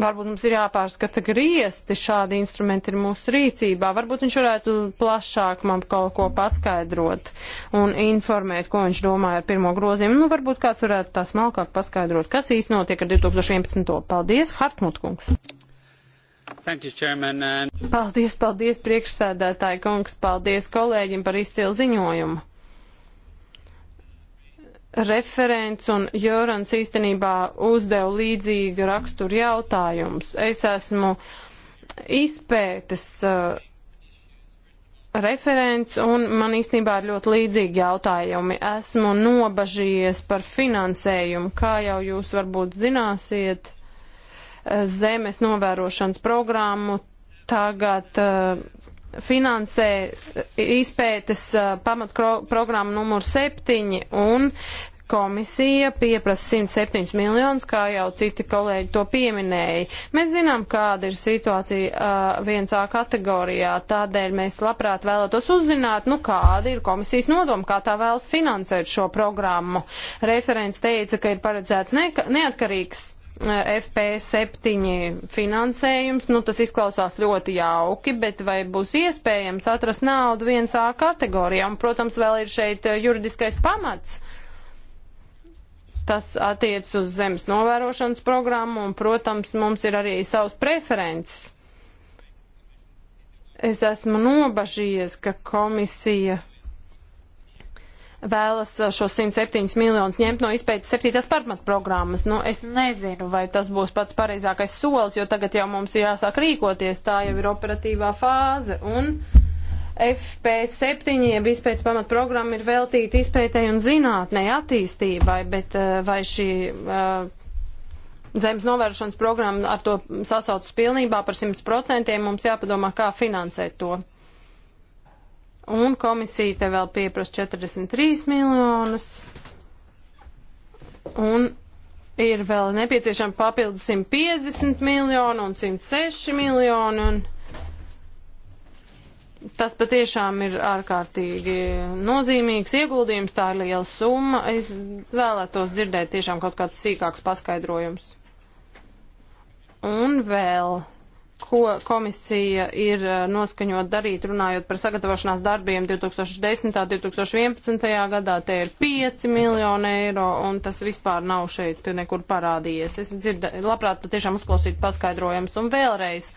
varbūt mums ir jāpārskata griesti, šādi instrumenti ir mūsu rīcībā. Varbūt viņš varētu plašāk man kaut ko paskaidrot un informēt, ko viņš domāja ar pirmo grozījumu. Nu, varbūt kāds varētu tā smalkāk paskaidrot, kas īsti notiek ar 2011. Paldies, Hartmut kungs! You, paldies, paldies, priekšsēdētāji kungs, paldies kolēģim par izcilu ziņojumu! referents un Jorans īstenībā uzdeva līdzīga rakstura jautājums. Es esmu izpētes uh, referents un man īstenībā ir ļoti līdzīgi jautājumi. Esmu nobažījies par finansējumu, kā jau jūs varbūt zināsiet, uh, zemes novērošanas programmu tagad uh, finansē e, izpētes e, pamatprogrammu numur 7 un komisija pieprasa 107 miljonus, kā jau citi kolēģi to pieminēja. Mēs zinām, kāda ir situācija uh, e, 1A kategorijā, tādēļ mēs labprāt vēlētos uzzināt, nu kāda ir komisijas nodoma, kā tā vēlas finansēt šo programmu. Referents teica, ka ir paredzēts ne neatkarīgs Eh, FP7 finansējums, nu tas izklausās ļoti jauki, bet vai būs iespējams atrast naudu viens A kategorijā? Un, protams, vēl ir šeit eh, juridiskais pamats. Tas attiec uz zemes novērošanas programmu un, protams, mums ir arī savs preferences. Es esmu nobažījies, ka komisija vēlas uh, šo 107 miljonus ņemt no izpētes septītās pamatprogrammas. Nu, es nezinu, vai tas būs pats pareizākais solis, jo tagad jau mums ir jāsāk rīkoties, tā jau ir operatīvā fāze. Un FP7, jeb izpētes pamatprogramma, ir veltīta izpētēji un zinātnē attīstībai, bet uh, vai šī. Uh, zemes novēršanas programma ar to sasaucas pilnībā par 100%, mums jāpadomā, kā finansēt to. Un komisija te vēl pieprasa 43 miljonus. Un ir vēl nepieciešama papildus 150 miljonu un 106 miljonu. Un tas patiešām ir ārkārtīgi nozīmīgs ieguldījums, tā ir liela summa. Es vēlētos dzirdēt tiešām kaut kāds sīkāks paskaidrojums. Un vēl ko komisija ir eh, noskaņot darīt, runājot par sagatavošanās darbiem 2010. un 2011. gadā. Te ir 5 miljoni eiro, un tas vispār nav šeit nekur parādījies. Es dzirda, labprāt patiešām uzklausītu paskaidrojumus. Un vēlreiz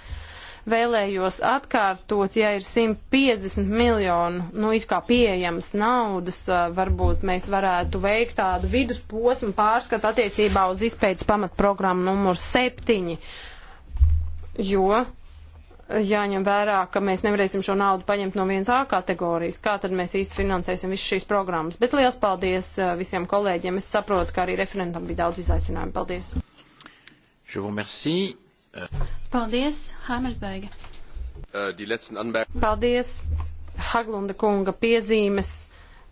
vēlējos atkārtot, ja ir 150 miljonu, nu, it kā pieejams naudas, eh, varbūt mēs varētu veikt tādu vidusposmu pārskatu attiecībā uz izpētes pamatprogrammu numur 7 jo jāņem vērā, ka mēs nevarēsim šo naudu paņemt no vienas A kategorijas. Kā tad mēs īsti finansēsim visu šīs programmas? Bet liels paldies eh, visiem kolēģiem. Es saprotu, ka arī referentam bija daudz izaicinājumu. Paldies! Paldies, Hamersbeiga! Eh, paldies, Haglunda kunga piezīmes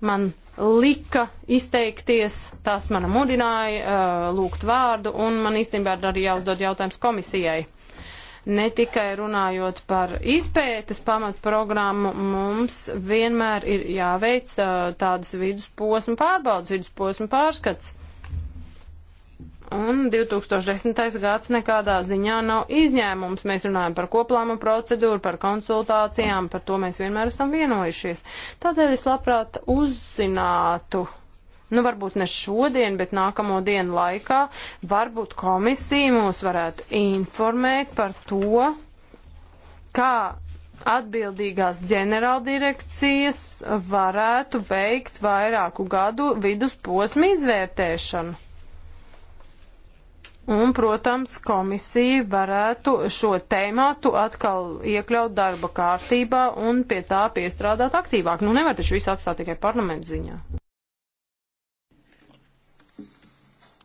man lika izteikties, tās mana mudināja, eh, lūgt vārdu, un man īstenībā arī jāuzdod jautājums komisijai ne tikai runājot par izpētes pamatprogrammu, mums vienmēr ir jāveic tādas vidusposma pārbaudas, vidusposma pārskats. Un 2010. gads nekādā ziņā nav izņēmums. Mēs runājam par koplāma procedūru, par konsultācijām, par to mēs vienmēr esam vienojušies. Tādēļ es labprāt uzzinātu nu varbūt ne šodien, bet nākamo dienu laikā, varbūt komisija mūs varētu informēt par to, kā atbildīgās ģenerāldirekcijas varētu veikt vairāku gadu vidusposmu izvērtēšanu. Un, protams, komisija varētu šo tēmātu atkal iekļaut darba kārtībā un pie tā piestrādāt aktīvāk. Nu, nevar taču visu atstāt tikai parlamentu ziņā.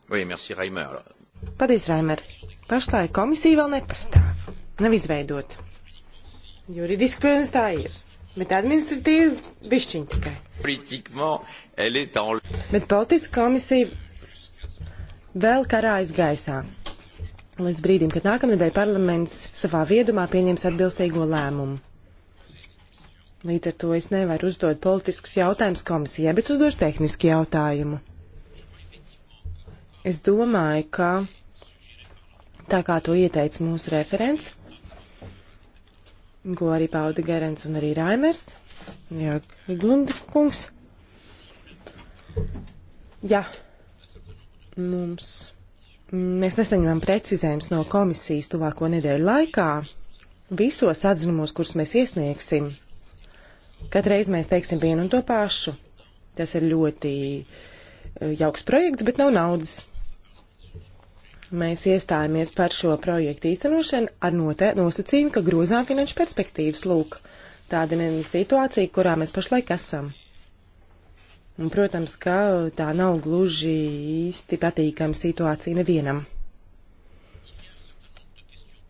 Oui, merci, Raimer. Paldies, Raimer. Pašlaik komisija vēl nepastāv. Nav izveidota. Juridiski, protams, tā ir. Bet administratīvi bišķiņ tikai. En... Bet politiska komisija vēl karājas gaisā. Līdz brīdim, kad nākamnedēļ parlaments savā viedumā pieņems atbilstīgo lēmumu. Līdz ar to es nevaru uzdot politiskus jautājumus komisijai, bet uzdošu tehnisku jautājumu. Es domāju, ka tā kā to ieteica mūsu referents, ko arī pauda Gerens un arī Raimers, jā, Glunda kungs. Jā, mums. Mēs nesaņemam precizējums no komisijas tuvāko nedēļu laikā visos atzinumos, kurus mēs iesniegsim. Katreiz mēs teiksim vienu un to pašu. Tas ir ļoti eh, jauks projekts, bet nav naudas. Mēs iestājāmies par šo projektu īstenošanu ar nosacījumu, ka grozām finanšu perspektīvas. Lūk, tāda ir situācija, kurā mēs pašlaik esam. Un, protams, ka tā nav gluži īsti patīkama situācija nevienam.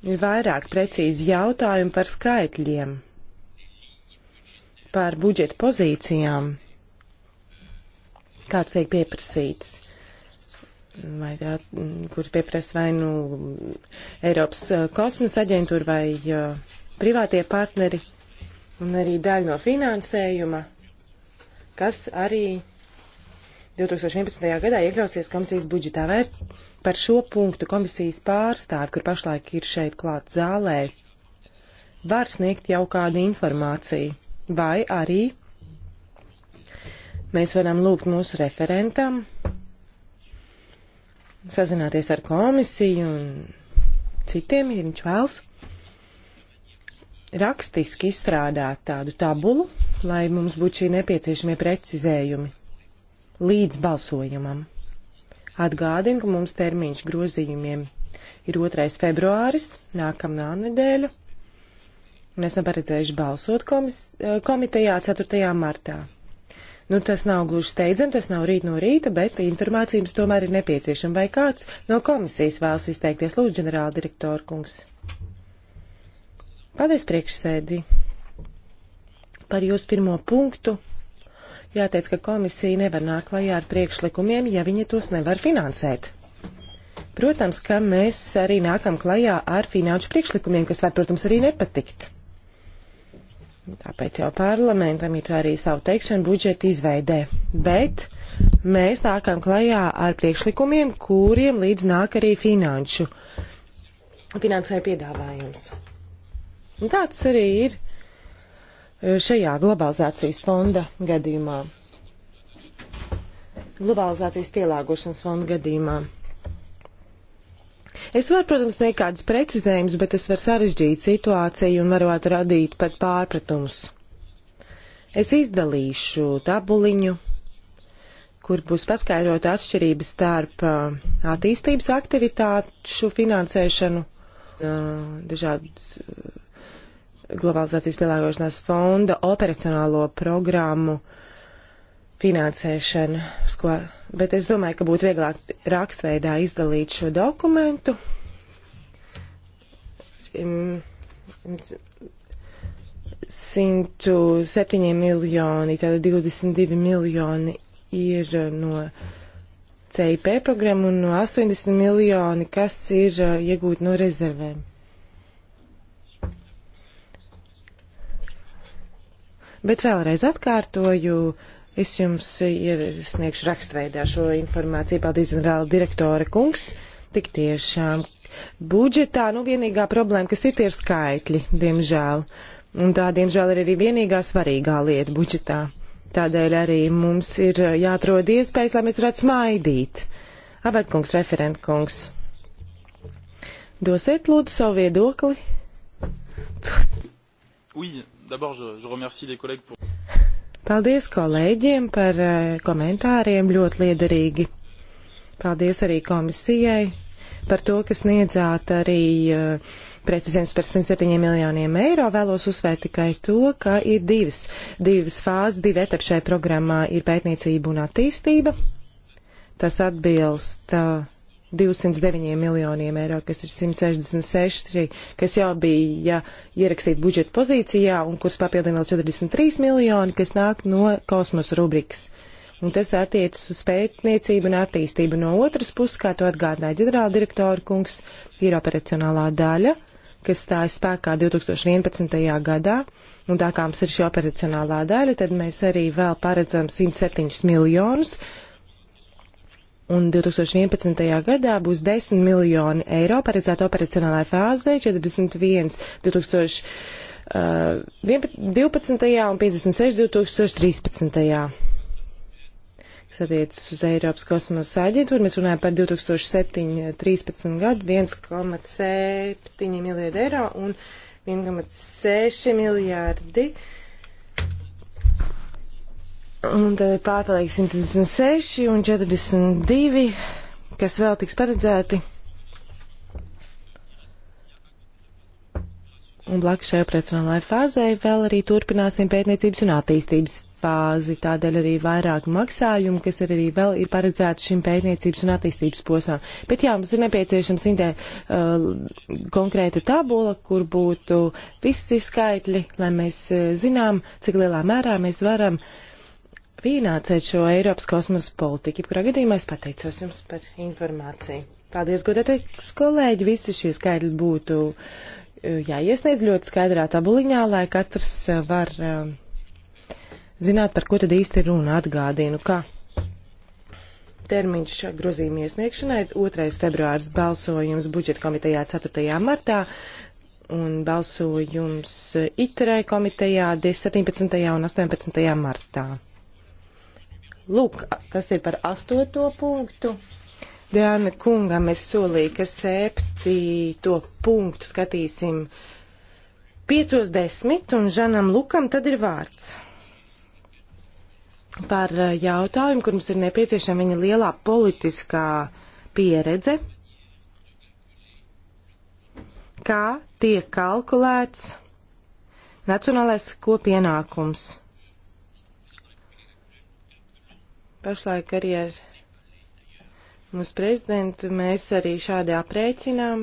Ir vairāk precīzi jautājumi par skaitļiem, par budžeta pozīcijām, kāds tiek pieprasīts vai tā, mm, kurus pieprasa vai nu Eiropas eh, kosmosa aģentūra vai uh, privātie partneri, un arī daļa no finansējuma, kas arī 2011. gadā iekļausies komisijas budžetā. Vai par šo punktu komisijas pārstāvi, kur pašlaik ir šeit klāt zālē, var sniegt jau kādu informāciju, vai arī mēs varam lūgt mūsu referentam sazināties ar komisiju un citiem, ja viņš vēlas rakstiski izstrādāt tādu tabulu, lai mums būtu šī nepieciešamie precizējumi līdz balsojumam. Atgādinu, ka mums termiņš grozījumiem ir 2. februāris, nākamā nedēļa. Mēs esam paredzējuši balsot komis, eh, komitejā 4. martā. Nu, tas nav gluži steidzami, tas nav rīt no rīta, bet informācija mums tomēr ir nepieciešama. Vai kāds no komisijas vēlas izteikties? Lūdzu, ģenerāla direktora kungs. Paldies priekšsēdī par jūsu pirmo punktu. Jāteic, ka komisija nevar nākt klajā ar priekšlikumiem, ja viņi tos nevar finansēt. Protams, ka mēs arī nākam klajā ar finanšu priekšlikumiem, kas var, protams, arī nepatikt. Tāpēc jau parlamentam ir arī savu teikšanu budžeta izveidē. Bet mēs nākam klajā ar priekšlikumiem, kuriem līdz nāk arī finanšu finansējuma piedāvājums. Un tāds arī ir e, šajā globalizācijas fonda gadījumā. Globalizācijas pielāgošanas fonda gadījumā. Es varu, protams, nekādus precizējumus, bet es varu sarežģīt situāciju un varētu radīt pat pārpratumus. Es izdalīšu tabuliņu, kur būs paskaidrota atšķirība starp uh, attīstības aktivitāšu finansēšanu, uh, dažādu uh, globalizācijas pielāgošanās fonda operacionālo programmu finansēšanu, uz ko bet es domāju, ka būtu vieglāk rakstveidā izdalīt šo dokumentu. Um, 107 miljoni, tātad 22 miljoni ir uh, no CIP programmu un no 80 miljoni, kas ir uh, iegūti no rezervēm. Bet vēlreiz atkārtoju, uh, Es jums iesniegšu rakstveidā šo informāciju. Paldies, ģenerāla direktora kungs. Tik tiešām budžetā, nu vienīgā problēma, kas ir, ir skaitļi, diemžēl. Un tā, diemžēl, ir arī vienīgā svarīgā lieta budžetā. Tādēļ arī mums ir jāatrod iespējas, lai mēs varētu smaidīt. Abetkungs, referentkungs, dosiet lūdzu savu viedokli. Oui, d'abord je, je remercie les collègues pour. Paldies kolēģiem par eh, komentāriem, ļoti liederīgi. Paldies arī komisijai par to, ka sniedzāt arī eh, precizējums par 107 miljoniem eiro. Vēlos uzsvērt tikai to, ka ir divas, divas fāzes, divi etapi šai programmā ir pētniecība un attīstība. Tas atbilst uh, 209 miljoniem eiro, kas ir 166, kas jau bija ierakstīta budžeta pozīcijā un kurus papildina vēl 43 miljoni, kas nāk no kosmosa rubrikas. Un tas attiecas uz pētniecību un attīstību. No otras puses, kā to atgādināja ģenerāldirektora kungs, ir operacionālā daļa, kas stājas spēkā 2011. gadā. Un tā kā mums ir šī operacionālā daļa, tad mēs arī vēl paredzam 107 miljonus Un 2011. gadā būs 10 miljoni eiro paredzēta operacionālajai fāzē, 41 2012. un 56 2013 kas attiecas uz Eiropas kosmosa aģentūru. Mēs runājam par 2013. gadu 1,7 miljardu eiro un 1,6 miljardi Un tad ir pārpaliek 126 un 42, kas vēl tiks paredzēti. Un blakus šai operacionālajai fāzei vēl arī turpināsim pētniecības un attīstības fāzi. Tādēļ arī vairāk maksājumu, kas arī vēl ir paredzēti šim pētniecības un attīstības posām. Bet jā, mums ir nepieciešams intē, uh, konkrēta tabula, kur būtu visi skaitļi, lai mēs uh, zinām, cik lielā mērā mēs varam uh, finansēt šo Eiropas kosmosa politiku. Jebkurā gadījumā es pateicos jums par informāciju. Paldies, godētais kolēģi, visi šie skaidri būtu eh, jāiesniedz ļoti skaidrā tabuliņā, lai katrs eh, var eh, zināt, par ko tad īsti ir runa. Atgādīnu, ka termiņš grozījuma iesniegšanai 2. februārs balsojums budžeta komitejā 4. martā un balsojums ITRE komitejā 17. un 18. martā. Lūk, tas ir par astoto punktu. Diana kungam es solīju, ka septīto punktu skatīsim 5.10 un Žanam Lukam tad ir vārds. Par eh, jautājumu, kur mums ir nepieciešama viņa lielā politiskā pieredze, kā tiek kalkulēts nacionālais kopienākums pašlaik arī ar mūsu prezidentu mēs arī šādi aprēķinām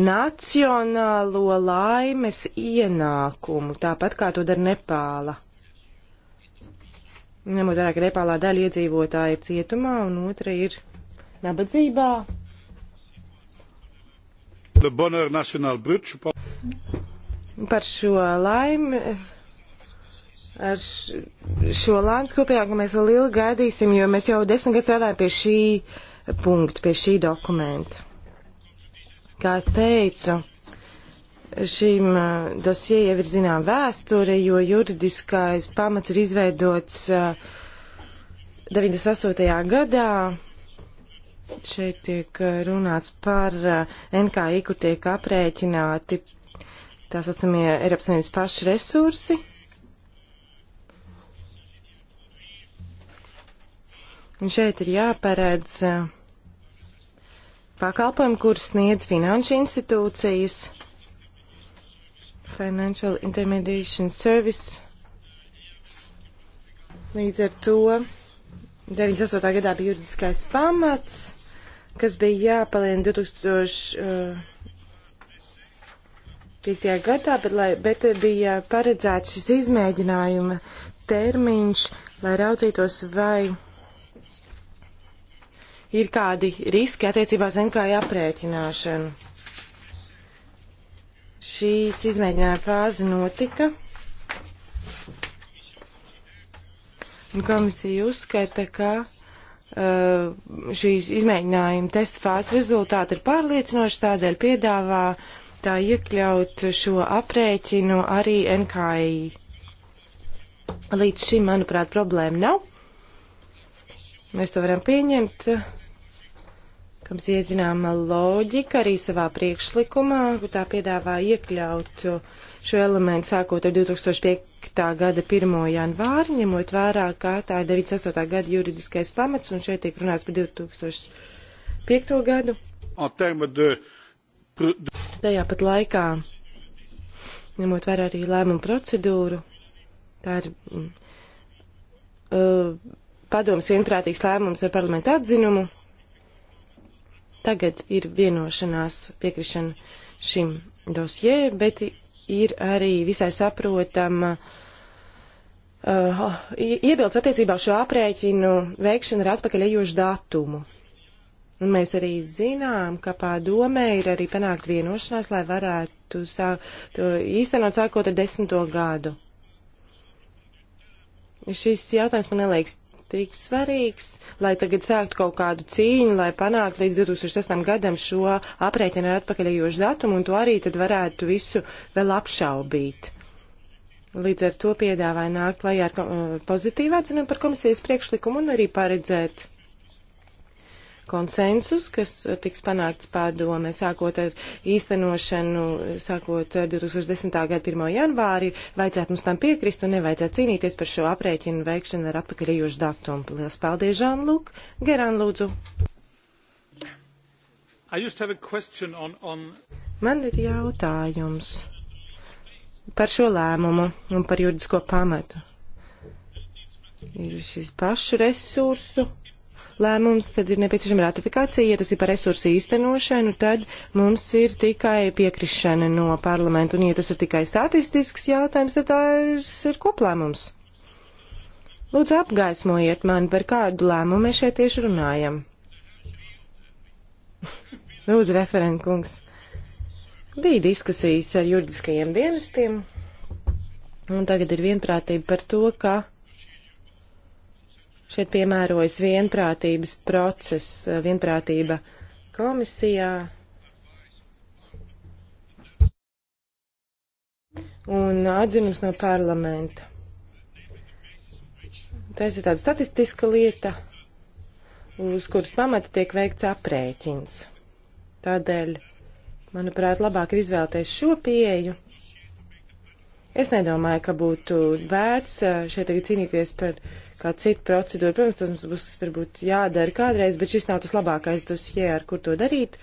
nacionālo laimes ienākumu, tāpat kā to dara Nepāla. Ņemot vērā, ka Nepālā daļa iedzīvotāja ir cietumā un otra ir nabadzībā. Par šo laimi ar šo lāns kopējāku mēs vēl ilgi gaidīsim, jo mēs jau desmit gadus strādājam pie šī punkta, pie šī dokumenta. Kā es teicu, šīm uh, dosie jau ir zinām vēsture, jo juridiskais pamats ir izveidots 98. Uh, gadā. Šeit tiek uh, runāts par NKI, kur tiek aprēķināti tā saucamie Eiropas Savienības paši resursi, Un šeit ir jāparedz eh, pakalpojumi, kurus sniedz finanšu institūcijas, Financial Intermediation Service. Līdz ar to 98. gadā bija juridiskais pamats, kas bija jāpalielina 2000. Uh, 5. gadā, bet, lai, bet bija paredzēts šis izmēģinājuma termiņš, lai raudzītos, vai ir kādi riski attiecībā uz NKI aprēķināšanu. Šīs izmēģinājuma fāze notika. Un komisija uzskata, ka uh, šīs izmēģinājuma testa fāzes rezultāti ir pārliecinoši, tādēļ piedāvā tā iekļaut šo aprēķinu arī NKI. Līdz šim, manuprāt, problēma nav. Mēs to varam pieņemt. Uh, Protams, iezināma loģika arī savā priekšlikumā, kur tā piedāvā iekļaut šo elementu sākot ar 2005. gada 1. janvāri, ņemot vērā, kā tā ir 98. gada juridiskais pamats, un šeit tiek runāts par 2005. gadu. Tajā pat laikā, ņemot vērā arī lēmumu procedūru, tā ir mm, uh, padoms vienprātīgs lēmums ar parlamentu atzinumu, Tagad ir vienošanās piekrišana šim dosjē, bet ir arī visai saprotama uh, iebildes attiecībā šo aprēķinu veikšanu ar atpakaļejošu datumu. Un mēs arī zinām, ka pārdomē ir arī panākt vienošanās, lai varētu sā, to īstenot sākot ar desmito gadu. Šis jautājums man neliekas tik svarīgs, lai tagad sāktu kaut kādu cīņu, lai panāktu līdz 2006. gadam šo aprēķinu ar atpakaļējošu datumu, un to arī tad varētu visu vēl apšaubīt. Līdz ar to piedāvāja nākt klajā ar pozitīvu atzinumu par komisijas priekšlikumu un arī paredzēt konsensus, kas tiks panākts pārdomē, sākot ar īstenošanu, sākot 2010. gada 1. janvāri, vajadzētu mums tam piekrist un nevajadzētu cīnīties par šo aprēķinu veikšanu ar atpakaļījušu datumu. Lielas paldies, Žanlūk. Geran, lūdzu. On, on... Man ir jautājums par šo lēmumu un par juridisko pamatu. Ir šis pašu resursu lēmums, tad ir nepieciešama ratifikācija, ja tas ir par resursu īstenošanu, tad mums ir tikai piekrišana no parlamenta, un ja tas ir tikai statistisks jautājums, tad tas ir koplēmums. Lūdzu, apgaismojiet mani, par kādu lēmumu mēs šeit tieši runājam. *laughs* Lūdzu, referentkungs. Bija diskusijas ar juridiskajiem dienestiem, un tagad ir vienprātība par to, ka Šeit piemērojas vienprātības process, vienprātība komisijā. Un atzinums no parlamenta. Tas ir tāda statistiska lieta, uz kuras pamata tiek veikts aprēķins. Tādēļ, manuprāt, labāk ir izvēlēties šo pieeju. Es nedomāju, ka būtu vērts eh, šeit tagad cīnīties par uh, kā cita procedūra. Protams, tas mums būs varbūt jādara kādreiz, bet šis nav tas labākais dosie, ar kur to darīt.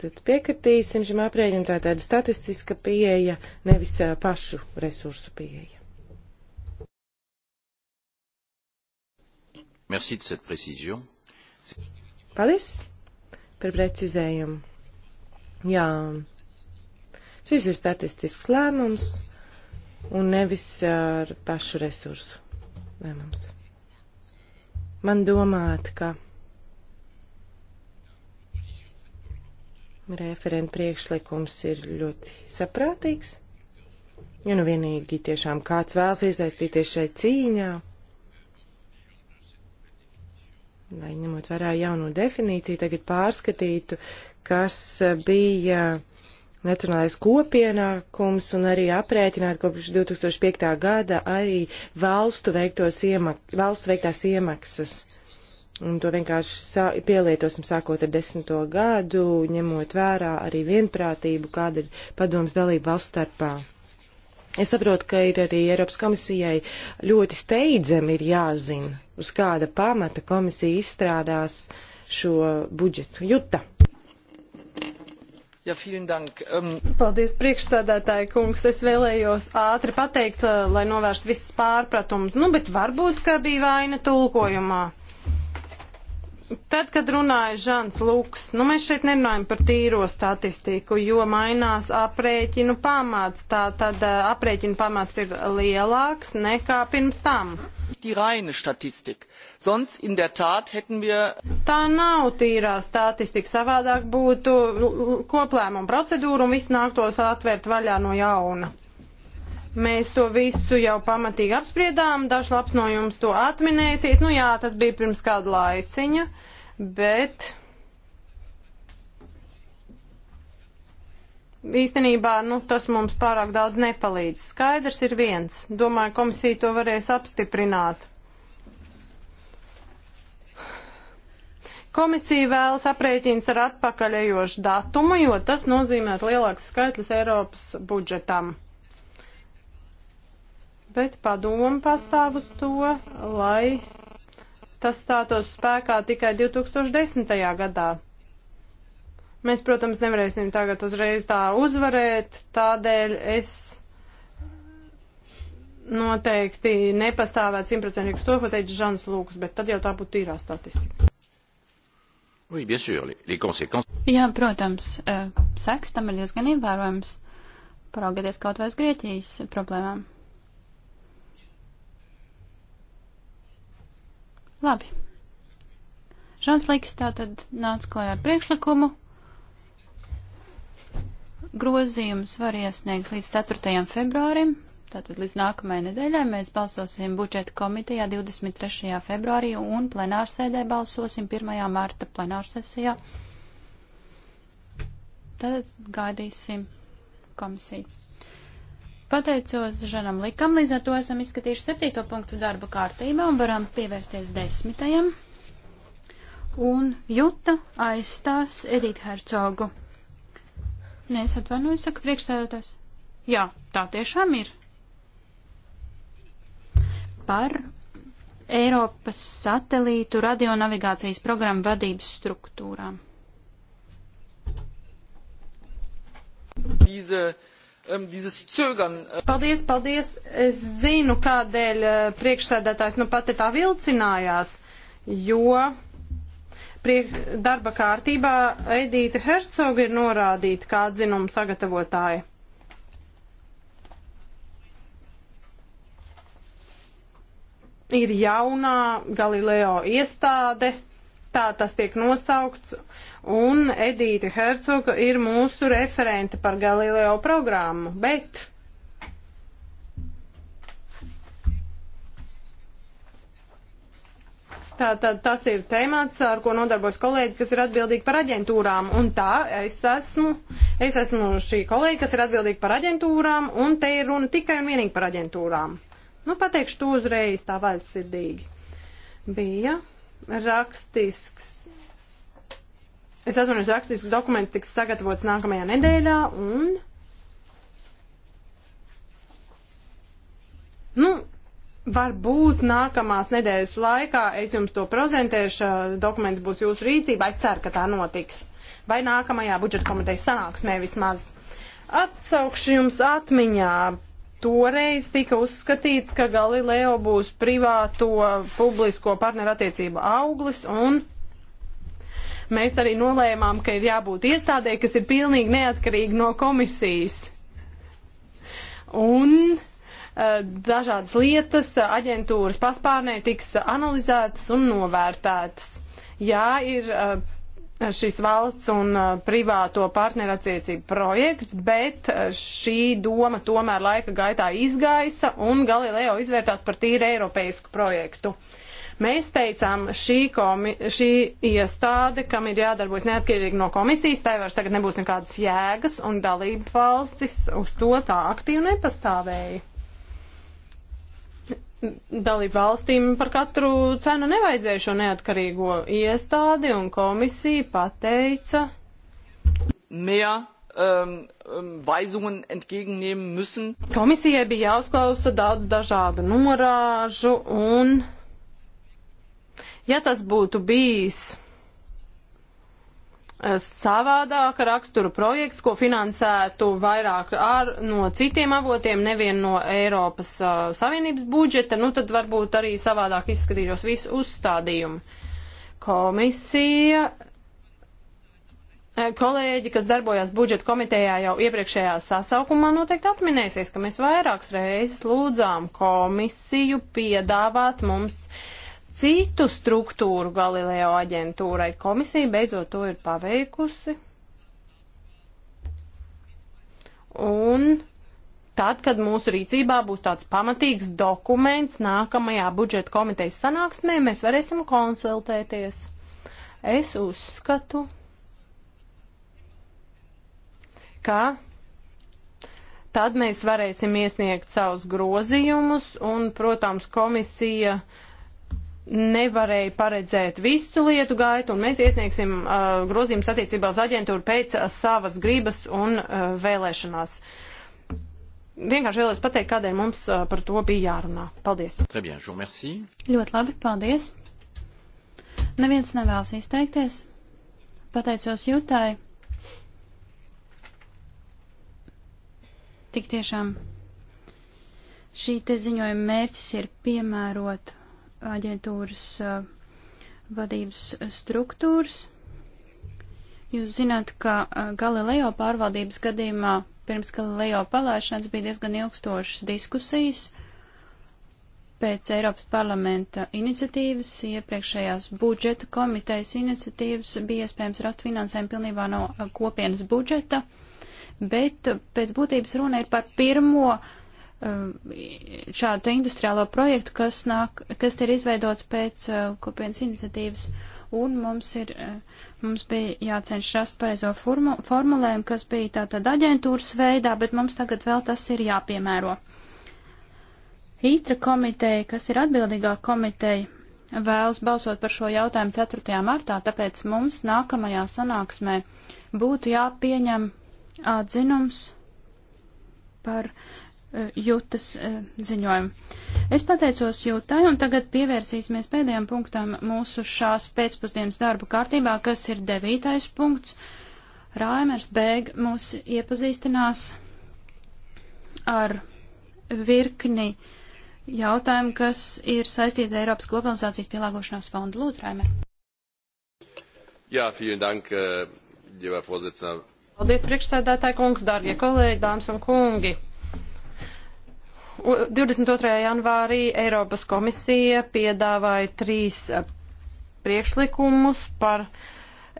Tad piekritīsim šim aprēķinam tā tāda statistiska pieeja, nevis pašu resursu pieeja. Merci de cette précision. Paldies par precizējumu. Jā, šis ir statistisks lēmums un nevis ar pašu resursu lēmums. Man domāt, ka referenta priekšlikums ir ļoti saprātīgs, ja nu vienīgi tiešām kāds vēlas iesaistīties šai cīņā lai ņemot vērā jauno definīciju, tagad pārskatītu, kas bija nacionālais kopienākums un arī aprēķināt kopš 2005. gada arī valstu, iemak valstu veiktās iemaksas. Un to vienkārši pielietosim sākot ar desmito gadu, ņemot vērā arī vienprātību, kāda ir padomas dalība valsts starpā. Es saprotu, ka ir arī Eiropas komisijai ļoti steidzami ir jāzina, uz kāda pamata komisija izstrādās šo budžetu. Juta! Ja, dank, um... Paldies, priekšsēdētāji kungs. Es vēlējos ātri pateikt, eh, lai novērstu visus pārpratumus. Nu, bet varbūt, ka bija vaina tulkojumā. Tad, kad runāja Žants Luks, nu mēs šeit nerunājam par tīro statistiku, jo mainās aprēķinu pamāts. Tā tad eh, aprēķinu pamāts ir lielāks nekā pirms tam. Die reine Statistik. Sonst in der Tat hätten wir. Tā nav tīrā statistika. Savādāk būtu koplēmuma procedūra un viss nāktos atvērt vaļā no jauna. Mēs to visu jau pamatīgi apspriedām, dažs labs no jums to atminēsies. Nu jā, tas bija pirms kādu laiciņa, bet īstenībā nu, tas mums pārāk daudz nepalīdz. Skaidrs ir viens. Domāju, komisija to varēs apstiprināt. Komisija vēlas aprēķins ar atpakaļejošu datumu, jo tas nozīmē lielāks skaitlis Eiropas budžetam bet padomu pastāv uz to, lai tas stātos spēkā tikai 2010. gadā. Mēs, protams, nevarēsim tagad uzreiz tā uzvarēt, tādēļ es noteikti nepastāvētu simtprocentīgi uz to, ko teica Žans Lūks, bet tad jau tā būtu tīrā statistika. Oui, bien sûr, les, les conséquences. Jā, protams, eh, seks tam ir diezgan ievērojams. Paraugieties kaut vai uz Grieķijas problēmām. Labi. Žans Liks tātad nāca klajā ar priekšlikumu. Grozījums var iesniegt līdz 4. februārim. Tātad līdz nākamajai nedēļai mēs balsosim budžeta komitejā 23. februārī un plenārsēdē balsosim 1. marta plenārsesijā. Tad gaidīsim komisiju. Pateicos Žanam Likam, līdz ar to esam izskatījuši septīto punktu darba kārtībā un varam pievērsties desmitajam. Un Juta aizstās Edita Hercogu. Nē, es atvainojos, saka priekšsēdētājs. Jā, tā tiešām ir. Par Eiropas satelītu radionavigācijas programmu vadības struktūrām. Diese Ähm, dieses Zögern. Äh, paldies, paldies. Es zinu, kādēļ äh, priekšsēdētājs nu pati tā vilcinājās, jo priek, darba kārtībā Eidīte Hercoga ir norādīta kā atzinuma sagatavotāja. Ir jaunā Galileo iestāde, tā tas tiek nosaukts, un Edīte Hercoga ir mūsu referente par Galileo programmu, bet. Tātad tas ir temats, ar ko nodarbojas kolēģi, kas ir atbildīgi par aģentūrām. Un tā, es esmu, es esmu šī kolēģi, kas ir atbildīgi par aģentūrām, un te ir runa tikai un vienīgi par aģentūrām. Nu, pateikšu to uzreiz tā vaļsirdīgi. Bija rakstisks. Es atvainojos, rakstisks dokuments tiks sagatavots nākamajā nedēļā un. Nu, varbūt nākamās nedēļas laikā es jums to prezentēšu, dokuments būs jūsu rīcībā, es ceru, ka tā notiks. Vai nākamajā budžeta komitejas sanāksmē vismaz. Atsaukšu jums atmiņā toreiz tika uzskatīts, ka Galileo būs privāto publisko partnerattiecību auglis un mēs arī nolēmām, ka ir jābūt iestādē, kas ir pilnīgi neatkarīgi no komisijas. Un eh, dažādas lietas aģentūras paspārnē tiks analizētas un novērtētas. Jā, ir eh, šis valsts un uh, privāto partnerattiecību projekts, bet uh, šī doma tomēr laika gaitā izgaisa un Galileo izvērtās par tīri eiropeisku projektu. Mēs teicām, šī, komi, šī iestāde, kam ir jādarbojas neatkarīgi no komisijas, tai vairs tagad nebūs nekādas jēgas, un dalība valstis uz to tā aktīvi nepastāvēja dalību valstīm par katru cenu nevajadzēja šo neatkarīgo iestādi, un komisija pateica. Mehr um, Weisungen entgegennehmen müssen. Komisijai bija jāuzklausa daudz dažādu norāžu, un ja tas būtu bijis Eh, savādāka rakstura projekts, ko finansētu vairāk ar, no citiem avotiem, nevien no Eiropas uh, Savienības budžeta, nu tad varbūt arī savādāk izskatītos visu uzstādījumu. Komisija, eh, kolēģi, kas darbojās budžeta komitejā jau iepriekšējā sasaukumā, noteikti atminēsies, ka mēs vairākas reizes lūdzām komisiju piedāvāt mums uh, citu struktūru Galileo aģentūrai. Komisija beidzot to ir paveikusi. Un tad, kad mūsu rīcībā būs tāds pamatīgs dokuments nākamajā budžeta komitejas sanāksmē, mēs varēsim konsultēties. Es uzskatu, ka tad mēs varēsim iesniegt savus grozījumus, un, protams, komisija uh, nevarēja paredzēt visu lietu gaitu, un mēs iesniegsim uh, grozījumus attiecībā uz aģentūru pēc uh, savas gribas un uh, vēlēšanās. Vienkārši vēlos pateikt, kādēļ mums uh, par to bija jārunā. Paldies. Bien, Ļoti labi, paldies. Neviens nevēlas izteikties. Pateicos jūtāji. Tik tiešām šī te ziņojuma mērķis ir piemērot aģentūras eh, vadības struktūras. Jūs zināt, ka eh, Galileo pārvaldības gadījumā pirms Galileo palaišanas bija diezgan ilgstošas diskusijas pēc Eiropas parlamenta iniciatīvas, iepriekšējās budžeta komitejas iniciatīvas bija iespējams rast finansējumu pilnībā no eh, kopienas budžeta, bet pēc būtības runa ir par pirmo uh, Um, šādu industriālo projektu, kas, nāk, kas ir izveidots pēc uh, kopienas iniciatīvas. Un mums, ir, uh, mums bija jācenš rast pareizo formu, formulējumu, kas bija tātad aģentūras veidā, bet mums tagad vēl tas ir jāpiemēro. ITRA komiteja, kas ir atbildīgā komiteja, vēlas balsot par šo jautājumu 4. martā, tāpēc mums nākamajā sanāksmē būtu jāpieņem atzinums par uh, Eh, jūtas eh, ziņojumu. Es pateicos jūtai un tagad pievērsīsimies pēdējām punktām mūsu šās pēcpusdienas darba kārtībā, kas ir devītais punkts. Rāmers Bēg mūs iepazīstinās ar virkni jautājumu, kas ir saistīti ar Eiropas globalizācijas pielāgošanās fondu. Lūdzu, Rāmer. Jā, vielen dank, ģevā uh, pozicinā. Paldies, priekšsēdētāji kungs, dārgie kolēģi, dāmas un kungi. 22. janvārī Eiropas komisija piedāvāja trīs e, priekšlikumus par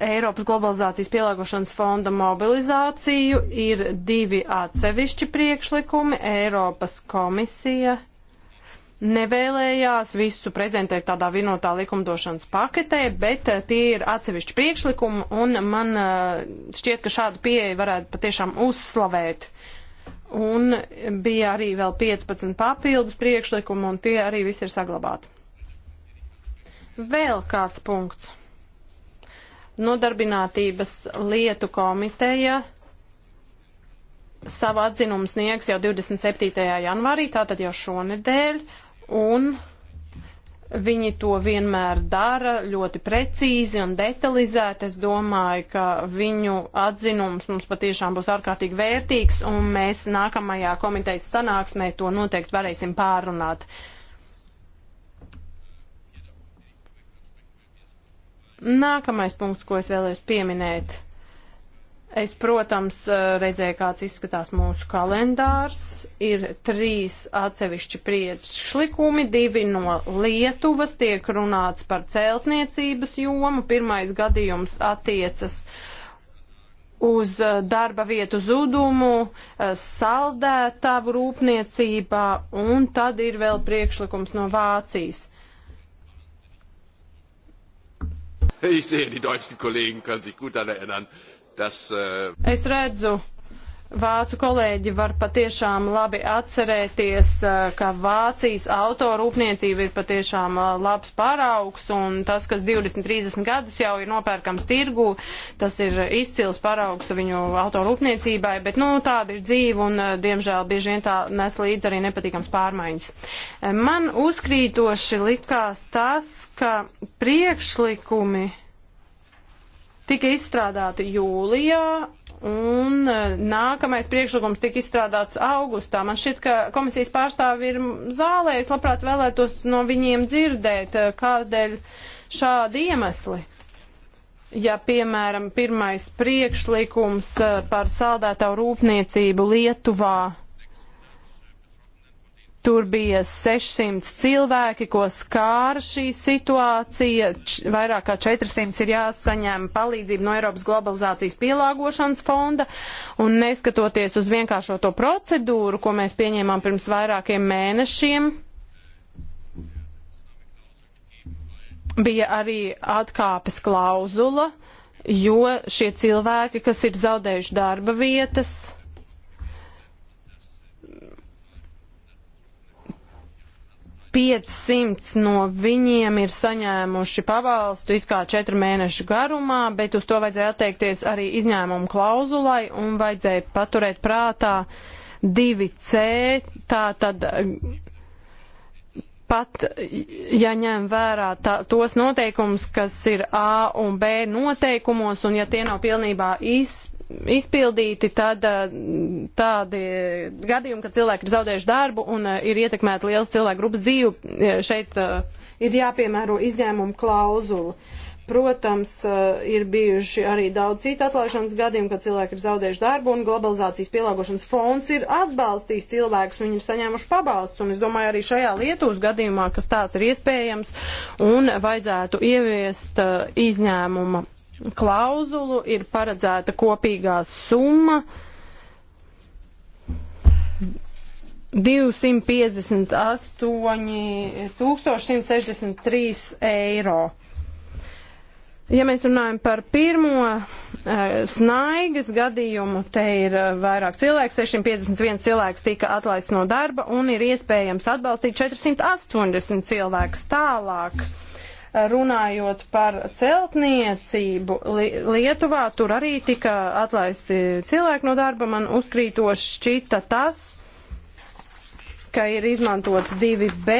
Eiropas globalizācijas pielāgošanas fonda mobilizāciju. Ir divi atsevišķi priekšlikumi. Eiropas komisija nevēlējās visu prezentēt tādā vienotā likumdošanas paketē, bet e, tie ir atsevišķi priekšlikumi, un man e, šķiet, ka šādu pieeju varētu patiešām uzslavēt. Un bija arī vēl 15 papildus priekšlikumu, un tie arī visi ir saglabāti. Vēl kāds punkts. Nodarbinātības lietu komiteja savu atzinumu sniegs jau 27. janvārī, tātad jau šonedēļ, un Viņi to vienmēr dara ļoti precīzi un detalizēti. Es domāju, ka viņu atzinums mums patiešām būs ārkārtīgi vērtīgs, un mēs nākamajā komitejas sanāksmē to noteikti varēsim pārunāt. Nākamais punkts, ko es vēlējos pieminēt. Es, protams, eh, redzēju, kāds izskatās mūsu kalendārs. Ir trīs atsevišķi priekšlikumi, divi no Lietuvas tiek runāts par celtniecības jomu. Pirmais gadījums attiecas uz eh, darba vietu zudumu, eh, saldētāvu rūpniecībā, un tad ir vēl priekšlikums no Vācijas. Ich sehe, die deutschen Kollegen können sich gut daran erinnern. Äh, Das, uh... Eh, es redzu, vācu kolēģi var patiešām labi atcerēties, eh, ka Vācijas autorūpniecība ir patiešām eh, labs paraugs, un tas, kas 20-30 gadus jau ir nopērkams tirgu, tas ir izcils paraugs viņu autorūpniecībai, bet, nu, tāda ir dzīve, un, diemžēl, bieži vien tā nes līdz arī nepatīkams pārmaiņas. Man uzkrītoši likās tas, ka priekšlikumi tika izstrādāti jūlijā, un e, nākamais priekšlikums tika izstrādāts augustā. Man šķiet, ka komisijas pārstāvi ir zālē, es labprāt vēlētos no viņiem dzirdēt, e, kādēļ šādi iemesli. Ja, piemēram, pirmais priekšlikums e, par saldētāju rūpniecību Lietuvā Tur bija 600 cilvēki, ko skāra šī situācija. Č vairāk kā 400 ir jāsaņem palīdzību no Eiropas globalizācijas pielāgošanas fonda. Un neskatoties uz vienkāršo to procedūru, ko mēs pieņēmām pirms vairākiem mēnešiem, bija arī atkāpes klauzula, jo šie cilvēki, kas ir zaudējuši darba vietas, 500 no viņiem ir saņēmuši pabalstu it kā 4 mēnešu garumā, bet uz to vajadzēja atteikties arī izņēmumu klauzulai un vajadzēja paturēt prātā 2C, tā tad pat ja ņem vērā tā, tos noteikumus, kas ir A un B noteikumos, un ja tie nav pilnībā iz, izpildīti tad, eh, tādi gadījumi, kad cilvēki ir zaudējuši darbu un eh, ir ietekmēta liels cilvēku grupas dzīve. Eh, šeit ir jāpiemēro izņēmumu klauzulu. Protams, ir bijuši arī daudz citu atlaišanas gadījumu, kad cilvēki ir zaudējuši darbu, un globalizācijas pielāgošanas fonds ir atbalstījis cilvēkus, viņi ir saņēmuši pabalsts, un es domāju arī šajā Lietuvas gadījumā, kas tāds ir iespējams, un vajadzētu ieviest izņēmuma klauzulu, ir paredzēta kopīgā summa 258 163 eiro. Ja mēs runājam par pirmo eh, snaigas gadījumu, te ir eh, vairāk cilvēks, 651 cilvēks tika atlaists no darba un ir iespējams atbalstīt 480 cilvēkus tālāk runājot par celtniecību, Lietuvā tur arī tika atlaisti cilvēki no darba. Man uzkrītoši šķita tas, ka ir izmantots 2B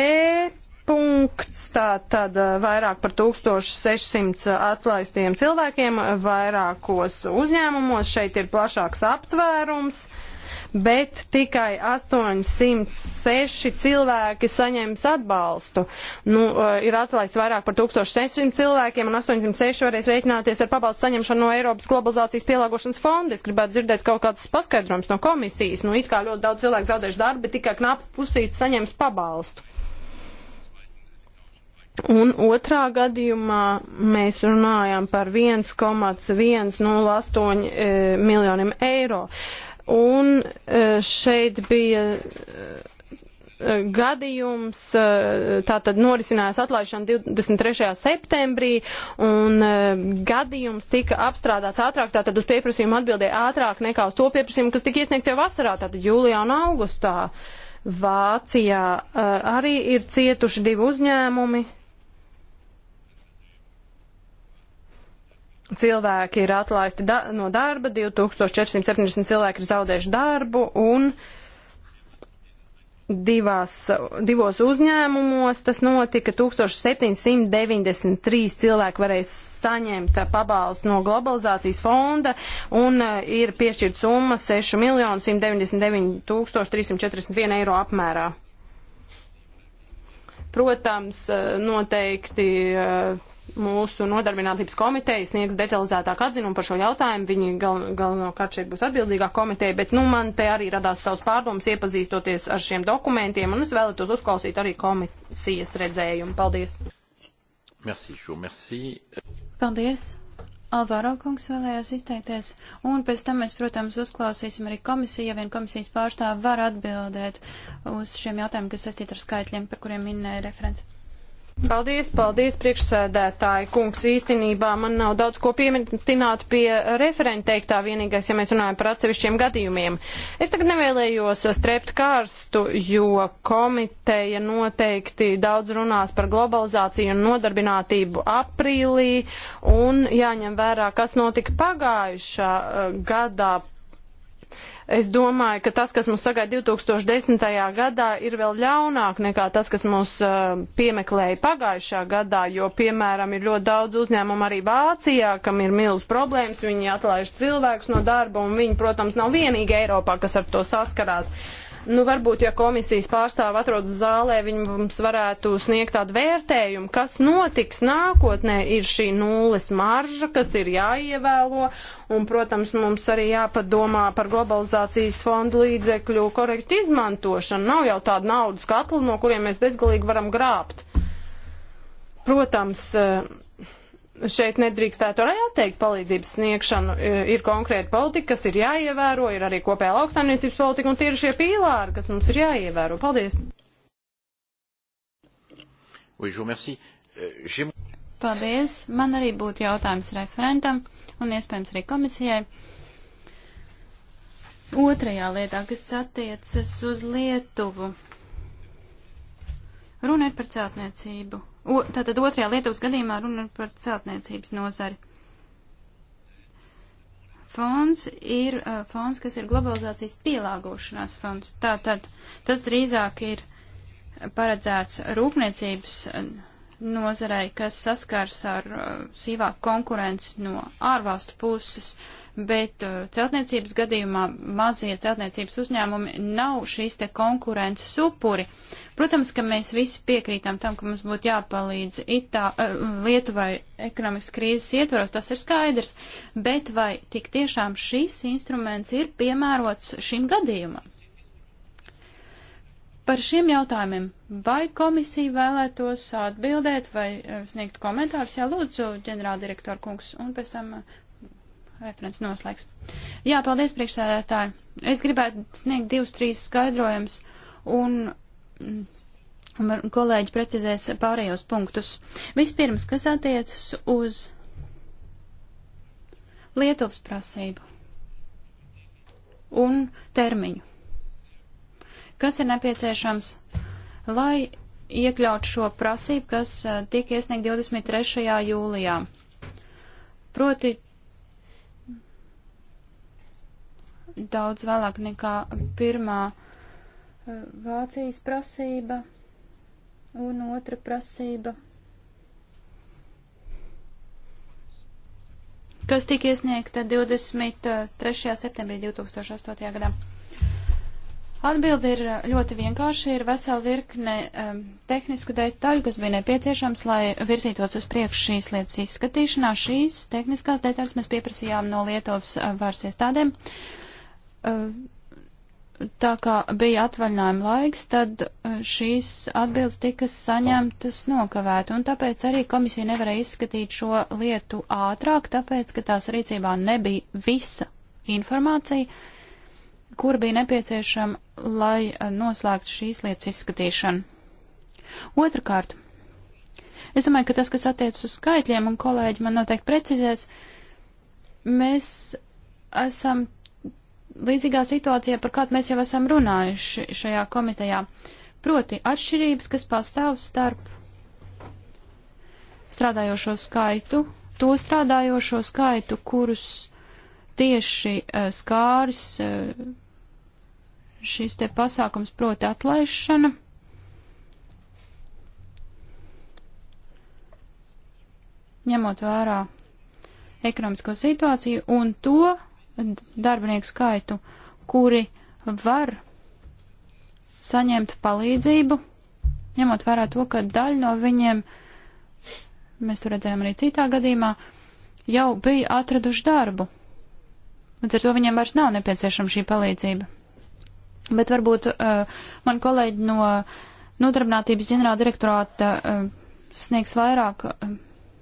punkts, tā tad uh, vairāk par 1600 atlaistiem cilvēkiem vairākos uzņēmumos. Šeit ir plašāks aptvērums. Uh, bet tikai 806 cilvēki saņems atbalstu. Nu, eh, ir atlaists vairāk par 1600 cilvēkiem, un 806 varēs rēķināties ar pabalstu saņemšanu no Eiropas globalizācijas pielāgošanas fonda. Es gribētu dzirdēt kaut kādus paskaidrojumus no komisijas. Nu, it kā ļoti daudz cilvēku zaudējuši darbu, bet tikai knapi pusīt saņems pabalstu. Un otrā gadījumā mēs runājam par 1,108 eh, miljoniem eiro. Uh, Un e, šeit bija e, gadījums, e, tā tad norisinājās atlaišana 23. septembrī, un gadījums tika apstrādāts ātrāk, tā tad uz pieprasījumu atbildēja ātrāk nekā uz to pieprasījumu, kas tika iesniegts jau vasarā, tātad jūlijā un augustā. Vācijā arī ir cietuši divi uzņēmumi, cilvēki ir atlaisti da no darba, 2470 cilvēki ir zaudējuši darbu un divās, divos uzņēmumos tas notika, 1793 cilvēki varēs saņemt pabalstu no globalizācijas fonda un e, ir piešķirt summa 6 miljonus 199 341 eiro apmērā. Protams, e, noteikti e, mūsu nodarbinātības komiteja sniegs detalizētāku atzinumu par šo jautājumt. Viņi gal, galvenokārt šeit būs atbildīgā komiteja, bet nu, man te arī radās savs pārdoms iepazīstoties ar šiem dokumentiem, un es vēlētos uzklausīt arī komisijas redzējumu. Paldies! Merci, šo, merci. Paldies! Alvaro kungs vēlējās izteikties, un pēc tam mēs, protams, uzklausīsim arī komisiju, ja vien komisijas pārstāv var atbildēt uz šiem jautājumiem, kas saistīt ar skaitļiem, par kuriem minēja referents. Paldies, paldies, priekšsēdētāji. Kungs, īstenībā man nav daudz ko pieminēt pie referenta teiktā vienīgais, ja mēs runājam par atsevišķiem gadījumiem. Es tagad nevēlējos strept kārstu, jo komiteja noteikti daudz runās par globalizāciju un nodarbinātību aprīlī un jāņem vērā, kas notika pagājušā uh, gadā Es domāju, ka tas, kas mums sagaida 2010. gadā, ir vēl ļaunāk nekā tas, kas mūs uh, piemeklēja pagājušā gadā, jo, piemēram, ir ļoti daudz uzņēmumu arī Vācijā, kam ir milz problēmas, viņi atlaiž cilvēkus no darba, un viņi, protams, nav vienīgi Eiropā, kas ar to saskarās. Uh, Nu, varbūt, ja komisijas pārstāva atrodas zālē, viņi mums varētu sniegt tādu vērtējumu, kas notiks nākotnē. Ir šī nulles marža, kas ir jāievēlo, un, protams, mums arī jāpadomā par globalizācijas fondu līdzekļu korektu izmantošanu. Nav jau tāda naudas katla, no kuriem mēs bezgalīgi varam grābt. Protams, uh, šeit nedrīkstētu arī atteikt palīdzības sniegšanu. E, ir konkrēta politika, kas ir jāievēro, ir arī kopējā lauksaimniecības politika, un tie ir šie pīlāri, kas mums ir jāievēro. Paldies! Euh, Paldies! Man arī būtu jautājums referentam un iespējams arī komisijai. Otrajā lietā, kas attiecas uz Lietuvu, runa ir par celtniecību. O, tātad otrajā Lietuvas gadījumā runa ir par celtniecības nozari. Fonds ir uh, fonds, kas ir globalizācijas pielāgošanās fonds. Tātad tas drīzāk ir paredzēts rūpniecības uh, nozarei, kas saskars ar uh, sīvāku konkurenci no ārvalstu puses. Uh, bet uh, celtniecības gadījumā mazie celtniecības uzņēmumi nav šīs te konkurences upuri. Protams, ka mēs visi piekrītam tam, ka mums būtu jāpalīdz Itā, uh, Lietuvai ekonomikas krīzes ietvaros, tas ir skaidrs, bet vai tik tiešām šis instruments ir piemērots šim gadījumam? Par šiem jautājumiem, vai komisija vēlētos atbildēt vai uh, sniegt komentārus, jā, lūdzu, ģenerāldirektora kungs, un pēc tam uh, referents noslēgs. Jā, paldies priekšsēdētāji. Es gribētu sniegt divus, trīs skaidrojumus, un, mm, un kolēģi precizēs pārējos punktus. Vispirms, kas attiecas uz Lietuvas prasību un termiņu. Kas ir nepieciešams, lai iekļaut šo prasību, kas eh, tika iesniegt 23. jūlijā? Proti daudz vēlāk nekā pirmā eh, Vācijas prasība un otra prasība, kas tika iesniegta 23. septembrī 2008. gadā. Atbildi ir eh, ļoti vienkārši, ir vesela virkne um, tehnisku detaļu, kas bija nepieciešams, lai virzītos uz priekšu šīs lietas izskatīšanā. Šīs tehniskās detaļas mēs pieprasījām no Lietuvas varas iestādēm. Uh, Eh, tā kā bija atvaļinājuma laiks, tad eh, šīs atbildes tika saņemtas nokavēt, un tāpēc arī komisija nevarēja izskatīt šo lietu ātrāk, tāpēc, ka tās rīcībā nebija visa informācija, kur bija nepieciešama, lai eh, noslēgtu šīs lietas izskatīšanu. Otrakārt, es domāju, ka tas, kas attiecas uz skaitļiem, un kolēģi man noteikti precizēs, mēs esam līdzīgā situācijā, par kādu mēs jau esam runājuši šajā komitejā. Proti atšķirības, kas pastāv starp strādājošo skaitu, to strādājošo skaitu, kurus tieši uh, skāris uh, šis te pasākums, proti atlaišana. ņemot vērā ekonomisko situāciju un to, darbinieku skaitu, kuri var saņemt palīdzību, ņemot vērā to, ka daļa no viņiem, mēs to redzējām arī citā gadījumā, jau bija atraduši darbu. Līdz ar to viņiem vairs nav nepieciešama šī palīdzība. Bet varbūt uh, man kolēģi no Nodarbinātības ģenerāla direktorāta uh, sniegs vairāk. Uh,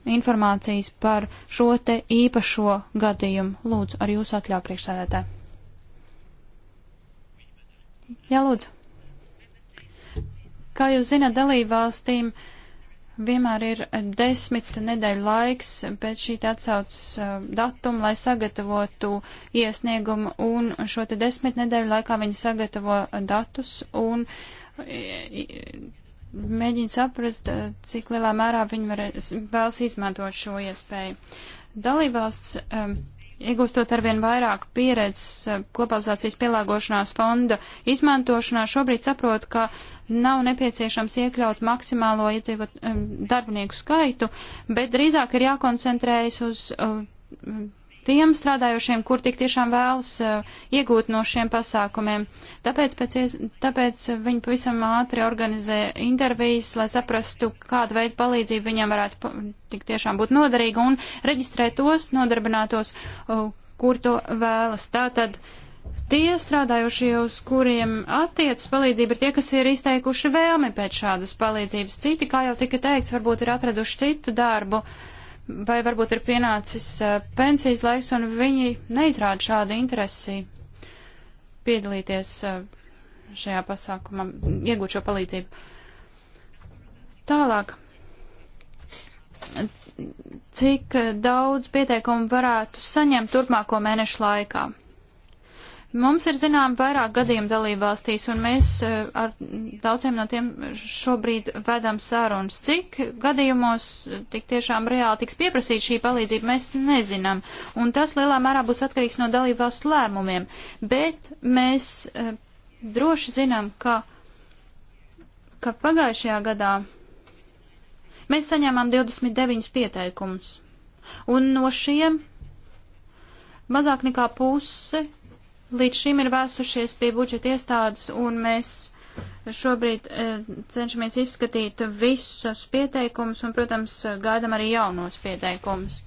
informācijas par šo te īpašo gadījumu. Lūdzu, ar jūsu atļauju priekšsēdētā. Jā, lūdzu. Kā jūs zināt, dalībvalstīm vienmēr ir desmit nedēļu laiks pēc šī atsaucas uh, datuma, lai sagatavotu iesniegumu, un šo te desmit nedēļu laikā viņi sagatavo datus un mēģina saprast, eh, cik lielā mērā viņi var, vēlas izmantot šo iespēju. Dalībvalsts, eh, iegūstot arvien vairāk pieredzes eh, globalizācijas pielāgošanās fonda izmantošanā, šobrīd saprot, ka nav nepieciešams iekļaut maksimālo iedzīvot darbinieku skaitu, bet drīzāk ir jākoncentrējas uz tiem strādājošiem, kur tik tiešām vēlas eh, iegūt no šiem pasākumiem. Tāpēc, pēc, tāpēc viņi pavisam ātri organizē intervijas, lai saprastu, kāda veida palīdzība viņiem varētu tik tiešām būt noderīga un reģistrē tos nodarbinātos, eh, kur to vēlas. Tātad, Tie strādājušie, uz kuriem attiecas palīdzība, ir tie, kas ir izteikuši vēlmi pēc šādas palīdzības. Citi, kā jau tika teikts, varbūt ir atraduši citu darbu. Uh, vai varbūt ir pienācis eh, pensijas laiks, un viņi neizrāda šādu interesi piedalīties eh, šajā pasākumā, iegūt šo palīdzību. Tālāk, cik eh, daudz pieteikumu varētu saņemt turpmāko mēnešu laikā? Mums ir zinām vairāk gadījumu dalībvalstīs, un mēs eh, ar daudziem no tiem šobrīd vedam sarunas. Cik gadījumos eh, tik tiešām reāli tiks pieprasīt šī palīdzība, mēs nezinām, un tas lielā mērā būs atkarīgs no dalībvalstu lēmumiem. Bet mēs eh, droši zinām, ka, ka pagājušajā gadā mēs saņēmām 29 pieteikumus, un no šiem mazāk nekā puse līdz šim ir vēsušies pie budžeta iestādes, un mēs šobrīd e, cenšamies izskatīt visus pieteikumus, un, protams, gaidam arī jaunos pieteikumus.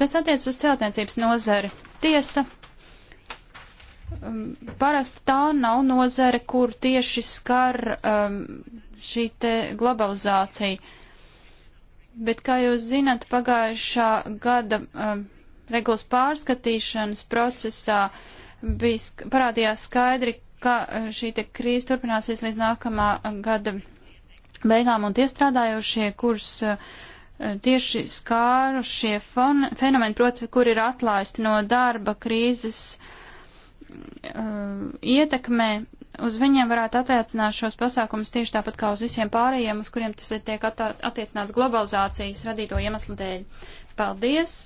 Kas attiec uz celtniecības nozari? Tiesa, mm, parasti tā nav nozare, kur tieši skar um, šī te globalizācija. Bet, kā jūs zinat, pagājušā gada um, regulas pārskatīšanas procesā bija, parādījās skaidri, ka eh, šī te krīze turpināsies līdz nākamā eh, gada beigām un tie strādājošie, kurus eh, tieši skārušie fenomeni, proti, kur ir atlaisti no darba krīzes uh, ietekmē, uz viņiem varētu attiecināt šos pasākumus tieši tāpat kā uz visiem pārējiem, uz kuriem tas tiek attiecināts globalizācijas radīto iemeslu dēļ. Paldies!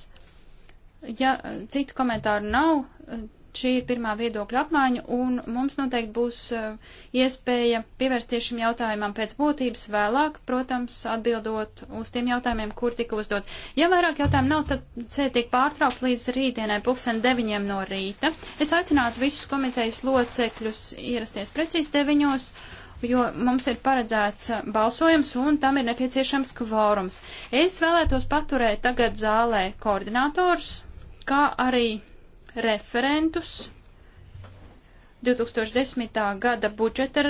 Ja eh, citu komentāru nav, eh, šī ir pirmā viedokļa apmaiņa, un mums noteikti būs eh, iespēja pievērsties šim jautājumam pēc būtības vēlāk, protams, atbildot uz tiem jautājumiem, kur tika uzdot. Ja vairāk jautājumu nav, tad sēd tiek pārtraukt līdz rītdienai pulksten deviņiem no rīta. Es aicinātu visus komitejas locekļus ierasties precīzi deviņos jo mums ir paredzēts balsojums un tam ir nepieciešams kvorums. Es vēlētos paturēt tagad zālē koordinators, kā arī referentus 2010. gada budžeta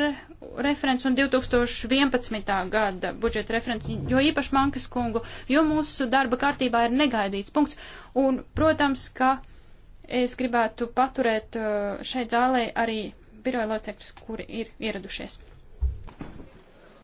referents un 2011. gada budžeta referents, jo īpaši Mankas kungu, jo mūsu darba kārtībā ir negaidīts punkts. Un, protams, ka es gribētu paturēt uh, šeit zālē arī biroja locekļus, kuri ir ieradušies.